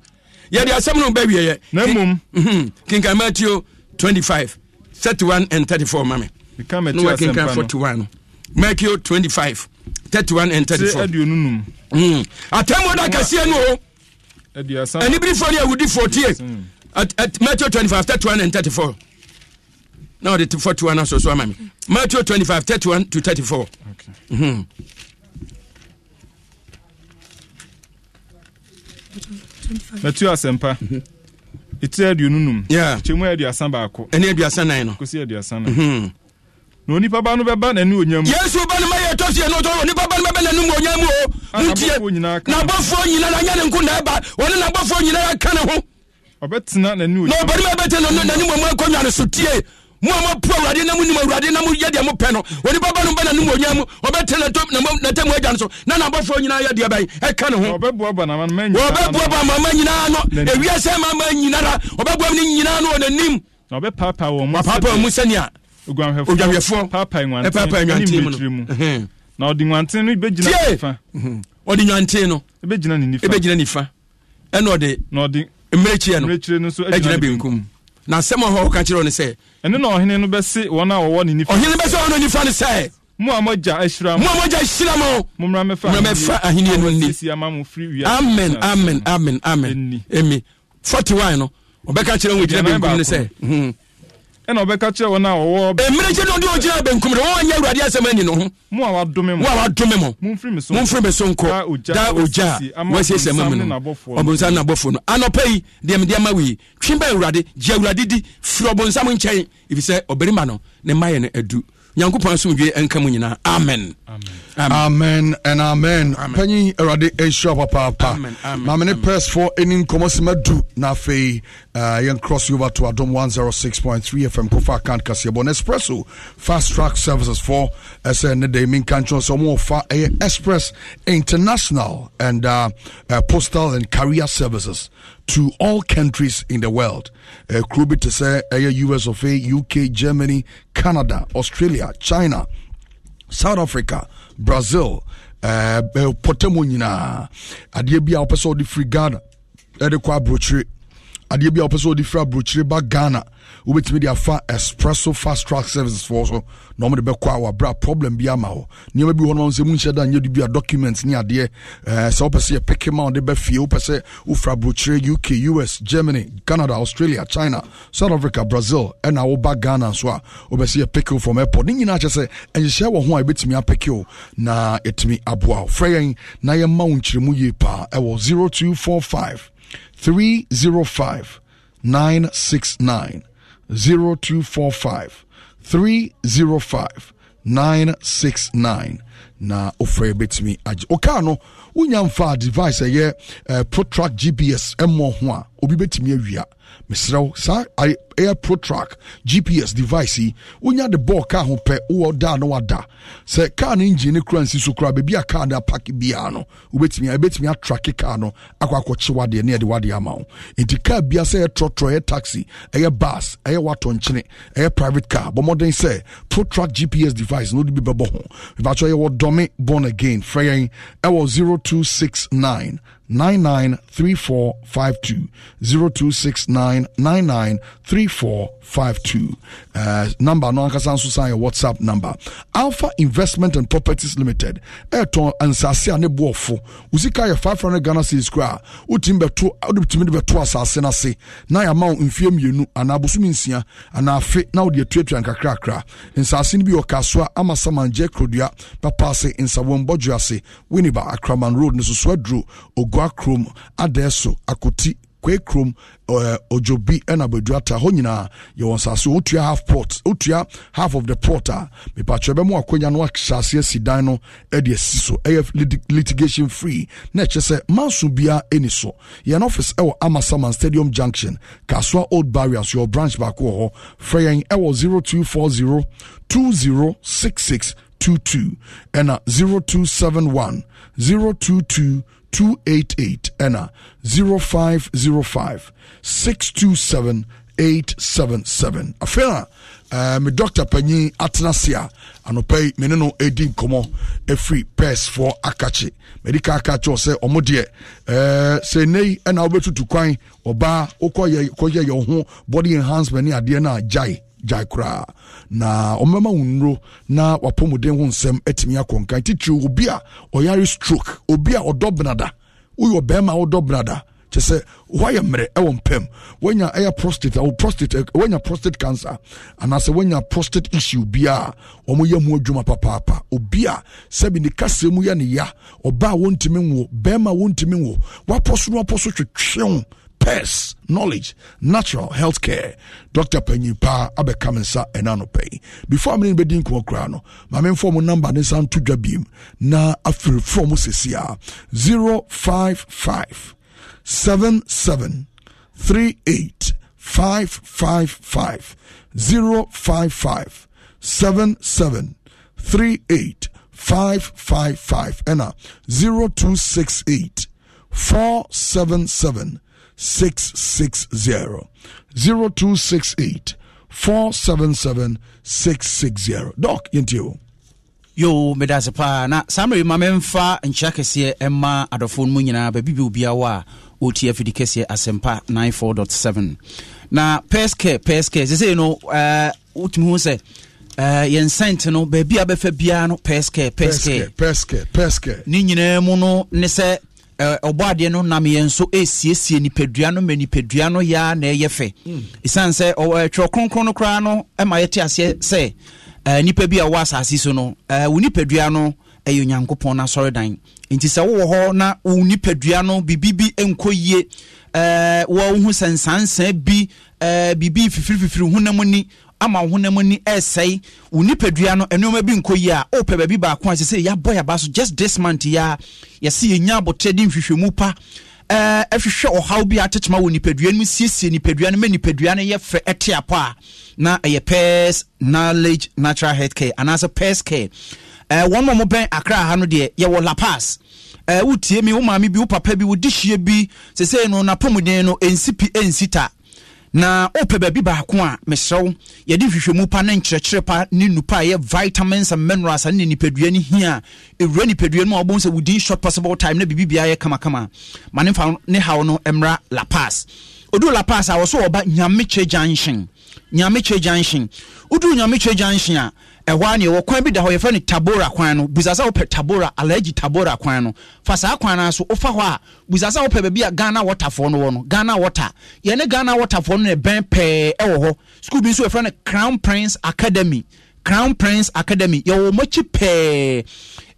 yɛde asɛm no bɛ wieɛ na mmom mhm. kenkan matthew 25 31 and 34 ma me na wɔkenkan 41 matthew 25 31 and 34 Hmm. atamu da kɛseɛ no anibirifoɔ ne awudifoɔ tie hmm. matthew 25 31 and 34 na ɔde 41 no so so ama me matthew 25 31 to 34 okay. mm-hmm. matthew asɛmpa ɛtiri aduonu num kyɛmu aduasa baako ɛne aduasa nan no kɔsi aduasa nan na onipa ba no bɛba n'ani onyam yesu ba ni ma yɛ tɔsi yɛ n'otɔ onipa ba ni bɛbɛ n'ani mu onyam o. ni tiɛ n'abɔfoɔ na nyɛ ne nko na ɛba wɔne n'abɔfoɔ nyinaa yɛ ka ne ho. n'ani onyam. na ɔbɛnima bɛ tɛ n'ani mu ɛmu akɔnya ne tie mu a mo pu awurade na mo nim awurade na mo yɛ deɛ mo pɛ no onipa ba no ba n'ani mu onyam mu ɔbɛtena n'ata mu agya ne so na n'abɔfoɔ nyinaa yɛ deɛ bɛyi ɛka ne ho. ɔbɛbuaba mama nyinaa no ewiase mama nyinaa ɔbɛbuaba ne nyinaa no wɔ n'anim. ɔbɛpaapa mu sɛnea odwamhwɛfoɔ papa nwantenmtiri mu na ɔde nwanten no bɛgyina nifa mhm. ɔde nwanten no ɛbɛgyina ne nifa ɛbɛgyina nifa ɛna ɔde na ɔde mmirekyiɛ no mmirekyiɛ no nso ɛgyina benkum na asɛm a ɔka kyerɛ no sɛ ɛne na ɔhene no bɛse wɔn a wɔwɔ ne nifa ɔhene bɛse wɔn no nifa no sɛ mu a mogya ahyira mo mu a mogya ahyira mo mo mmara mɛfa ahenni no nni amen amen amen amen ɛmi forty one no ɔbɛka kyerɛ wɔn gyina benkum no sɛ mhm ɛna ɔbɛka kyerɛ wɔn a ɔwɔ. mmerɛ kyɛ dɔn de benkum de wɔn anyɛ awurade asɛm ani no ho. mu a wadome mu. mu a wadome mu. mu nfiri mi so nkɔ da ogya a wɔasiesie mu no ɔbɔnsam na abɔfo no anɔpɛ yi deɛ mede ama wei twi bɛ awurade gye awurade di firi ɔbɔnsam nkyɛn efisɛ ɔbarima no ne mma yɛ no adu nyankopɔn asomdwe nka mu nyinaa amen. amen. amen and amen panyin awurade ahyia papaapa maame ne press for any nkɔmmɔ sima du na afei uh, yɛn cross over to Adam 106.3 fm kofa account kaseɛ bɔ espresso. fast track services for ɛsɛ ne da mi nka nkyɛn sɛ ɔmoɔfa ɛyɛ express international and uh, uh, postal and carrier services to all countries in the world. Uh, Krubi to say US of A, UK, Germany, Canada, Australia, China, South Africa, brazil uh, eh, eh, pɔtɛmo nyinaa adeɛ bi a wɔpɛ sɛ wɔde firi ghana ɛde eh, kɔ aburokyire adeɛ bi a wɔpɛ sɛ wɔde firi aburokyire ba ghana wobɛtumi de afa espresso, fast track services foɔ so na ɔmde bɛkɔ a wabrɛ problem bi ama hɔ nneɛma bi hɔnom sɛ munhyɛ da nyɛ de bi a document ne adeɛ sɛ wopɛ sɛ yɛpeke ma wode bɛfie wopɛ sɛ wofra brokyerɛ uk us germany canada australia china south africa brazil ɛna woba ghana nso a wobɛ sɛ yɛpeke wo from airport ne nyinaa kyɛ sɛ ɛnhyehyɛ wɔ ho a yɛbɛtumi apeke wo na ɛtumi aboa wo frɛ yɛn na yɛma wo nkyerɛmu yie paa ɛwɔ 0245 305 969 0245 305 969 na ofra bɛtumi agye okaa no wonya mfa device ɛyɛ uh, eh, protract gps mmɔ ho a obi bɛtumi awia e mesrɛ wo saa air track gps device yi wonya de bɔɔ car ho pɛ wowɔ da na wada sɛ car no engine no kura nsi so kora baabi a car no apake biara no wobɛtumi ɛbɛtumi atrake car no akɔ akɔkye wadeɛ ne yɛde wadeɛ ama wo enti car bia sɛ yɛ trɔtrɔ ɛyɛ taxi ɛyɛ bus ɛyɛ watɔnkyene ɛyɛ private car bɔ mmɔden sɛ protrack gps device no wode bi bɛbɔ ho mebakyɛ yɛwɔ dɔme born again frɛ yɛn ɛwɔ 0269 993452 0269993452 uh, number no ankasa nso your whatsapp number alpha investment and properties limited ɛɛtɔn ansase a ne bo ɔfo 500 ghana cedis koraa wotumi bɛto wotumi de bɛto asase no ase na yɛama wo mfeɛ mmienu anaa ya nsia anaa afe na wode atuatua nkakrakra nsase no bi ɔka so a ama samangye krodua papaase nsawɔmbɔdwe winiba akraman road ne ogo akwa kurom adeso akoti kwe kurom uh, eh, ojobi ɛna baduata hɔ nyinaa yɛwɔ nsase wotua half pot wotua half of the pot a mepatwerɛ bɛmu akonya no ahyɛ aseɛ si dan no e de asi so ɛyɛ e litigation free na ɛkyerɛ e sɛ manso biara ɛni so yɛn office ɛwɔ amasaman stadium junction kasoa old barriers yɛwɔ branch baako wɔ hɔ frɛ yɛn ɛwɔ 0240 2066 0222 ɛna 0271 022 288 ɛna 0505 627 877 afei eh, a uh, me dɔctor panyin atena se a anɔpa yi me ne no ɛdi nkɔmmɔ ɛfiri persfoɔ akakye mede ka aka kyɛw sɛ ɔmo deɛ uh, sɛ nnei ɛna wobɛtutu kwan ɔbaa wokɔyɛ yɛ wo ho body enhancement ne adeɛ na agyae gyae koraa na ɔmɛma wo nnuro na wapɔmuden ho nsɛm atumi akɔ nkan titiri obi a ɔyare stroke obi a ɔdɔ benada woyɛ ɔbɛrima a wodɔ benada kyɛ sɛ woayɛ mmerɛ ɛwɔ mpam woanya ɛyɛ prostate awo prostate woanya prostate cancer anaasɛ woanya prostate issue bia a wɔyɛ mu adwuma papaapa obi a sɛbi ne kaseɛ mu yɛ ne ya ɔbaa wɔntumi nwo bɛrima wɔntumi nwo wapɔ so no wapɔ so twetwe pairs, knowledge, natural health care. Dr. Penny Pa Abekaminsa Enanope. Before I'm in Bedin Kwokrano, my main form number is on to Jabim. Na zero zero five five five five five five five seven seven seven three eight seven three eight five five five 555 zero two six eight four seven seven 0268 477 660 doc you. yo medase paa na saa mmerɛ ma memfa nkyea kɛseɛ ɛma adɔfoɔ no mu nyinaa baabibi obia wɔ a ɔtie kɛseɛ asɛmpa 94.7 na pescare pescare sesei no wotumi uh, ho sɛ uh, yen sainte, no baabi a bɛfa peske, peske. Peske, peske, peske. Ninyine mu no Eh, ɔbɔ adeɛ no nam yɛn nso ɛsiesie nipadua no ma nipadua no yɛa na ɛyɛ fɛ ɛsiane hmm. sɛ twerɛ kronkron no koraa no ma yɛte aseɛ sɛ eh, nipa bi a ɔwɔ asase so no eh, wo nipadua no ɛyɛ onyankopɔn no asɔredan nti sɛ wowɔ hɔ na wo nipadua no biribibi nkɔ yie wɔwohu sɛ nsansa bi biribi fifirififiri honam ni ama wo honam ani ɛsɛe wo nipadua no nneɛma bi nkɔ yi a wopɛ baabi baako a sɛ sɛ yɛabɔ yɛaba so just this month yi a yɛsɛ yɛnya abotire de nhwehwɛmu pa ɛhwehwɛ uh, ɔhaw bi atetema wɔ nipadua no mu siesie nipadua no ma nipadua no yɛ ɛte apɔ a na ɛyɛ pɛs knowledge natural health care anaasɛ pɛs care uh, wɔn a wɔbɛn akra ha no deɛ yɛwɔ la pass uh, wotie mi wo maame bi wo papa bi wo dihyie bi sesei no napɔmuden no ɛnsi pi ɛnsi ta na wopɛ baabi baako a mesrɛ wo yɛde hwehwɛmu pa ne nkyerɛkyerɛ pa ne nupa a ɛyɛ vitamins and minerals ane ne nipadua no hia ɛwura nipadua no mu a wobɛhu sɛ wodin short possible time na biribibiaa yɛ kamakama ma ne fa ne haw no mmra lapas ɔduu lapas a wɔ so wɔba nyamekyerɛ junction nyamekyerɛ junction woduu nyamekyerɛ junction a ɛhɔ a neɛ kwan bi da hɔ yɛfrɛ no tabora kwan no busa sɛ wopɛ tabora alagi tabora kwan no fa saa kwan no so wofa hɔ a busa sɛ wopɛ baabi a ghana waterfoɔ no wɔ no ghana water yɛne ghana waterfoɔ no ne bɛn pɛɛ ɛwɔ hɔ school bi nso yɛfrɛ no crown prince academy crown prince academy yɛwɔ mɔkyi pɛɛ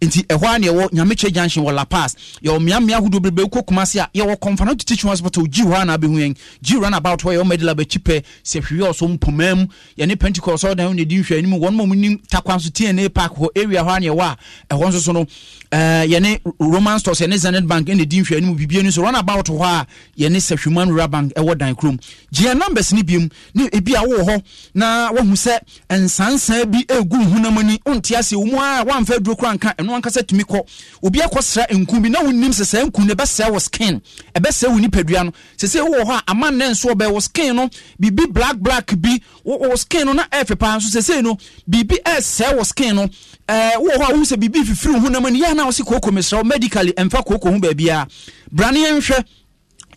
nti ɛhɔ a na yɛwɔ nyamekyɛ junction wɔ lapas yɛwɔ mmeammea ahodoɔ bebrebe kɔ kumase a yɛwɔ kɔmfano to teaching hospital gyi hɔ a na abɛhu yɛn gyi run about hɔ yɛwɔ medila bɛkyi pɛ sɛ hwewɛ ɔsɔ mpoma mu yɛne pentecost ɔdan ho na ɛdi nhwɛ anim wɔn ma mu nim takwan so tna park hɔ area hɔ a na yɛwɔ a ɛhɔ nso so no yɛne roman stores yɛne zenit bank na ɛdi nhwɛ anim bibie no so run about hɔ a yɛne sɛhwema nwura bank ɛwɔ dan kurom gyea numbers no biom ne ebi a wowɔ hɔ na woahu sɛ nsansan bi ɛgu nhonam ani wonte ase wo mu a woamfa aduro koranka ɛno no ankasa tumi kɔ obi akɔsra nku bi na wonim sɛ saa nku no ɛbɛsɛe wɔ skin ɛbɛsɛe wo nipadua no sɛsɛ wowɔ hɔ a ama nnɛ nso ɔbɛɛ wɔ skin no biribi black black bi wɔ skin no na ɛɛfɛ paa nso sɛsɛ no biribi ɛɛsɛe wɔ skin no wowɔ hɔ a wohu sɛ biribi fifiri wo honam ani yɛa na wo kooko mesrɛ wo medically ɛmfa kooko ho baabiaa bra ne yɛnhwɛ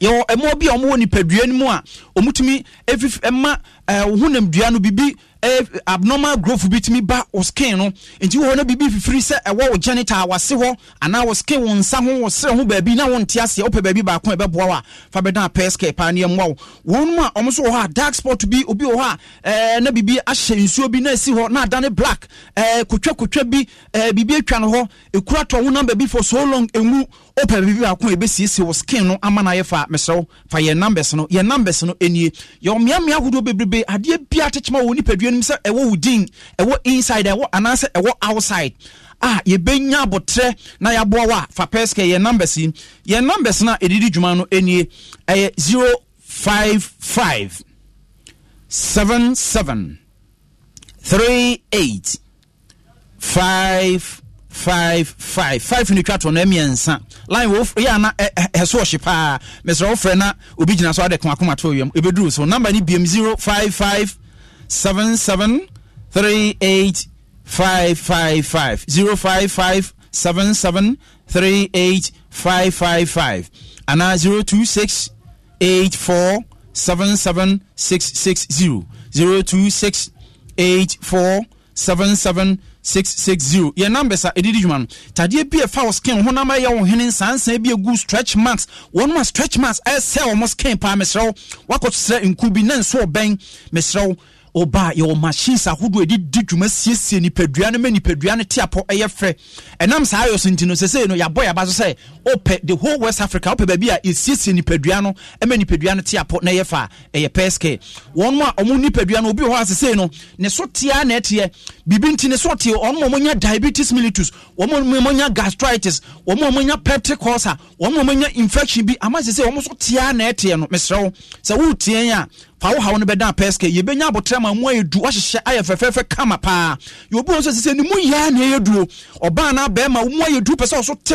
yɛwɔ ɛmoa bi a ɔmowɔ nipadua no mu a ɔmutumi ɛma wo honam dua no biribi abnormal growth bi tumi ba wo skin no nti wo hɔ no biribi fifiri sɛ ɛwɔ wo genital wase hɔ anaa wo skin wo nsa ho wo serɛ ho baabi na wonte aseɛ wopɛ baabi baako a ɛbɛboa wo a fa bɛdan pɛskɛ paa ne ɛmmoa wo wɔn mu a ɔmo so wɔ hɔ a dark spot bi obi wɔ hɔ a ɛɛ na biribi ahyɛ nsuo bi na ɛsi hɔ na adane black ɛɛ kotwakotwa bi ɛɛ biribi atwa no hɔ ekura tɔ wo namba bi for so long emu wopɛ biribi baako a ɛbɛsiesie wo skin no ama no ayɛ fa mesrɛw fa yɛn numbers no yɛn numbers no nie yɛ ɔmeamea ahodoɔ bebrebe adeɛ biara kyekyɛ ma wɔ nipadua anim sɛ ɛwɔ wo din ɛwɔ inside ɛwɔ anaasɛ ɛwɔ outside a yɛbɛnya abɔtrɛ na yɛaboa wo a fa pɛskɛ yɛn numbers yi yɛn numbers no a ɛdidi dwuma no nie ɛyɛ 055 77 38 5 five five five ni twa to na mmiɛnsa line wo yɛ ana ɛso ɔhye paa mesrɛ wo frɛ na obi gyina so ade komakoma to wiem ɛbɛduru so number ni biem zero five five seven seven three eight five five five zero five five seven seven three eight five five five and now zero two six eight four seven seven six six zero zero two six eight four seven seven six six zero yɛ numbers a ɛdidi dwuma no tadeɛ bi ɛfa wɔ skin ho nam ɛyɛ wɔn hene nsansan bi egu stretch marks wɔn ma stretch marks ɛsɛ wɔn skin paa mesrɛw wakɔ kyerɛ nku bi ne nso ɔbɛn mesrɛw ɔba yɛwɔ machines ahodoɔ ɛde di dwuma siesie nipadua no ma nipadua no te apɔ ɛyɛ frɛ ɛnam saa ayɔ so nti no sɛsei no yɛabɔ yɛaba so sɛ wopɛ the whole west africa wopɛ baabi a ɛsiesie nipadua no ma nipadua no te na ɛyɛ fa ɛyɛ pɛsk wɔn a ɔmo nipadua no obi wɔ hɔ a sɛsei no ne so tea na ɛteɛ biribi nti ne so ɔteɛ ɔmo a ɔmonya diabetes mellitus ɔmo a ɔmonya gastritis ɔmo a ɔmonya peptic ulcer ɔmo a ɔmonya infection bi ama sɛsei ɔmo so tea na ɛteɛ no mesrɛ wo sɛ woreteɛ a pawo haw no bɛda pɛske yɛbɛnya abotrama mu ayɛ du wahyehyɛ ayɛ fɛfɛɛfɛ kama paa yɛobi wɔ sɛ sɛ sɛ ne mu yɛa ne ɛyɛ duro ɔbaa na bɛrima wo mu ayɛ pɛ sɛ ɔso te